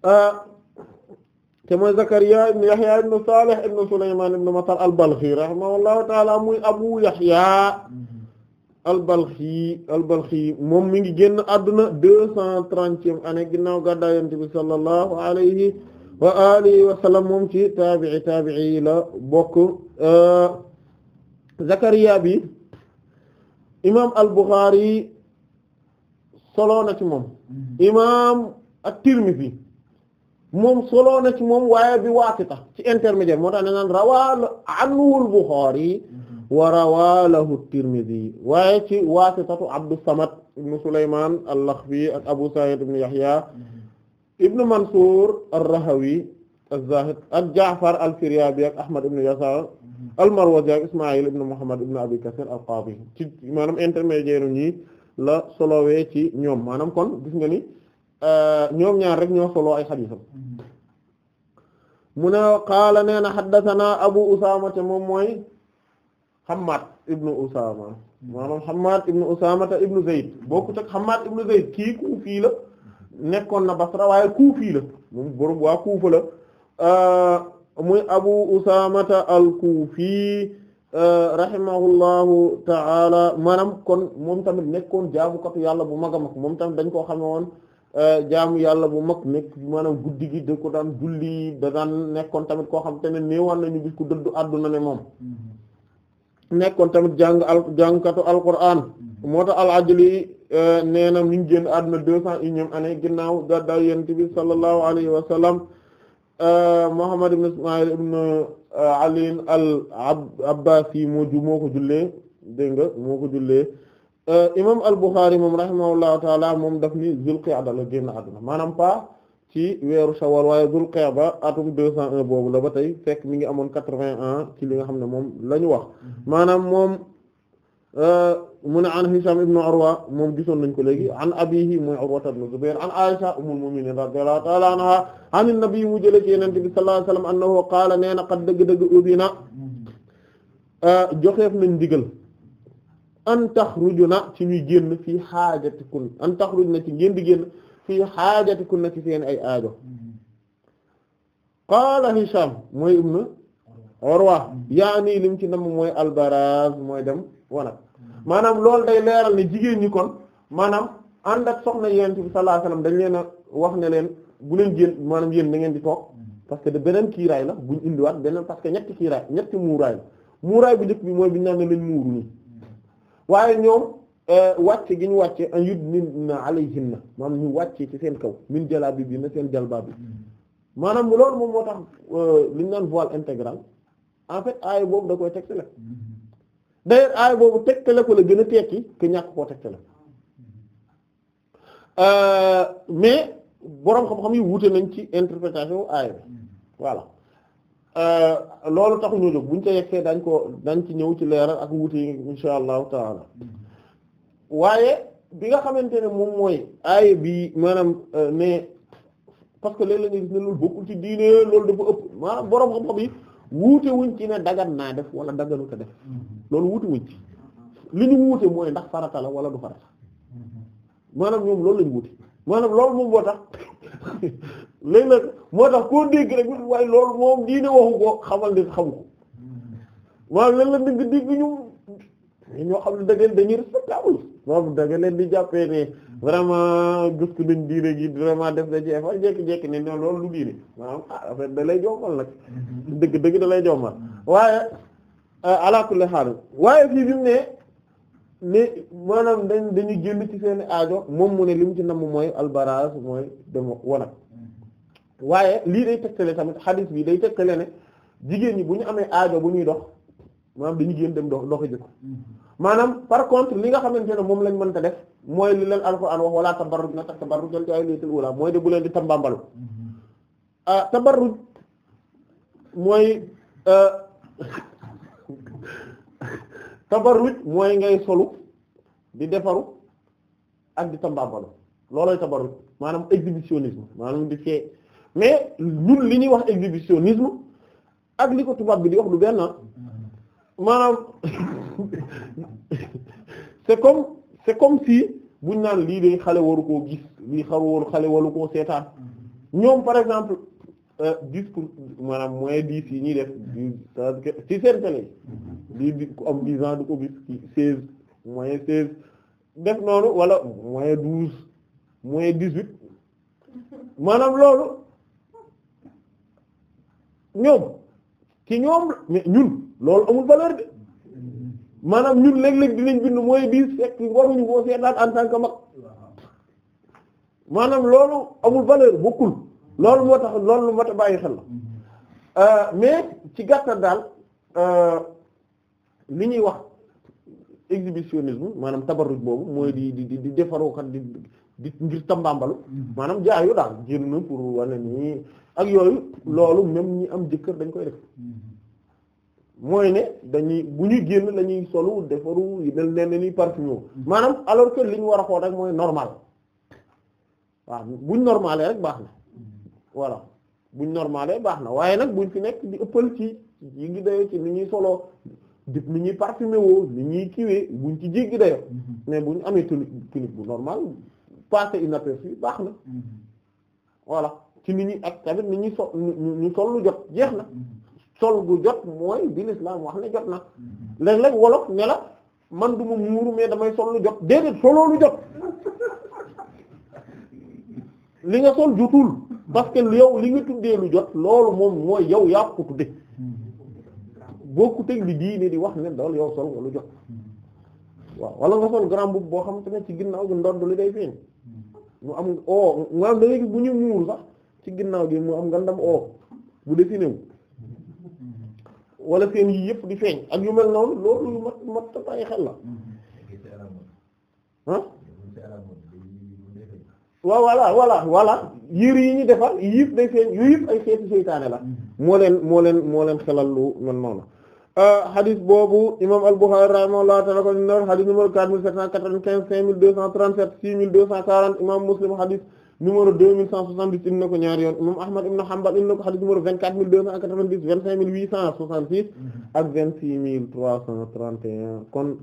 euh, te mooy Zakariya ibn Yahya ibn Salih ibn Sulayman ibn Matar al-Balkhi rahimahullahu ta'ala muy Abu Yahya al-Balkhi al moom mi ngi génn àdduna deux cent trentième année ginnaaw gàddaay Yonent bi wa alihi wa sallam moom ci taabii taabii yi la bokk euh, Zakariya bi imaam al-Bukhari soloo na ci moom mm-hmm. imaam at-Tirmidhi moom soloo na ci moom waaye bi waasita ci intermédiaire moo tax ne naan rawaa anhu al-Bukhari mm-hmm. wa rawaa lahu at-Tirmidhi waaye ci waasitatu Abdus Samad ibn Sulaymaan al-Lakhbi ak Abu Sa'id ibn Yahya mm-hmm. ibnu Mansuur ar-Rahawi az-Zaahid ak Jaafar al-Firyaabi ak Ahmad ibn Yasaar al-Marwazi ak Ismaayil ibn Muhammad ibn Abi Kasiir al-Qaadi ci maanaam intermédiaire ñi la solowee ci ñoom maanaam kon gis nga ni euh, ñoom ñaar rek ñoo solo ay xadiisam mu ne qaala nee na Abu Usaama te moom mooy Hammaad ibnu Usaama maanaam Hammaad ibnu Usaama te ibnu Zayd bokkut ak Hammaad ibnu Zayd kii ku fii nekkoon na Basra waaye Kuufi la moom borom waa Kuufa la euh, muy Abu Usaamata al-Kuufi euh, rahimahullahu ta'ala maanaam kon moom tamit nekkoon jaamukatu yàlla bu mag a mag moom tamit dañ koo xame woon euh, jaamu yàlla bu mag nekk maanaam guddi gi da ko daan julli da daan nekkoon tamit koo xam te ne néewaan nañu gis ku dëddu àdduna ne moom mm-hmm. nekkoon tamit jàng al jàngkatu Alqur'aan mm-hmm. moo tax al-Ajli Euh, nee na mi ngi génn àdduna deux cent unième année ginnaaw gàddaay yonent alayhi wa sallam euh, Muhammad ibn Ismaïl ibn euh, Ali al-Abbasi moo ju ko jullee dégg nga moo ko jullee imam al-Bukhari moom rahimahullahu taala moom daf ni Zulqa'da la génn àdduna maanaam pas ci weeru Shawwal waaye Zulqa'da atum deux cent un boobu la ba tey fekk mi ngi amoon quatre-vingt ans ci li xam ne moom la ñu wax mm-hmm. maanaam moom mu ne an Hisham ibn Urwa moom gisoon nañ ko léegi an abihi mooy Urwa ibn Zubair an Aisha ummul mu'minin radiyallahu ta'ala anha an an-nabi mu jële ci yonent bi sallallahu alayhi wasallam annahu qaala nee na qad dëgg-dëgg ubina euh, joxeef nañ ndigal an taxrujuna ci ñuy génn fii xaajatikun an taxrujuna ci ngeen di génn fii xaajatikun na ci seen ay aajo qaala Hisham mooy ibn Urwa yaani lim ci nam mooy al-baraz mooy dem wanag maanaam loolu day leeral ne jigéen ñi kon maanaam ànd ak soxna yonent bi sallallahu alayhi wasallam dañ leen a wax ne leen bu leen jël maanaam yéen da ngeen di toog parce que de beneen kiiraay la buñ indiwaat beneen parce que ñetti kiiraay ñetti muuraay la muuraay bu njëkk bi mooy bi ñu naan ne lañ muuru nii waaye ñoom euh, wàcce gi ñu wàcce an yudnina alayhinna maanaam ñu wàcce ci seen kaw min jalaabi bi na seen jalbaa bi maanaam loolu moom moo tax euh, li ñu naan voile intégral en fait aaya boobu da koy tegtale d'ailleurs aaya boobu tegtale ko la gën a tekki ki ñàkk koo tegtale euh, mais boroom xam-xam yi wuute nañ ci interprétation aaya bi voilà euh, loolu taxu ñoo jóg buñ dañ ko dañ ci ñëw ci leeral ak wuute yi insha waaye bi nga xamante ne moom mooy aaya bi maanaam euh, ne parce que léeg la nga gis ne loolu bokkul ci diine loolu dafa ëpp maanaam boroom xam-xam yi wuute wuñ ci ne dagan naa def wala daganuta def mm-hmm. loolu wuute wuñ ci li ñu wuute mooy ndax farata la wala du farata mm-hmm. maanaam ñoom loolu lañ wuute maanaam loolu moom moo tax léeg-léeg moo tax koo dégg rek waaye loolu moom diine waxu ko xamal ne xamu ko maanaam mm-hmm. léeg-léeg dégg dégg ñu ñoo xam ne dëgg dañuy respectable boobu da nga leen di jàppee ne mm-hmm. vraiment gëstu nañ diine gi vraiment def da ci effort jékki-jékki ne non loolu lu diine maanaam ah affaire da lay jombal nag mm-hmm. dëgg dëgg da mm-hmm. waaye euh, ala kulli waaye fii maanaam dañ dañu génn ci seen aajo moom mu ne li mu ci namm mooy albaraz mooy dem wanag waaye lii day tegtale tamit xadis bi day tegtale ne jigéen ñi bu ñu amee aajo bu ñuy dox maam dañu génn dem dox doxi jiko maanaam par contre li nga xamante ne moom lañ mënta def mooy li leen alxuraan wax wala tabarruj na tax tabarruj jël ci ay liitul wala mooy de mm-hmm. ah, mooy euh, tabarruj mooy ngay solu di defaru ak di tambambalu loolooy tabarruj maanaam exhibitionnisme maanaam di fee mais li ñuy wax exhibitionnisme ak li ko tubaab bi di wax du benn ah. mm-hmm. maanaam. c'est comme c'est comme si buñ naan lii day xale waru koo gis lii xaru xale waru koo seetaan ñoom par exemple euh, discours maanaam moyen dix yi ñuy def ci seen télé lii di ku am dix ans du ko gis ci seize moyen seize def noonu wala moyen douze moyen dix-huit maanaam loolu ñoom ci ñoom ñun loolu amul valeur de maanaam ñun léeg-léeg dinañ bind mooy bii fekk ñu boo seetaan en tant que mag maanaam loolu amul valeur bokkul loolu moo tax loolu lu mat a bàyyi xel la euh, mais ci gàttal euh, li ñuy wax exhibitionnisme maanaam tabarruj boobu mooy di di di defarukat di di ngir tambambalu mm-hmm. maanaam jaayu daal génn pour wala nii ak yooyu loolu même ñi am jëkkër dañ koy def mm-hmm. mooy ne dañuy bu ñuy génn la ñuy solu defaru yi mel ne ni parfum maanaam alors que li ñu war a rek mooy normal waaw buñ normalé rek baax na voilà buñ normalé baax na waaye nag buñ fi nekk di ëppal ci yi ngi dayoo ci ni ñuy soloo di ni ñuy parfumé woo ni ñuy kiwee buñ ci jéggi dayoo mm-hmm. mais buñ amee tunique tunique bu normal passé inaperçu baax na mm-hmm. voilà ci ni ñuy ak tamit ni ñuy so ñu sol lu jot jeex na mm-hmm. sol gu jot mooy bi lislaam wax ne jot na léeg-léeg wolof ne man du ma muuru mais damay sol lu jot déedéet soloo lu jot li nga sol jotul parce que yow li nga tuddee lu jot loolu moom mooy yow yaa ko tudde boo teg li di wax ne dool yow sol nga waaw wala nga sol grand boubou boo xam te ne ci ginnaaw gi ndodd li day feeñ mu am o oh, nga am da léegi bu ñu muur sax ci ginnaaw gi mu am ngandam o oh, bu dessiné wu wala seen yii yëpp di feeñ ak yu mel noonu loolu yu mat mat bàyyi xel la ah waaw voilà voilà voilà yére yi ñu defar yëpp day feeñ yu ay xeeti seytaane la mm-hmm. moo leen moo leen xelal lu mel noonu euh, hadith boobu imam al-Bukhari rahimahullah ta'ala ko ñu hadith numéro 4795 5237 6240 imam Muslim hadith numéro 2178 indi na ko ñaari yoon imam Ahmad ibn Hanbal indi na ko hadith numéro 24290 25866 ak 26331 kon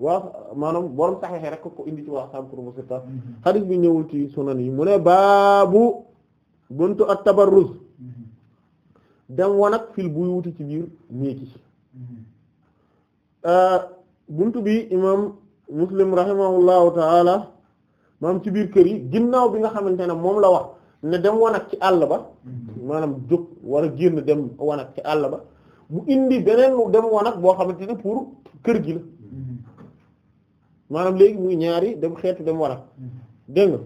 waa maanaam borom saxexe rek ko indi ci waa sahabu kutubu sitta bi ñëwul ci sunan mu ne baabu buntu at-tabarruz dem wanag fil buyuti ci biir néegi euh, buntu bi imam Muslim rahimahullahu ta'ala maanaam ci biir kër yi ginnaaw bi nga xamante ne moom la wax ne dem wanag ci àll ba mhm. maanaam jóg war a génn dem wanag ci àll ba mu indi beneen dem wanag boo xamante ne pour kër gi la mhm. maanaam léegi muy ñaari dem xeetu dem wanag mhm. dégg nga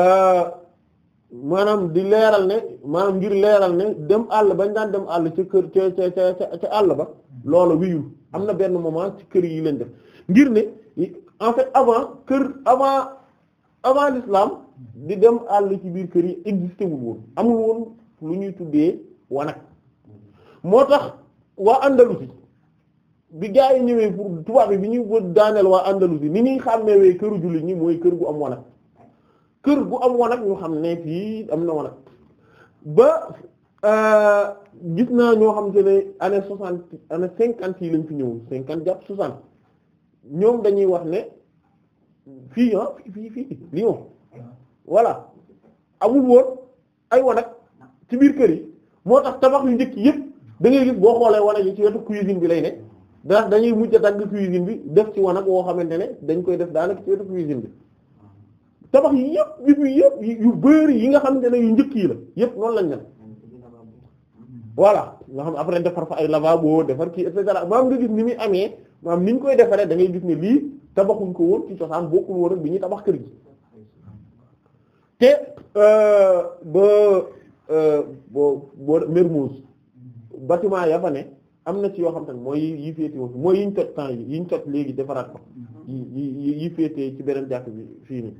euh, maanaam di leeral ne maanaam ngir leeral ne dem àll bañ daan dem àll ci kër ca ca ca àll ba loola wiyul am na benn moment ci kër yi leen def ngir ne en fait avant kër avant avant l'islam di dem àll ci biir kër yi existé wul woon amul woon lu ñuy tuddee wanag moo tax waa Andalousie bi gaa yi ñëwee pour tubaab yi bi ñuy wër daaneel waa Andalousie ni ñuy xàmmewee këru jullit ñi mooy kër gu am wanag kër gu am wanag ñu xam ne fii am na wanag ba euh, gis naa ñoo xam te ne année soixante année cinquante yi lañ fi ñëw cinquante jàpp soixante ñoom dañuy wax ne fii ah fii fii Lyon voilà amul woon ay wanag ci biir kër yi moo tax tabax yu njëkk yëpp da gis boo xoolee wanag yi ci wetu cuisine bi lay ne daa dañuy mujj a dagg cuisine bi def ci wanag woo xamante ne dañ koy def daanaka ci wetu cuisine bi tabax yi yëpp yëpp yu bëri yi nga xam xamante ne yu njëkk yi la yëpp noonu lañ mel voilà nga xam après defar fa ay lavabo defar kii et cetera maam nga gis ni muy amee. maanaam ni koy defaree da ngay gis ne lii tabaxuñ ko woon ci cosaan bokkul woon bi ñuy tabax kër gi te euh, ba bo euh, bo Mermoz bâtiment am na ci yoo xam te ne mooy yii féete woon mooy yiñ toj temps yi yiñ toj léegi defaraat ko yi yi féete ci beneen jàkk bi fii nii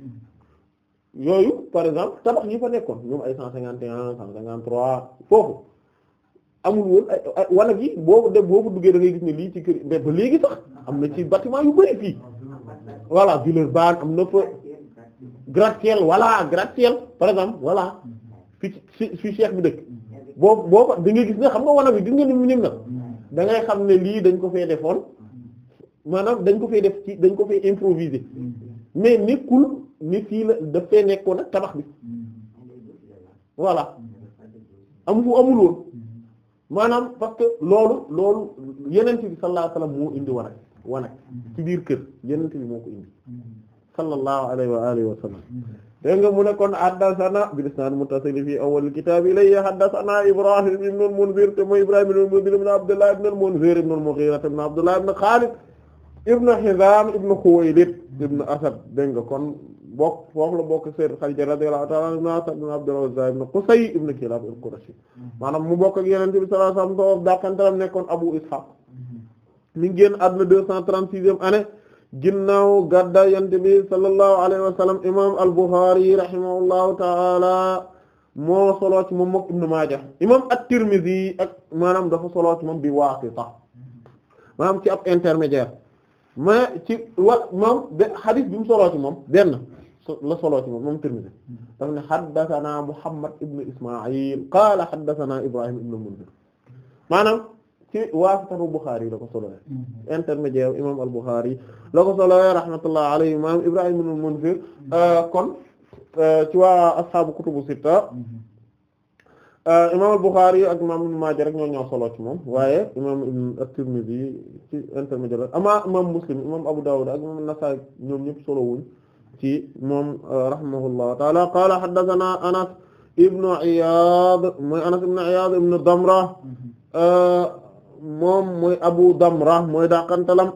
yooyu par exemple tabax yi fa nekkoon ñoom ay cent cinquante et un cent cinquante trois foofu amul woon wanag yi boo dem boo fa duggee da ngay gis ne lii ci kër mais ba léegi sax am na ci bâtiment yu bari fii voilà Villeurbanne am na fa gratte-ciel voilà par exemple voilà fi fi fi cheikh bi dëkk boo boo ko da gis ne xam nga wanag yi gis nga ni mu nim na dangay xam ne lii dañ ko fee defoon maanaam dañ ko fee def ci dañ ko fee improviser mais nekkul ni fii la daf fee nekkoon ak tabax bi voilà amu fu amul woon maanaam parce que loolu loolu yenent bi sallallahu alayhi wa sallam moo indi wanag wanag ci biir kër yenent bi moo ko indi sallallahu alayhi wa alihi wa sallam dégg nga mu ne kon haddasana bil isnad muttasil fi awwal kitab ilayhi haddasana Ibrahim ibn al-Munzir te mooy Ibrahim ibn al-Munzir ibn Abdullah ibn al-Munzir ibn al-Mughira ibn Abdullah ibn Khalid ibn Hizam ibn Khuwaylid ibn Asad dégg nga kon bokk foofu la bokk Sayyid Khadija radiyallahu ta'ala anha ibn Abdul Uzza ibn Qusay al-Qurashi mm-hmm. maanaam mu bokk ak Yonent bi sallallahu alayhi wasallam toof dàkantaram nekkoon Abu Ishaq mm-hmm. mi ngi génn àdduna deux cent trente-sixième année ginnaaw gadda Yonent bi sallallahu alayhi wasallam imam al-Bukhari rahimahullahu ta'ala moo soloo ci moom mook Ibn Maaja imam at-Tirmidhi ak maanaam dafa soloo moom bi waasita mm-hmm. maanaam ci ab intermédiaire mais ci wa moom de hadith bi mu soloo ci la solo ci moom moom Tirmidhi mm-hmm. daf ne haddathana Muhammad ibn Isma'il qaala haddathana Ibrahim ibn Mundhir ko solo intermédiaire imam al-Bukhari la ko solo mm-hmm. rahmatullah alayhi imam Ibrahim ibn Mundhir mm-hmm. euh, kon euh, ci waa ashaabu euh, imam ak imam Ibn rek ñoo moom waaye imam ci intermédiaire amaa imam Abu Dawud ak imam Nasaa'i ñoom ñëpp solo wuñ ci moom euh, rahimahullahu taala qaala haddathana anas ibnu iyad mooy anas ibnu iyad ibnu damra mm-hmm. euh, moom mooy abu damra mooy daqantalam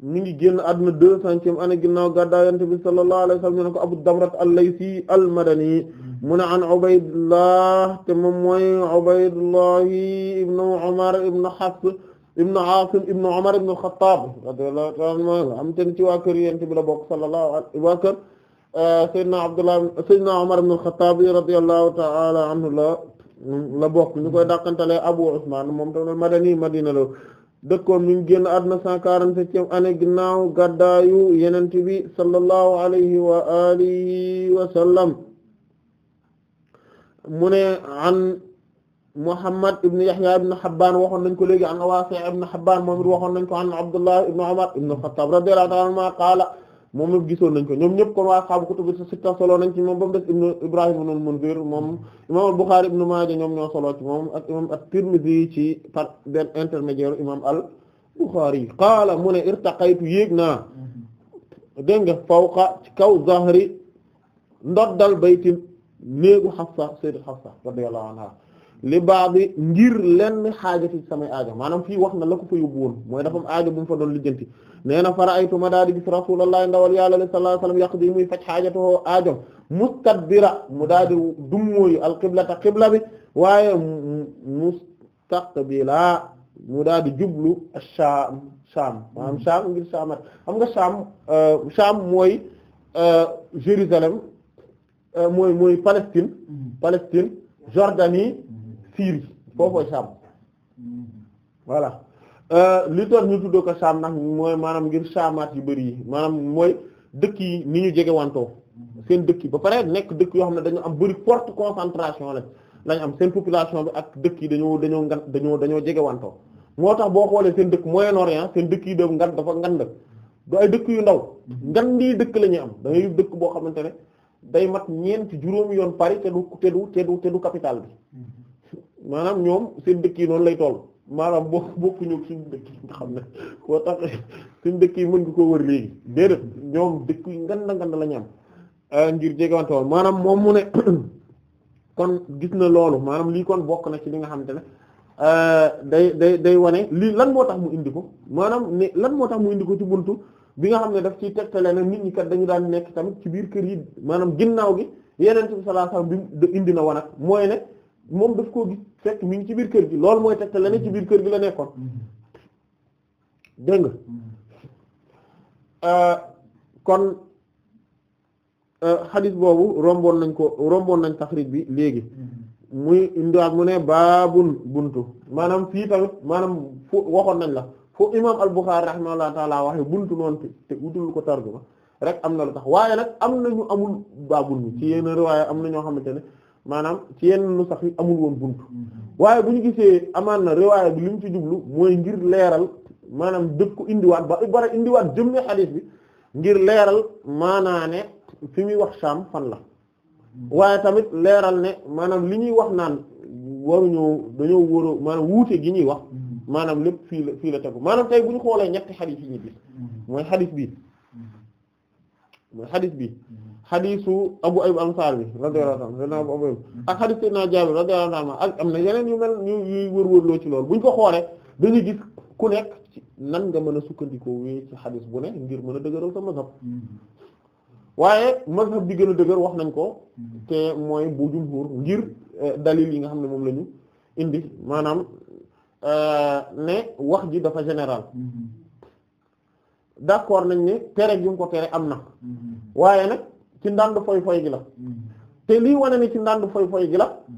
mi ngi génn àdduna deux centième année ginnaaw gàddaa yonent bi sallallahu alayhi wa sallam ñu ne ko abu damrat al-laysi al-madani mm-hmm. mu ne an ubaydullah te moom mooy ubaydullahi ibnu umar ibnu hafs ibnu Aasim ibnu Umar ibnu Xattaab radiyallahu ta'ala am ten ci waa kër yent bi la bokk sallallahu alayhi waa kër euh, Seydina Abdullah Seydina Umar ibnu Xattaab radiyallahu ta'ala anhu la la bokk ñu koy dàqantalee Abu Usmaan moom tamit madani madina la dëkkoon mi ngi génn àdduna 147e année ginnaaw gàddaayu yonent bi sallallahu alayhi wa alihi wa sallam mu ne an Muhammad ibn Yahya ibn Habban waxoon nañ ko léegi an Wasi' ibn Habban moom it waxoon nañ ko an Abdullah ibn Umar ibn Khattab radiyallahu ta'ala anhuma qaala moom it gisoon nañ ko ñoom ñëpp kon waa xaabu kutubu sitta solo nañ ci moom ba mu des ibn Ibrahim ibn al-Munzir moom imam al-Bukhari ibn Maaja ñoom ñoo solo ci moom ak imam at-Tirmidhi ci par benn intermédiaire imam al-Bukhari qaala mu ne irtaqaytu yéeg naa dégg nga fawqa ci kaw zahri ndoddal bayti néegu Hafsa sayyid Hafsa radiyallahu anha li baabi ngir lenn xaajati ci samay aajo maanaam fii wax na la ko fa yóbbu woon mooy dafa am aajo bu mu fa doon lijjanti nee na fara aytu ma daal di gis rasulullah ndawal yàlla sallallahu alayhi wasallam yaqdi muy faj xaajatoo aajo mustadbira mu daal di dummóoyu alqiblata qibla bi waaye mustaqbila mu daal di jublu shaam shaam maanaam shaam ngir shaamat xam nga shaam euh, shaam mooy euh, Jérusalem euh, mooy mooy Palestine mm-hmm. Palestine Jordanie Syrie foofu Sham voilà euh, li tax ñu tuddoo ko Sham nag mooy maanaam ngir Shamaat yu bari yi maanaam mooy dëkk yi ni ñu jege wantoo seen dëkk yi ba pare nekk dëkk yoo xam ne dañu am bari forte concentration la lañ am seen population bi ak dëkk yi dañoo dañoo ngan dañoo dañoo jege wanto moo tax boo xoolee seen dëkk Moyen-Orient seen dëkk yi daf ngan dafa ngan la du ay dëkk yu ndaw ngan di dëkk lañuy am da dëkk boo xamante ne day mat ñeenti juróom yoon Paris te du te du te du te du capitale bi maanaam ñoom seen dëkk yi noonu lay tool maanaam boo bokkuñu suñu dëkk yi nga xam ne boo tax suñu dëkk yi mën nga koo wër léegi déedéet ñoom dëkk yi nganda nganda la ñu euh, ngir jegewante woon maanaam moom mu ne kon gis na loolu maanaam lii kon bokk na ci li nga xamante ne euh, day day day wane lii lan moo tax mu indi ko maanaam ne lan moo tax mu indi ko ci buntu bi nga xam ne daf ci tegtale na nit ñi kat dañu daan nekk tamit ci biir kër yi maanaam ginnaaw gi yeneen bi sallallahu alayhi wasallam bi indi na wan ak mooy ne moom def koo gis fekk mi ngi ci biir kër gi loolu mooy tegte la ne ci biir kër gi la nekkoon dégg nga euh, kon euh, xadis boobu romboon nañ ko romboon nañ taxrij bi léegi muy indiwaat mu ne baabun buntu maanaam fii tamit maanaam fu waxoon nañ la foo imaam al-Bukhârî rahimahullahu taala waxe buntu noonu te te utul ko tarjuma rek am na lu tax waaye nag am na ñu amul baabun ci yenn waaye am na ñoo xamante ne maanaam ci yenn nu sax yi amul woon buntu waaye bu ñu gisee amaan na riwaaya bi li ci jublu mooy ngir leeral maanaam dëkk ko indiwaat ba bara indiwaat jëm xadiis bi ngir leeral maanaane fi muy wax saam fan la waaye tamit leeral ne maanaam li ñuy wax naan waruñoo dañoo wóoroo maanaam wuute gi ñuy wax maanaam lépp fii la fii la tegu maanaam tey bu ñu xoolee ñetti xadiis yi ñu mm-hmm. mooy xadiis bi mm-hmm. mooy xadiis bi xadisu Abu Ayyub Ansari radiyallahu anhu dana Abu Ayyub ak xadis Seydina Jaabir radiyallahu anhu ak am na yeneen yu mel yu yuy wërwërloo ci loolu bu ñu ko xoolee dañuy gis ku nekk ci nan nga mën a sukkandikoo wii ci xadis bu ne ngir mën a dëgëral sa mazhab waaye mazhab bi gën a dëgër wax nañ ko te mooy bu jumhur ngir eh, dalil yi nga xam ne moom lañu indi maanaam eh, ne wax ji dafa général d'accord nañ ne tere gi ko tere am na mm-hmm. waaye nag ci ndànd foy foy gi la mm. te lii wane ni ci ndànd foy foy gi la mm.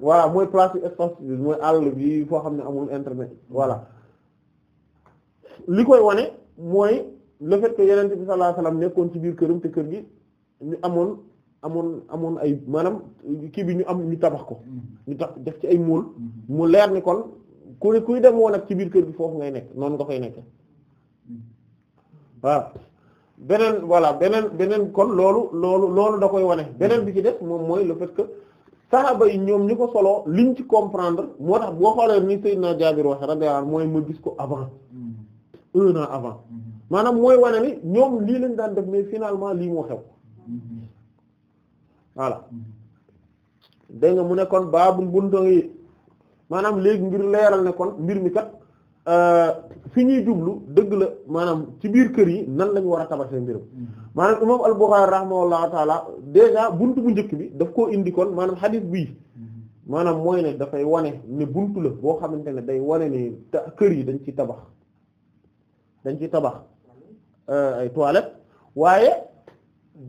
voilà mooy place yu espace bi mooy àll bi foo xam ne amul internet voilà li koy wane mooy le fait que yonent bi sallallahu nekkoon ci biir këram te kër gi ñu amoon amoon amoon ay maanaam kii bi ñu am ñu tabax ko mm. ñu tax def ci ay mool mu leer ni kon ku kuy dem woon ak ci biir kër gi foofu ngay nekk noonu nga koy nekk waaw beneen voilà beneen beneen kon loolu loolu loolu da koy wane beneen bi ci def moom mooy le fait que saxaaba yi ñoom ñu ko soloo liñ ci comprendre moo tax boo xoolee ni naa Jaabir wax radiyallahu anhu mooy ma gis ko avant un avant maanaam mooy wane ni ñoom lii lañ daan def mais finalement lii moo xew voilà dégg nga mu ne kon baabul buntu yi maanaam léegi ngir leeral ne kon mbir mi kat Euh, fi ñuy jublu dëgg la maanaam ci biir kër yi nan lañu war a tabaxee mbiram maanaam imam al-Bukhari dèjà buntu bu njëkk bi daf koo indi kon maanaam maanaam mooy ne dafay wane ne buntu la boo xamante ne day wane ne kër yi dañ ci tabax dañ ci tabax euh, ay toilettes waaye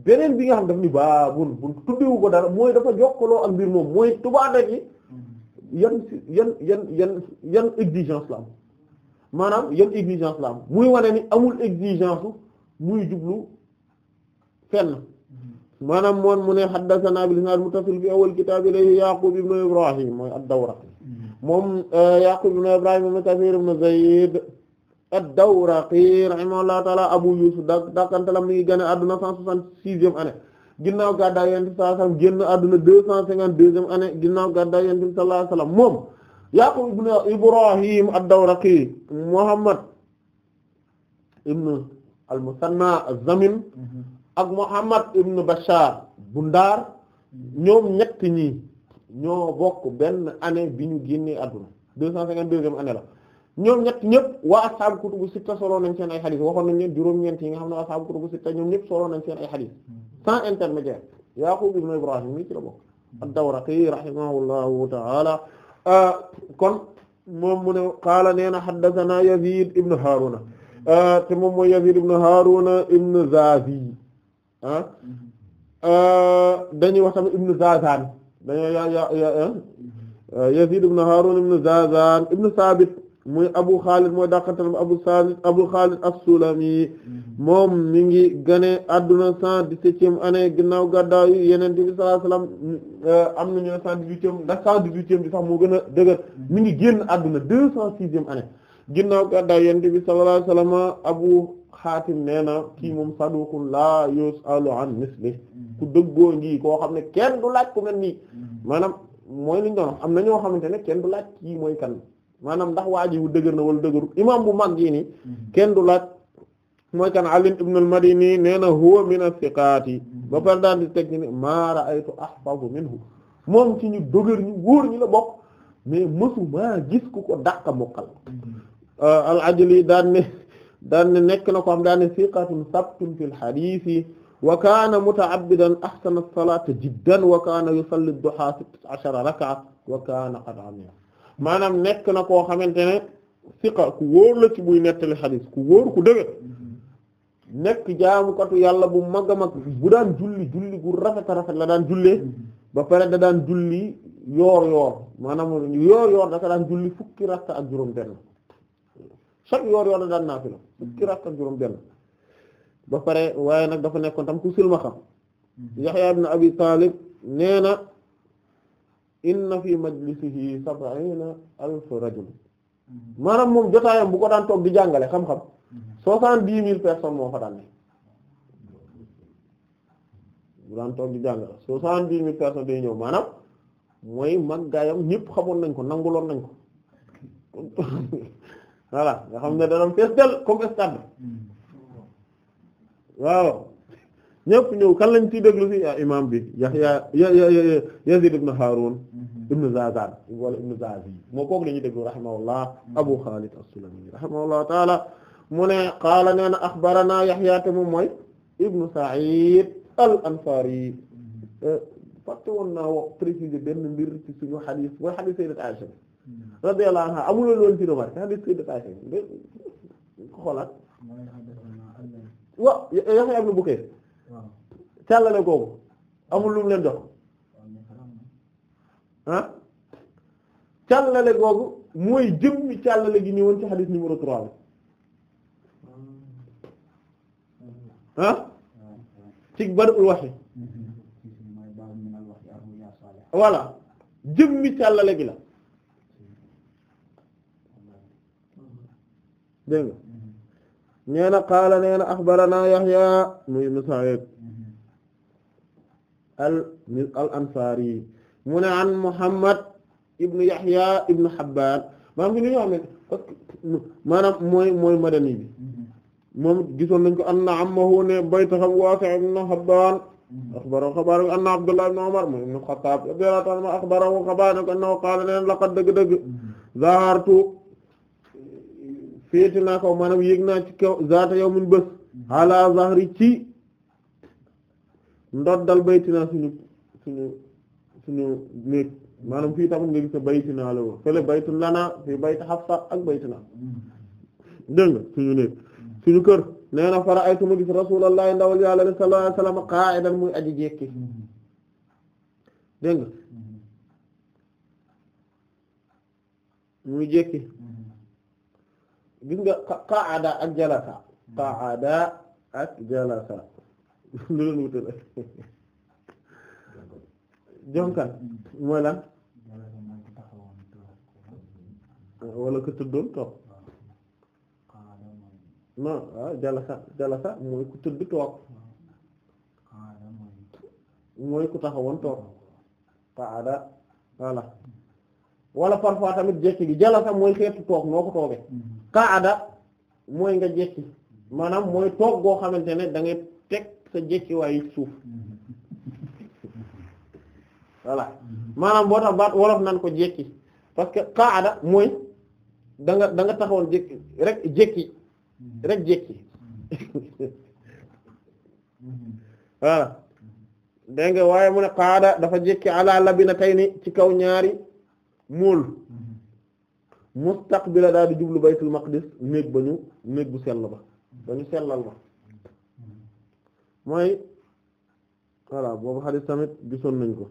beneen bi nga xam daf ni baabun buntu tuddewu ko dara mooy dafa jokkaloo ak mbir moom mooy tubaab yi mm-hmm. yan yan yan yan yan exigence la am maanaam yan exigence la am muy wane ni amul exigence muy jublu fenn maanaam moon mu ne haddathana bil isnad muttasil fi awwal kitab ilayhi yaqub ibn ibrahim mooy ad-dawraqi moom euh, yaqub ibn ibrahim ibn kathir ibn zayd ad-dawraqi rahimahullahu ta'ala abu yusuf da dakantalam ni génn àdduna cent soixante-sixième année ginnaaw gàddaay yonent bi sallallahu alayhi wasallam génn àdduna deux cent cinquante-deuxième année ginnaaw gàddaay yonent bi sallallahu alayhi wasallam moom Yaqub ibn Ibrahim ad-Dawraqi Muhammad ibn al-Musanna az-Zamin mm-hmm. ak Muhammad ibn Bashar Bundar mm-hmm. ñoom ñett ñi ñoo bokk benn année bi ñu génnee àdduna deux cent cinquante-deuxième année la ñoom ñett ñëpp waa ashaabu kutubu sitta solo nañ seen ay xadis waxoon nañ leen juróom-ñeent yi nga xam ne waa ashaabu kutubu sitta nañ seen ay xadis mm-hmm. sans intermédiaire Yaqub ibn Ibrahim nii ci la bokk ad-Dawraqi rahimahullahu ta'ala Ah, kon moom mu ne qaala nee na haddathana Yazid ibn Haruna ah, te moom mooy Yazid ibn Haruna ibn Zazi ah, ah dañuy wax tamit ibn Zazan dañuy ya ya Yazid ibn Haruna ibn Zazan ibn Sabit muy Abu Khalid mooy dàqantalam Abu Salih Abu Khalid as yi moom mi ngi gane àdduna cent dix-septième année ginnaaw gàddaayu Yonent bi sallallahu alayhi euh, am nañu ne cent dix-huitième ndax cent dix-huitième bi sax moo gën a dëgër mi ngi génn àdduna deux cent sixième année ginnaaw gàddaayu Yonent bi sallallahu alayhi wasallam Abu Hatim nee na kii moom saduqun la yus'alu an misli ku dëggoo ngi koo xam ne kenn du laaj ku mel nii mm-hmm. maanaam mooy li ñu doon am na ñoo xamante ne kenn du laaj kii mooy kan maanaam ndax waa ji wu dëgër na wala dëgëru imam bu mag yi nii kenn du laaj mooy kan Ali ibn al-Madini nee na huwa min as-siqaati ba pare daan di teg ni ma ra'aytu ahfazu minhu moom ci ñu dëgër ñu wóor ñi la bokk mais mësuma gis ku ko dàq mokkal euh, al-Ajli daan ne daan ne nekk na ko am daan ne siqatun sabtun fil hadiisi wa kaana muta'abbidan ahsana as-salaati jiddan wa kaana yusalli ad-duhaa sitta ashara rak'a wa kaana qad 'amila maanaam nekk na koo xamante ne siqa ku wóor la ci buy nettali xadis ku wóor ku dëgër nekk jaamukatu yàlla bu mag mag bu daan julli julli gu rafet a rafet la daan jullee ba pare da daan julli yoor yoor maanaam yoor yoor da ka daan julli fukki rakka ak juróom benn chaque yoor yoor da daan naafila fukki rakka ak juróom benn ba pare waaye nag dafa nekkoon tam ku silma xam mm-hmm. Yaxya ibn Abi Talib nee na fi majlisihi sab'ina alf rajul mhm. maanaam moom jotaayam bu ko daan toog di jàngale xam-xam mhm. soixante-dix mille personnes moo fa daan ne bu daan toog di jàngale soixante-dix mille personnes day ñëw maanaam mooy màggaayam ñëpp xamoon nañ ko nanguloon nañ ko voilà nga xam ne dana fees del comme stade mhm. waaw ñëpp ñëw kan lañ ciy déglu ci ah imam bi Yahya Yazid ibn Harun ibn Zazan wala ibn Zazi moo kooku lañuy déglu rahimahullah Abu Khalid as-Sulami rahimahullah taala mu ne qaala nee na axbarana Yahya te moom mooy ibn Sa'id al-Ansari eh, fàtte woon naa wax préciser benn mbir ci suñu xadis mooy xadis sayyidat Aisha radiyallahu anha amul loolu ci remarque xadis sayyidat Aisha xoolaat wa Yahya ibn Bukayr càllale googu amul lu mu leen jox ah càllale googu mooy jëmmi càllale gi ñëwoon ci xadis numéro 3 bi ah ci badul waxi voilà jëmmi càllale gi la dégg nga mm-hmm. na qaala nee na axbarana muy musaayib al ansari mu ne an Muhammad ibn Yahya ibn Habban maam gi ni ñoo xam ne maanaam mooy mooy madani bi mm-hmm. moom gisoon nañ ko anna ammahu ne baytaxam Wasi' ibn Habban mm-hmm. axbarahu xabaar anna Abdullah ibn Umar mu ibn Khattab radiyallahu anhu axbarahu xabaar ne ko annahu qaala leen laqad dëgg-dëgg mm-hmm. zahartu féeti naa kaw maanaam yéeg naa ci kaw zaata yawmin bés ala zahri ci ndoddal baytina suñu suñu suñu néeg maanaam fii tamit nga gis baytina la woon fële lana fii baytu Hafsa ak baytina dégg suñu néeg suñu kër nee na fara ay tuma gis rasulullah ndawal yàlla sallallahu alayhi wasallam qa'idan muy aji ak jalasa qa'ada ak jalasa lu leen wutale jonkan mooy lan wala ko tëddoon toog non waaw ah, jalasa jalasa mooy ku tëdd toog mooy ku taxawoon toog qaada voilà wala parfois tamit jekki gi jalasa mooy xeetu toog noo ko tooge qaada mm-hmm. mooy nga jekki maanaam mooy toog goo xamante ne da sa jekkiwaayu suuf voilà maanaam boo tax baat wolof ko jekki parce que qaada mooy danga nga da nga taxawoon jekki rek jekki rek jekki nga waaye mu ne qaada dafa jekki ala labina tey ni ci kaw ñaari muul mustaqbila daal di jublu baytul maqdis néeg ba ñu néeg bu sell ba ba ñu sellal ba mooy voilà boobu xadis tamit gisoon nañ ko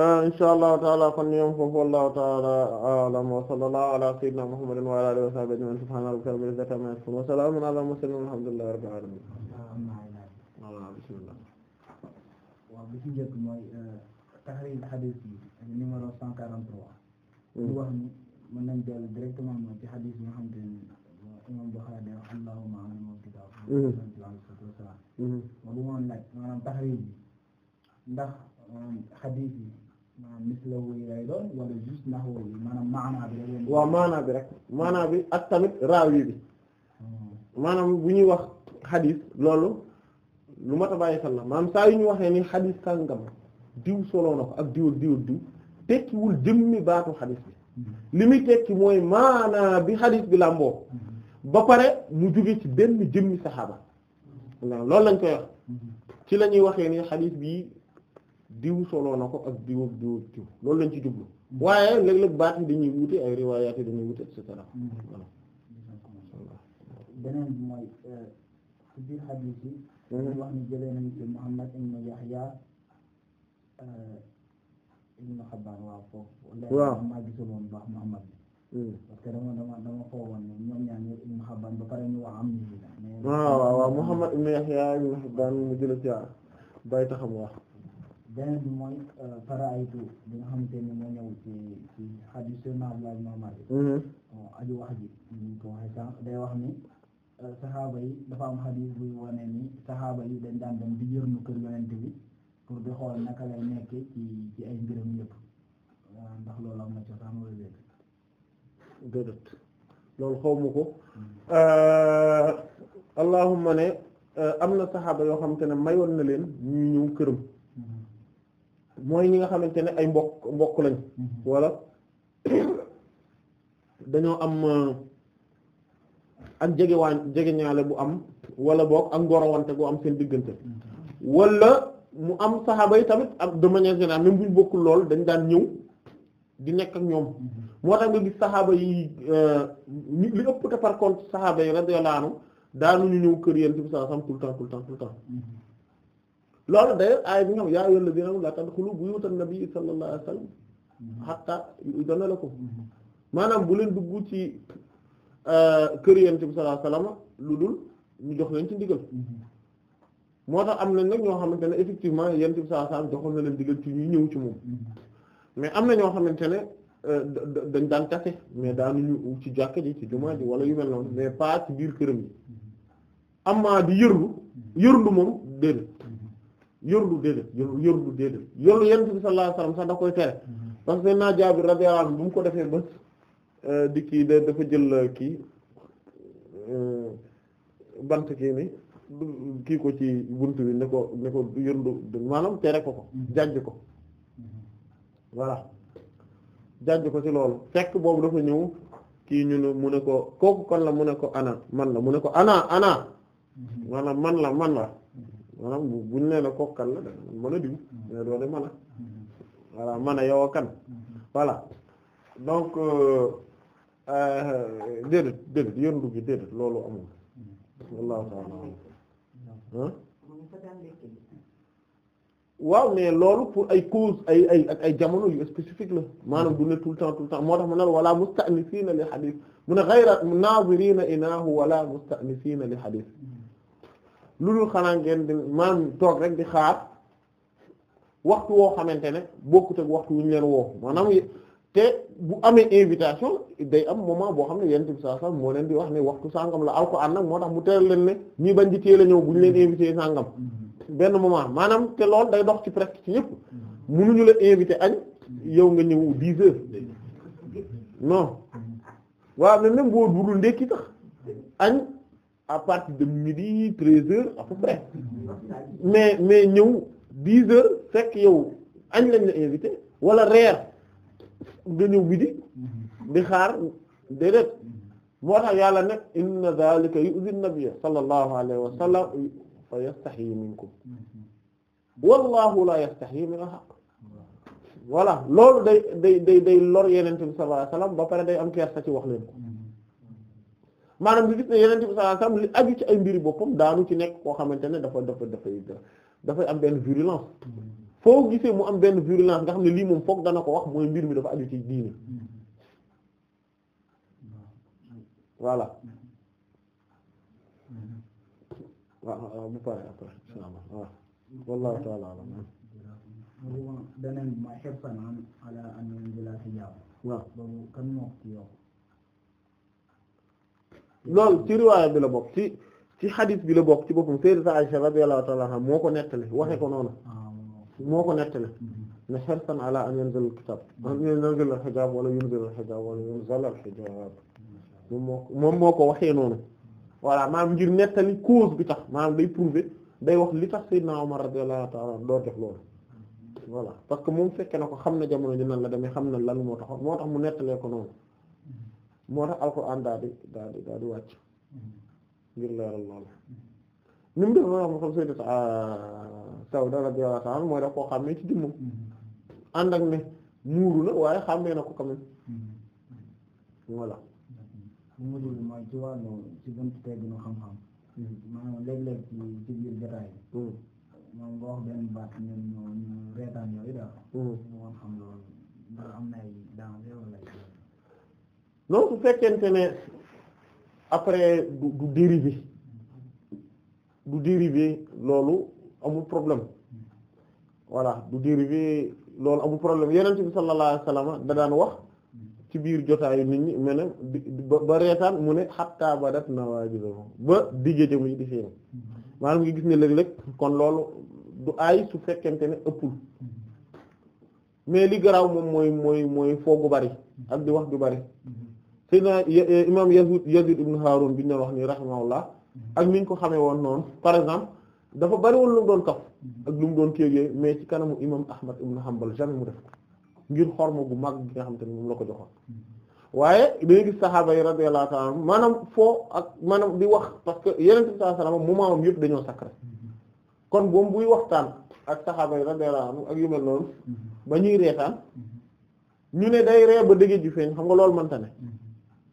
euh, insha allahu taala kon ñoom foofu wallahu taala alam wa sallallahu ala sayyidina muhammadin wa ala alihi wa sahbihi ajma'in subhana rabbika rabbil izzati amma yasifun wa salamun wala bismillah euh, hmm. mën nañ dellu directement ñoom Jokalante allahumma amin moom kitaab. Mm-hmm. Mm-hmm. bi ndax maanaam maanaa bi rek. waaw maanaa bi ak tamit raawi bi mm-hmm. maanaam bu ñuy wax xadiis loolu lu mat a bàyyi xel la maanaam saa yu ñu waxee ni xadiis sàngam diw solo na ko ak diw diw diw tekkiwul jëmmi baatu xadiis bi. li muy tekki mooy maanaa bi xadis bi làmboo ba pare mu jóge ci benn jëmmi saxaaba loolu lañ koy wax ci la ñuy waxee ni xadiis bii diw soloo na ko ak diw diw diw loolu lañ ci jublu waaye léeg-léeg baat yi dañuy wute ay riwaayaat yi dañuy wute et cetera voilà beneen bi mooy euh, ci biir xadiis Muhammad ibn euh, foofu waaw maa gisul woon baax Muhammad Hmm. parce que dama dama dama foogoon ne ñoom ñaar ñëpp ba pare ñu wax am nañu. waaw waaw waaw Muhammad ibn Yahya ibn Hibban mu jëlee ci bay taxam wax. beneen bi mooy euh, faraaytu bi nga xamante ni moo ñëw ci ci xadiis Seydina Abdullah ibn Umar hmm. aju wax ji ko waxee sànq day wax ni euh, saxaaba yi dafa am xadiis buy wane ni saxaaba yi dañ daan dem di yërnu kër yonent bi pour di xool naka lay nekk ci ci ay mbiram yëpp ndax loolu am na cosaan wala léegi déedéet loolu xaw ma ko hmm. euh, allahumma ne euh, am na saxaaba yoo xamante ne mayoon na leen ñuy ñëw këram hmm. mooy ñi nga xamante ne ay mbokk mbokk lañ hmm. wala dañoo am euh, ak jege ñaale bu am wala boog ak ngorawante gu am seen diggante wala mu am saxaaba yi tamit ak de manière générale même buñ bokkul lool dañ daan ñëw di nekk ak ñoom moo tax nga gis saxaaba yi euh, li ëpp te par contre saxaaba yi radiyallahu anhum daanuñu ñëw kër yéen bi sallallahu alayhi wasallam tout le temps tout le temps tout le temps mm-hmm. loolu d'ailleurs aaya bi nga xam yaa ayyuhal ladhina la tadkhulu buyutan nabiyyi sallallahu alayhi wasallam mm-hmm. hatta yu'dana lakum mm-hmm. maanaam bu leen dugg ci euh, kër yéen bi sallallahu alayhi lu dul ñu jox leen ci ndigal moo tax am nañ nag ñoo xamante ne effectivement yéen bi sallallahu alayhi wasallam joxoon na leen ndigal ci ñuy ñëw ci moom mais am na ñoo xamante ne euh, dañ daan tase mais daanuñu ci jàkka ji ci jumaa ji wala yu mel noonu mais pas ci biir këram yi amaa di yërlu yërlu moom déedéet yërlu déedéet yërlu déedéet yërlu yonent bi sallallahu sax da koy tere parce que naa Jaabir radiyallahu anhu bu mu ko defee ba euh, di kii dafa jël euh, kii bant kii ni kii ko ci bunt bi ne ko ne ko yërlu maanaam tere ko ko jàjj ko voilà jàjj ko ci loolu fekk boobu dafa ñëw kii ñu ne mu ne ko kooku kon la mu ne ko ana man la mu ne ko ana ana maanaam man la man la bu buñ nee la kooku kan la mën a diw mais doone man a voilà man a yow a kan voilà donc euh, euh, déedéet déedéet yëndu gi déedéet loolu amul wallahu ta'ala waaw mais loolu pour ay cause ay ay ak ay jamono yu spécifique la maanaam du ne tout le temps tout le temps moo tax mu ne wala mustanisiina li xadis mu ne xayra naaziriina inaahu wala mustanisiina li xadis lu dul xanaa ngeen di maanaam toog rek di xaar waxtu woo xamante ne bokkut ak waxtu wu ñu leen woo maanaam te bu amee invitation day am moment boo xam ne yent bi saa sàmm moo leen di wax ne waxtu sàngam la ko alxuraan nag moo tax mu teel leen ne ñii bañ di teel a ñëw bu ñu leen benn moment maanaam te loolu day dox ci presque ci ñëpp mënuñu la invité añ yow nga ñëwu dix heures non waaw mais même boo budul ndekki sax añ à partir de midi treize heures à peu mais mais ñëw dix heures fekk yow añ lañ la invité wala reer nga ñëw midi di xaar déedéet moo tax yàlla nag inna zalika yu'zi nabiyya sallallahu alayhi wa sallam fa yastaxyi minkum wallahu la yastaxyi min al xaq voilà loolu day day day day lor yenente bi sallallahu alayhi wasallam ba pare day am kersa ci wax leen ko maanaam bi gis ne yenente bi sallallahu alayhi wasallam li aju ci ay mbiri boppam daanu ci nekk koo xamante ne dafa dafa dafay am benn virulence foo gisee mu am benn virulence nga xam ne lii moom foog dana ko wax mooy mbir mi dafa aju ci diine voilà waaw bu pare après insha allah waaw wallahu taala alam beneen mooy xepanaan ala ann bila si jàpp waaw boobu kan moo ci yokk loolu ci riwaaya bi la bokk ci ci xadis bi la bokk ci boppam sayyidatu Aisha radiyallahu taala anha moo ko nettali waxe ko noonu moo ko nettali na xersan ala an yanzil al kitab an yanzil al hijab wala yunzil al hijab wala yunzil al hijab moom moo moom moo ko waxee noonu voilà maanaam ngir nettali cause bi tax maanaam day prouver day wax li tax Seydina Omar radiyallahu ta'ala doon def loolu voilà parce que moom fekke na ko xam na jamono ji nan la demee xam na lan moo tax moo mu nettalee ko noonu moo tax alxuraan ah, ànd ak ne muuru na waaye xàmmee na ko quand même bu mujj bi mooy ci wàllu ci buntu tegginu xam-xam. maanaam léeg-léeg ci biir jotaay bi. Mm. moom nga wax benn baat mm. xam loolu ndax am na ay danger wala. non su fekkente ne après du du dérivé du dérivé loolu amul problème mm. voilà du dérivé loolu amul problème yonent bi sallallahu alayhi wasallam da daan wax. ci biir jotaayu nit ñi maanaam ba reetaan mu ne xattaa ba def na waa ba digg jëm yi di seen maanaam ngi gis ne léeg-léeg kon loolu du aay su fekkente ne ëppul mais li garaaw moom mooy mooy mooy foogu bari ak di wax du bari si na imaam Yazid Yazid ibn Harun bi ñu wax ni rahimahullah ak ni ko xamee woon noonu par exemple dafa bari woon lu doon kaf ak lu mu doon kéegee mais ci kanamu imaam Ahmad ibn Hanbal jamais mu def ngir xorma gu mag bi nga xamante ne moom la ko joxoon waaye day gis saxaaba yi radiyallahu ta'ala maanaam foo ak maanaam di wax parce que yeneen bi sallallahu yëpp dañoo sacré kon boom buy waxtaan ak saxaaba yi radiyallahu anhu ak yu mel noonu ba ñuy reetaan ñu ne day ree ba dëgg ji feeñ xam nga loolu mënta ne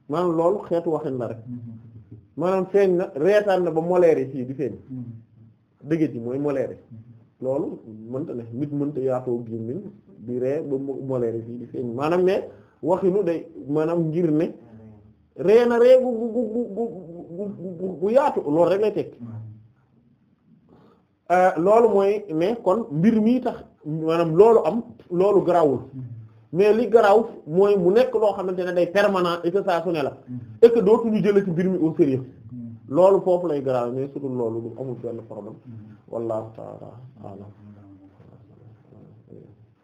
maanaam loolu xeetu waxin la rek maanaam feeñ na reetaan na ba moleer yi fii di feeñ dëgg ji mooy moleer yi loolu mënta ne nit mënta yaatoo gémmiñ di ree ba moleere fii di feeñ maanaam ne waxinu day maanaam ngir ne ree na ree gu gu gu gu gu yaatu loolu rek lay teg mm-hmm. euh, loolu mooy ne kon mbir mii tax maanaam loolu am loolu garawul mm-hmm. mais li garaw mooy mu nekk loo xamante ne day permanent et que saa su ne la et que dootuñu jëlee ci mbir mi au sérieux mm-hmm. loolu foofu lay garaaw mais surtout loolu du amul benn problème wallahu ta'ala a'lam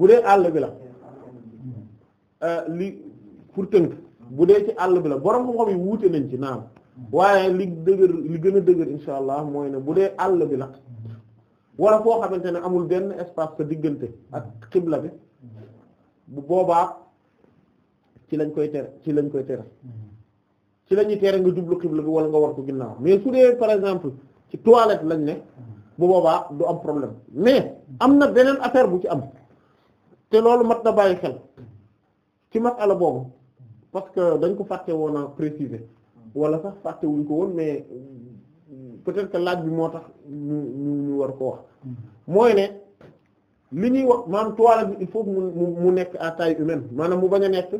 bu dee àll bi la euh, li pour tënk bu dee ci àll bi la borom xam yi wuute nañ ci naam waaye li dëgër li gën a dëgër insha allah mooy ne bu dee àll bi la wala foo xamante ne amul benn espace sa diggante ak xibla bi bu boobaa ci lañ koy tere ci lañ koy tere ci lañuy tere nga jublu xibla bi wala nga war ko ginnaaw mais su dee par exemple ci toilette lañ ne bu boobaa du am problème mais am na beneen affaire bu ci am te loolu mat na bàyyi xel ci masala boobu parce que dañ ko fàtte woon a préciser wala sax fàtte wuñ ko woon mais peut-être que laaj bi moo tax ñu ñu war ko wax mooy ne li ñuy wax maanaam toilette bi il faut mu mu nekk à taille maanaam mu bañ a nekk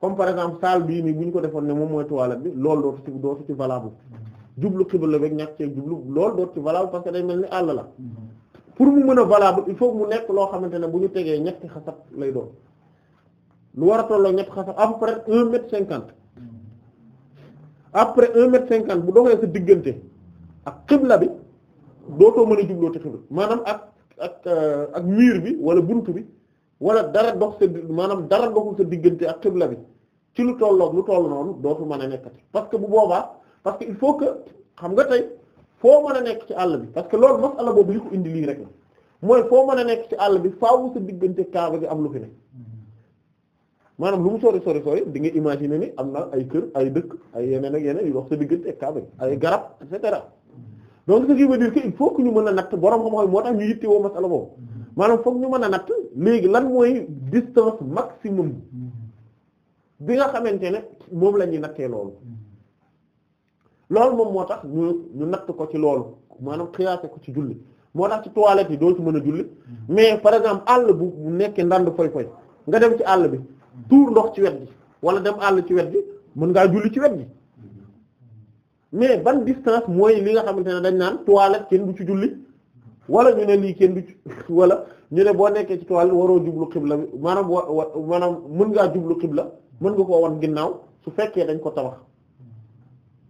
comme par exemple salle bii nii bu ñu ko defoon ne moom mooy toilette bi lool dootu ci dootu ci valable jublu xibala beg ñàkk ceeg jublu lool dootu ci valable parce que day mel ni àll la pour mu mën a valable il faut mu nekk loo xamante ne bu ñu tegee ñetti xasab lay doon lu war a tolloo ñetti xasab à un mètre cinquante après un mètre cinquante bu doxee sa diggante ak xibla bi dootoo mën a jubloo ci xibla maanaam ak ak euh, ak mur bi wala bunt bi wala dara dox sa maanaam dara doxul sa diggante ak xibla bi ci lu tolloog lu toll noonu dootu mën a nekkati parce que bu boobaa parce que il faut que xam nga tey foo mën a nekk ci àll bi parce que loolu masala boobu li ko indi lii rek mooy foo mën a nekk ci àll bi faaw sa diggante kaaba gi am lu fi ne maanaam lu mu sori sori sori di nga imaginer ni am na ay kër ay dëkk ay yeneen ak yeneen yu wax sa diggante ak kaaba ay garab et donc ce qui veut dire que ñu mën a natt borom xam-xam moo tax ñu yitte woo masala boobu maanaam foog ñu mën a natt léegi lan mooy distance maximum bi nga xamante ne moom la ñuy nattee loolu loolu moom moo tax ñu ñu natt ko ci loolu maanaam xiyaase ko ci julli moo tax ci toilette yi doo ci mën a julli mm-hmm. mais par exemple àll bu nekkee ndand foy foy nga dem ci àll bi mm-hmm. tuur ndox ci wet gi wala dem àll ci wet gi mën ngaa julli ci wet gi mm-hmm. mais ban distance mooy li nga xamante ne dañ naan toilette kenn du ci julli wala ñu ne lii kenn du ci wala ñu ne boo nekkee ci toilette waroo jublu xibla bi maanaam wa maanaam mën ngaa jublu xibla mën nga koo wan ginnaaw su fekkee dañ ko tabax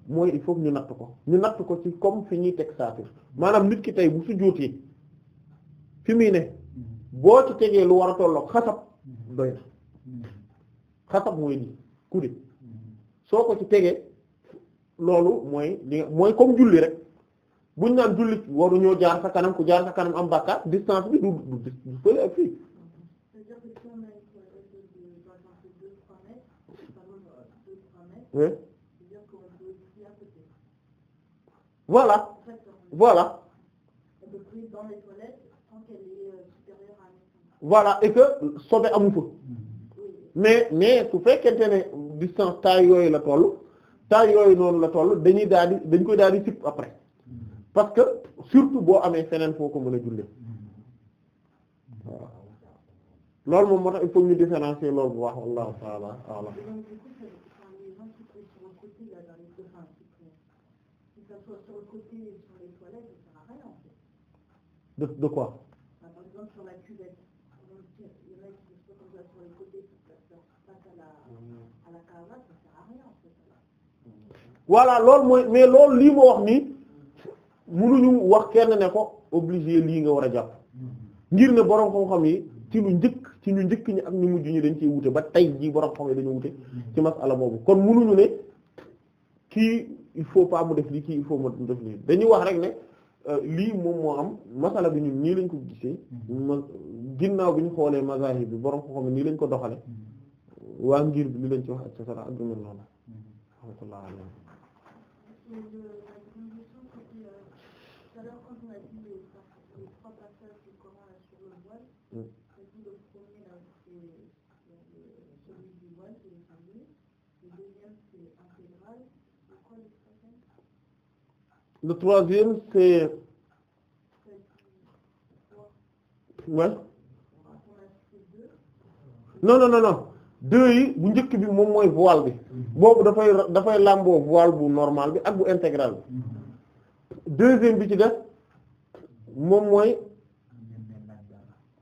mooy il faut ñu natt ko ñu natt ko ci comme fi ñuy teg saatir maanaam nit ki tey bu sujjóotee fi muy ne boo ci tegee lu war a tolloog xasab doy na xasab mooy nii kuddi soo ko ci tegee loolu mooy li mooy comme julli rek buñ naan julli waru ñoo jaar sa kanam ku jaar sa kanam am bàkkaar distance bi du du du fële ak fii voilà voilà euh, voilà et que sobe amu fa mais mais su fekkente ne distance taille yooyu la toll taille yooyu noonu la toll dañuy daal di dañ koy daal di sipp après mm. parce que surtout boo amee feneen foo ko mën a jullee mm. loolu moom moo tax il faut ñu différencier loolu bu wax wallahu ta'ala a'lam sur, sur, le côté, sur mmh. mooy mais loolu lii moo wax nii mënuñu wax kenn ne ko obligé lii nga war a jàpp ngir ne borom xam-xam yi ci lu njëkk ci ñu njëkk ñi ak ñu mujj ñi dañ ciy wute ba tey jii borom xam yi dañu wute ci masala boobu kon mënuñu ne kii il faut pas mu def lii kii il faut mu def lii dañuy wax rek ne lii moom moo am masala bi ñun nii lañ ko gisee ginnaaw bi ñu xoolee mazahib bi borom ko nii lañ ko doxale waa ngir bi li lañ ci wax et cetera ak lu mel noonu rahmatullah alayhi le troisième c'est ouais non non non non deux yi bu njëkk bi moom mooy voile bi mhm. boobu dafay dafay làmboo voile bu normal bi ak bu intégral bi mhm. deuxième bi ci def moom mooy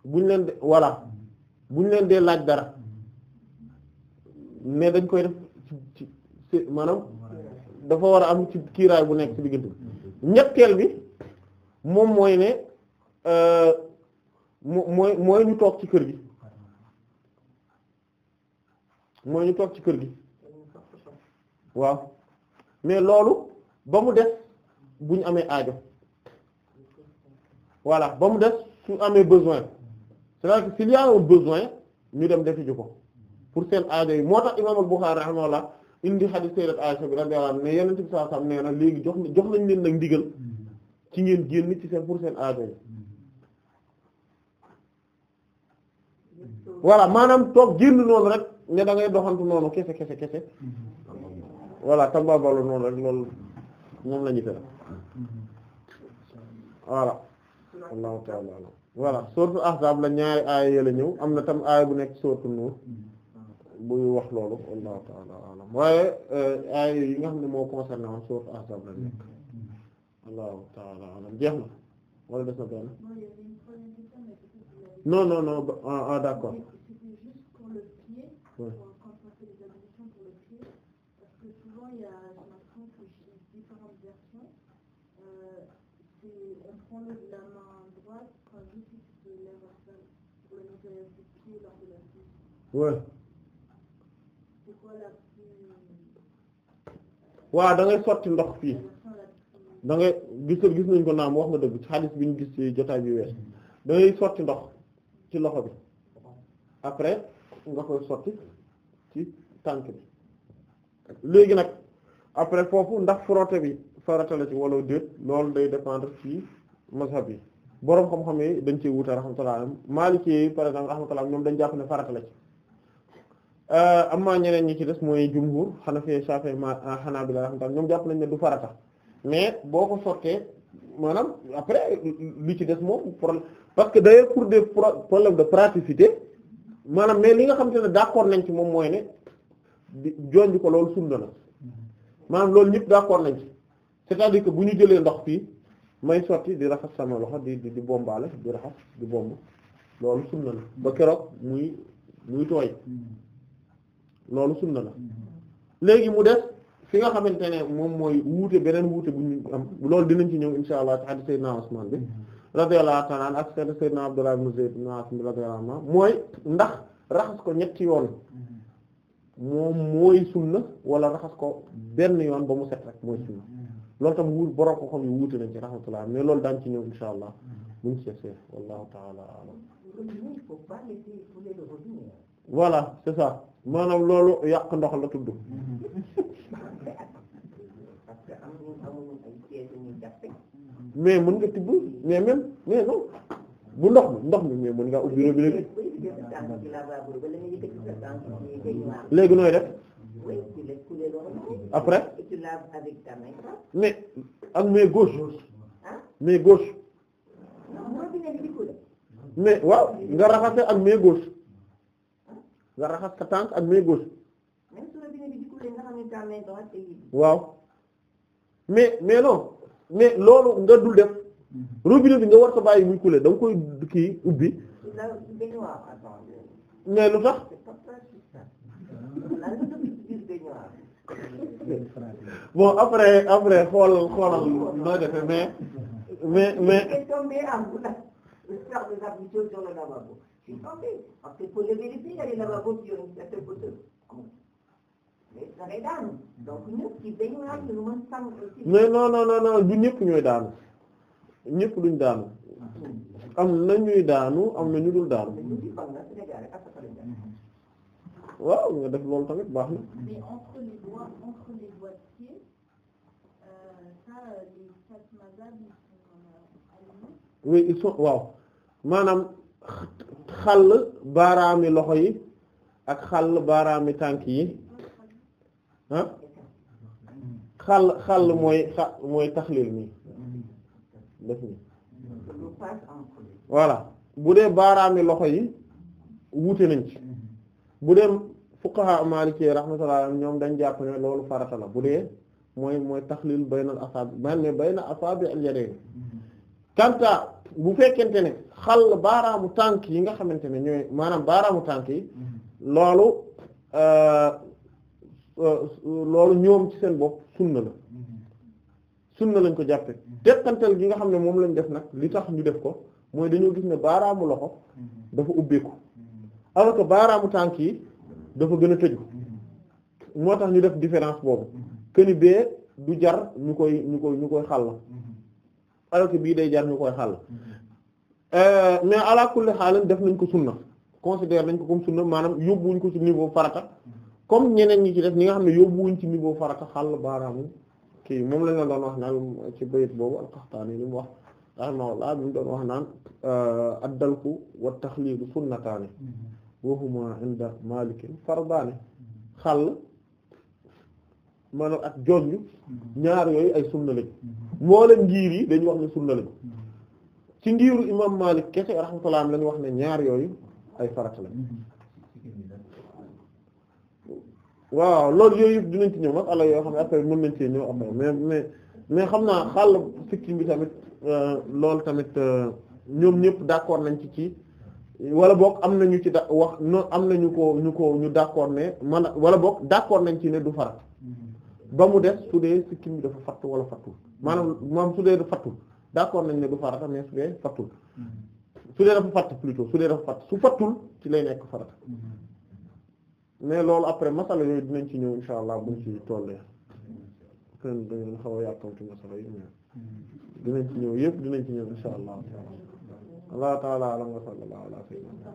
buñ leen de voilà buñ leen dee laaj dara mais dañ koy def ci ci maanaam dafa war a am ci kiiraay bu nekk ci diggante ñetteel bi moom mooy ne euh, mooy mooy ñu toog ci kër gi mooy ñu toog ci kër gi waaw mais loolu ba mu des bu ñu amee aajo voilà ba mu des suñu amee besoin c'est-à-dire que s'il besoin ñu dem defi ko pour seen aajo yi moo tax imam al-Bukhari rahimahullah indi xadis sayyidat Aisha bi radiyallahu anha ne yeneen bi sallallahu alayhi wasallam nee na léegi jox jox nañ leen nag ndigal ci ngeen génn ci seen pour seen aajo yi voilà maanaam toog génn noonu rek ne da ngay doxantu noonu kefe kese kese voilà tambabalu noonu rek loolu moom la ñu tere voilà allahu ta'ala voilà sourate Ahzab la ñaari aaya la ñëw am na tam aaya bu nekk sourate Nur buy wax loolu wallahu taala alam waaye euh, ay yi nga xam ne moo concerné woon sourate nekk wallahu taala alam jeex na wala des na benn non non non ah, ah, d'accord waa da ngay sotti ndox fii da ngay gis gis nañ ko naam wax nga dëgg ci xaalis bi ñu gis ci jotaay bi wees da sotti ndox ci loxo bi après nga koy sotti ci tànk bi léegi nag après foofu ndax frotté bi farata la ci wala déet loolu day dépendre ci mazhab yi boroom xam-xam yi dañ cee wuute rahmatullah Maliki par exemple rahmatullah ñoom dañ jàpp ne farata la ci Euh, am amma ñeneen ñi ci des mooy jumhur Hanafi Shafi'i ma ah, Hanabila rahmatullah ñoom jàpp nañ ne du farata mais boo ko sottee maanaam après li ci des moom problème parce que d'ailleurs pour des problèmes de praticité maanaam mais li nga xam te ne d'accord nañ ci moom mooy ne di jooju ko loolu sunna na maanaam loolu ñëpp d'accord nañ ci c'est-à-dire que bu ñu jëlee ndox fii may sotti di raxas sama loxo di di bombaale di raxas di bomb loolu sunna na ba keroog muy muy tooy. loolu sunna la léegi mu def fi nga xamante ne moom mooy wuute beneen wuute bu ñu am loolu dinañ ci ñëw insha allah ci hadith Seydina Usman bi radiyallahu ta'ala anhu ak hadith Seydina Abdullah ibn Zayd mooy ndax raxas ko ñetti yoon moom mooy sunna wala raxas ko benn yoon ba mu set rek mooy sunna loolu tam wuut borom ko xam yu wuute nañ ci rahmatullah mais loolu daan ci ñëw insha allah buñ seetee wallahu ta'ala a'lam voilà c'est ça maanaam loolu yàq ndox la tudd mais mën nga tibb mais même mais bu ndox mi ndox mi mais mën ngaa ubbi robinet bi léegi nooy def après mais ak mais gauche mais gauche mais waaw nga raxase ak mais gauche nga raxas sa tànk ak main gauche waaw mais mais non mais loolu nga dul def mm-hmm. robinet bi nga war sa bàyyi muy couler da nga koy kii ubbi mais lu tax bon après après xool xoolal noo defe mais mais mais J'ai tenté, parce qu'il faut le vérifier, aller la работе jurisprudență ñëpp ñooy daanu ñëpp duñ daanu am na ñuy daanu am na ñu dul daanu. waaw nga def loolu tamit baax na. mais entre les lois xàll baaraami loxo yi ak xàll baaraami tànk yi ah xàll xàll mooy xa mooy taxlil nii def ni voilà bu dee baaraami loxo yi wuute nañ ci bu dee fuqaha maliki rahmatullah ñoom dañ jàpp ne loolu farata la bu dee mooy mooy taxlil bayna al asabi man bayna asabi al yadayn kanta bu fekkente ne xal baaraamu tànk yi nga xamante ne ñooy maanaam baaraamu tànk yi loolu euh, euh, loolu ñoom ci seen bopp sunna la sunna lañ ko jàppe tekkantal gi nga xam ne moom lañ def nag li tax ñu def ko mooy dañoo gis ne baaraamu loxo dafa ubbeeku alors que baaraamu tànk yi dafa gën a tëju moo tax ñu def différence boobu këni bee du jar ñu koy ñu koy ñu koy xàll alors bii day jar ñu koy xàll mm-hmm. euh, mais ala xaalan def nañ ko sunna considère nañ ko comme sunna maanaam yóbbuwuñ ko ci niveau farata mm-hmm. comme ñeneen ñi ci def ñi nga xam ne yóbbuwuñ ci niveau farata xàll baaraamu kii moom lañ la doon wax naan ci bayit boobu alqaxtaani li mu wax rahimahullah bi mu doon wax naan euh, addalku wa taxliidu sunnataani mm-hmm. wa huma inda malikin fardaani xàll maanaam ak joññu mm-hmm. ñaar yooyu ay sunna lañ moo mm-hmm. leen ngiir yi dañu wax ne sunna lañ mm-hmm. ci ngiir yi Malik kese rahmatullah am lañu wax ne ñaar yooyu ay farata lañ waaw loolu yooyu yëpp dinañ ci ñëw nag ala yoo xam ne après mën nañ cee ñëw mais mais mais xam naa xàll sikkim bi tamit euh, loolu tamit euh, ñoom ñëpp d'accord nañ ci ci wala boog am na ñu ci wax am na ñu ko ñu ko ñu d'accord ne man wala boog d'accord nañ ci ne du farat ba mu def su dee sikkim bi dafa fattu wala fattul maanaam moom su dee du fattul d'accord nañ ne du farata mais su dee fattul mm-hmm. su dee dafa fatt plutôt su dee dafa fatt su fattul ci lay nekk farata mm-hmm. mais loolu après masala yooyu dinañ ci ñëw insha allah mu ci tollee kenn dañu xaw a yàkkamti masala yi mm-hmm. dinañ ci ñëw yëpp dinañ ci ñëw insha allah allah ta'ala la wa sallallahu ala sayyidina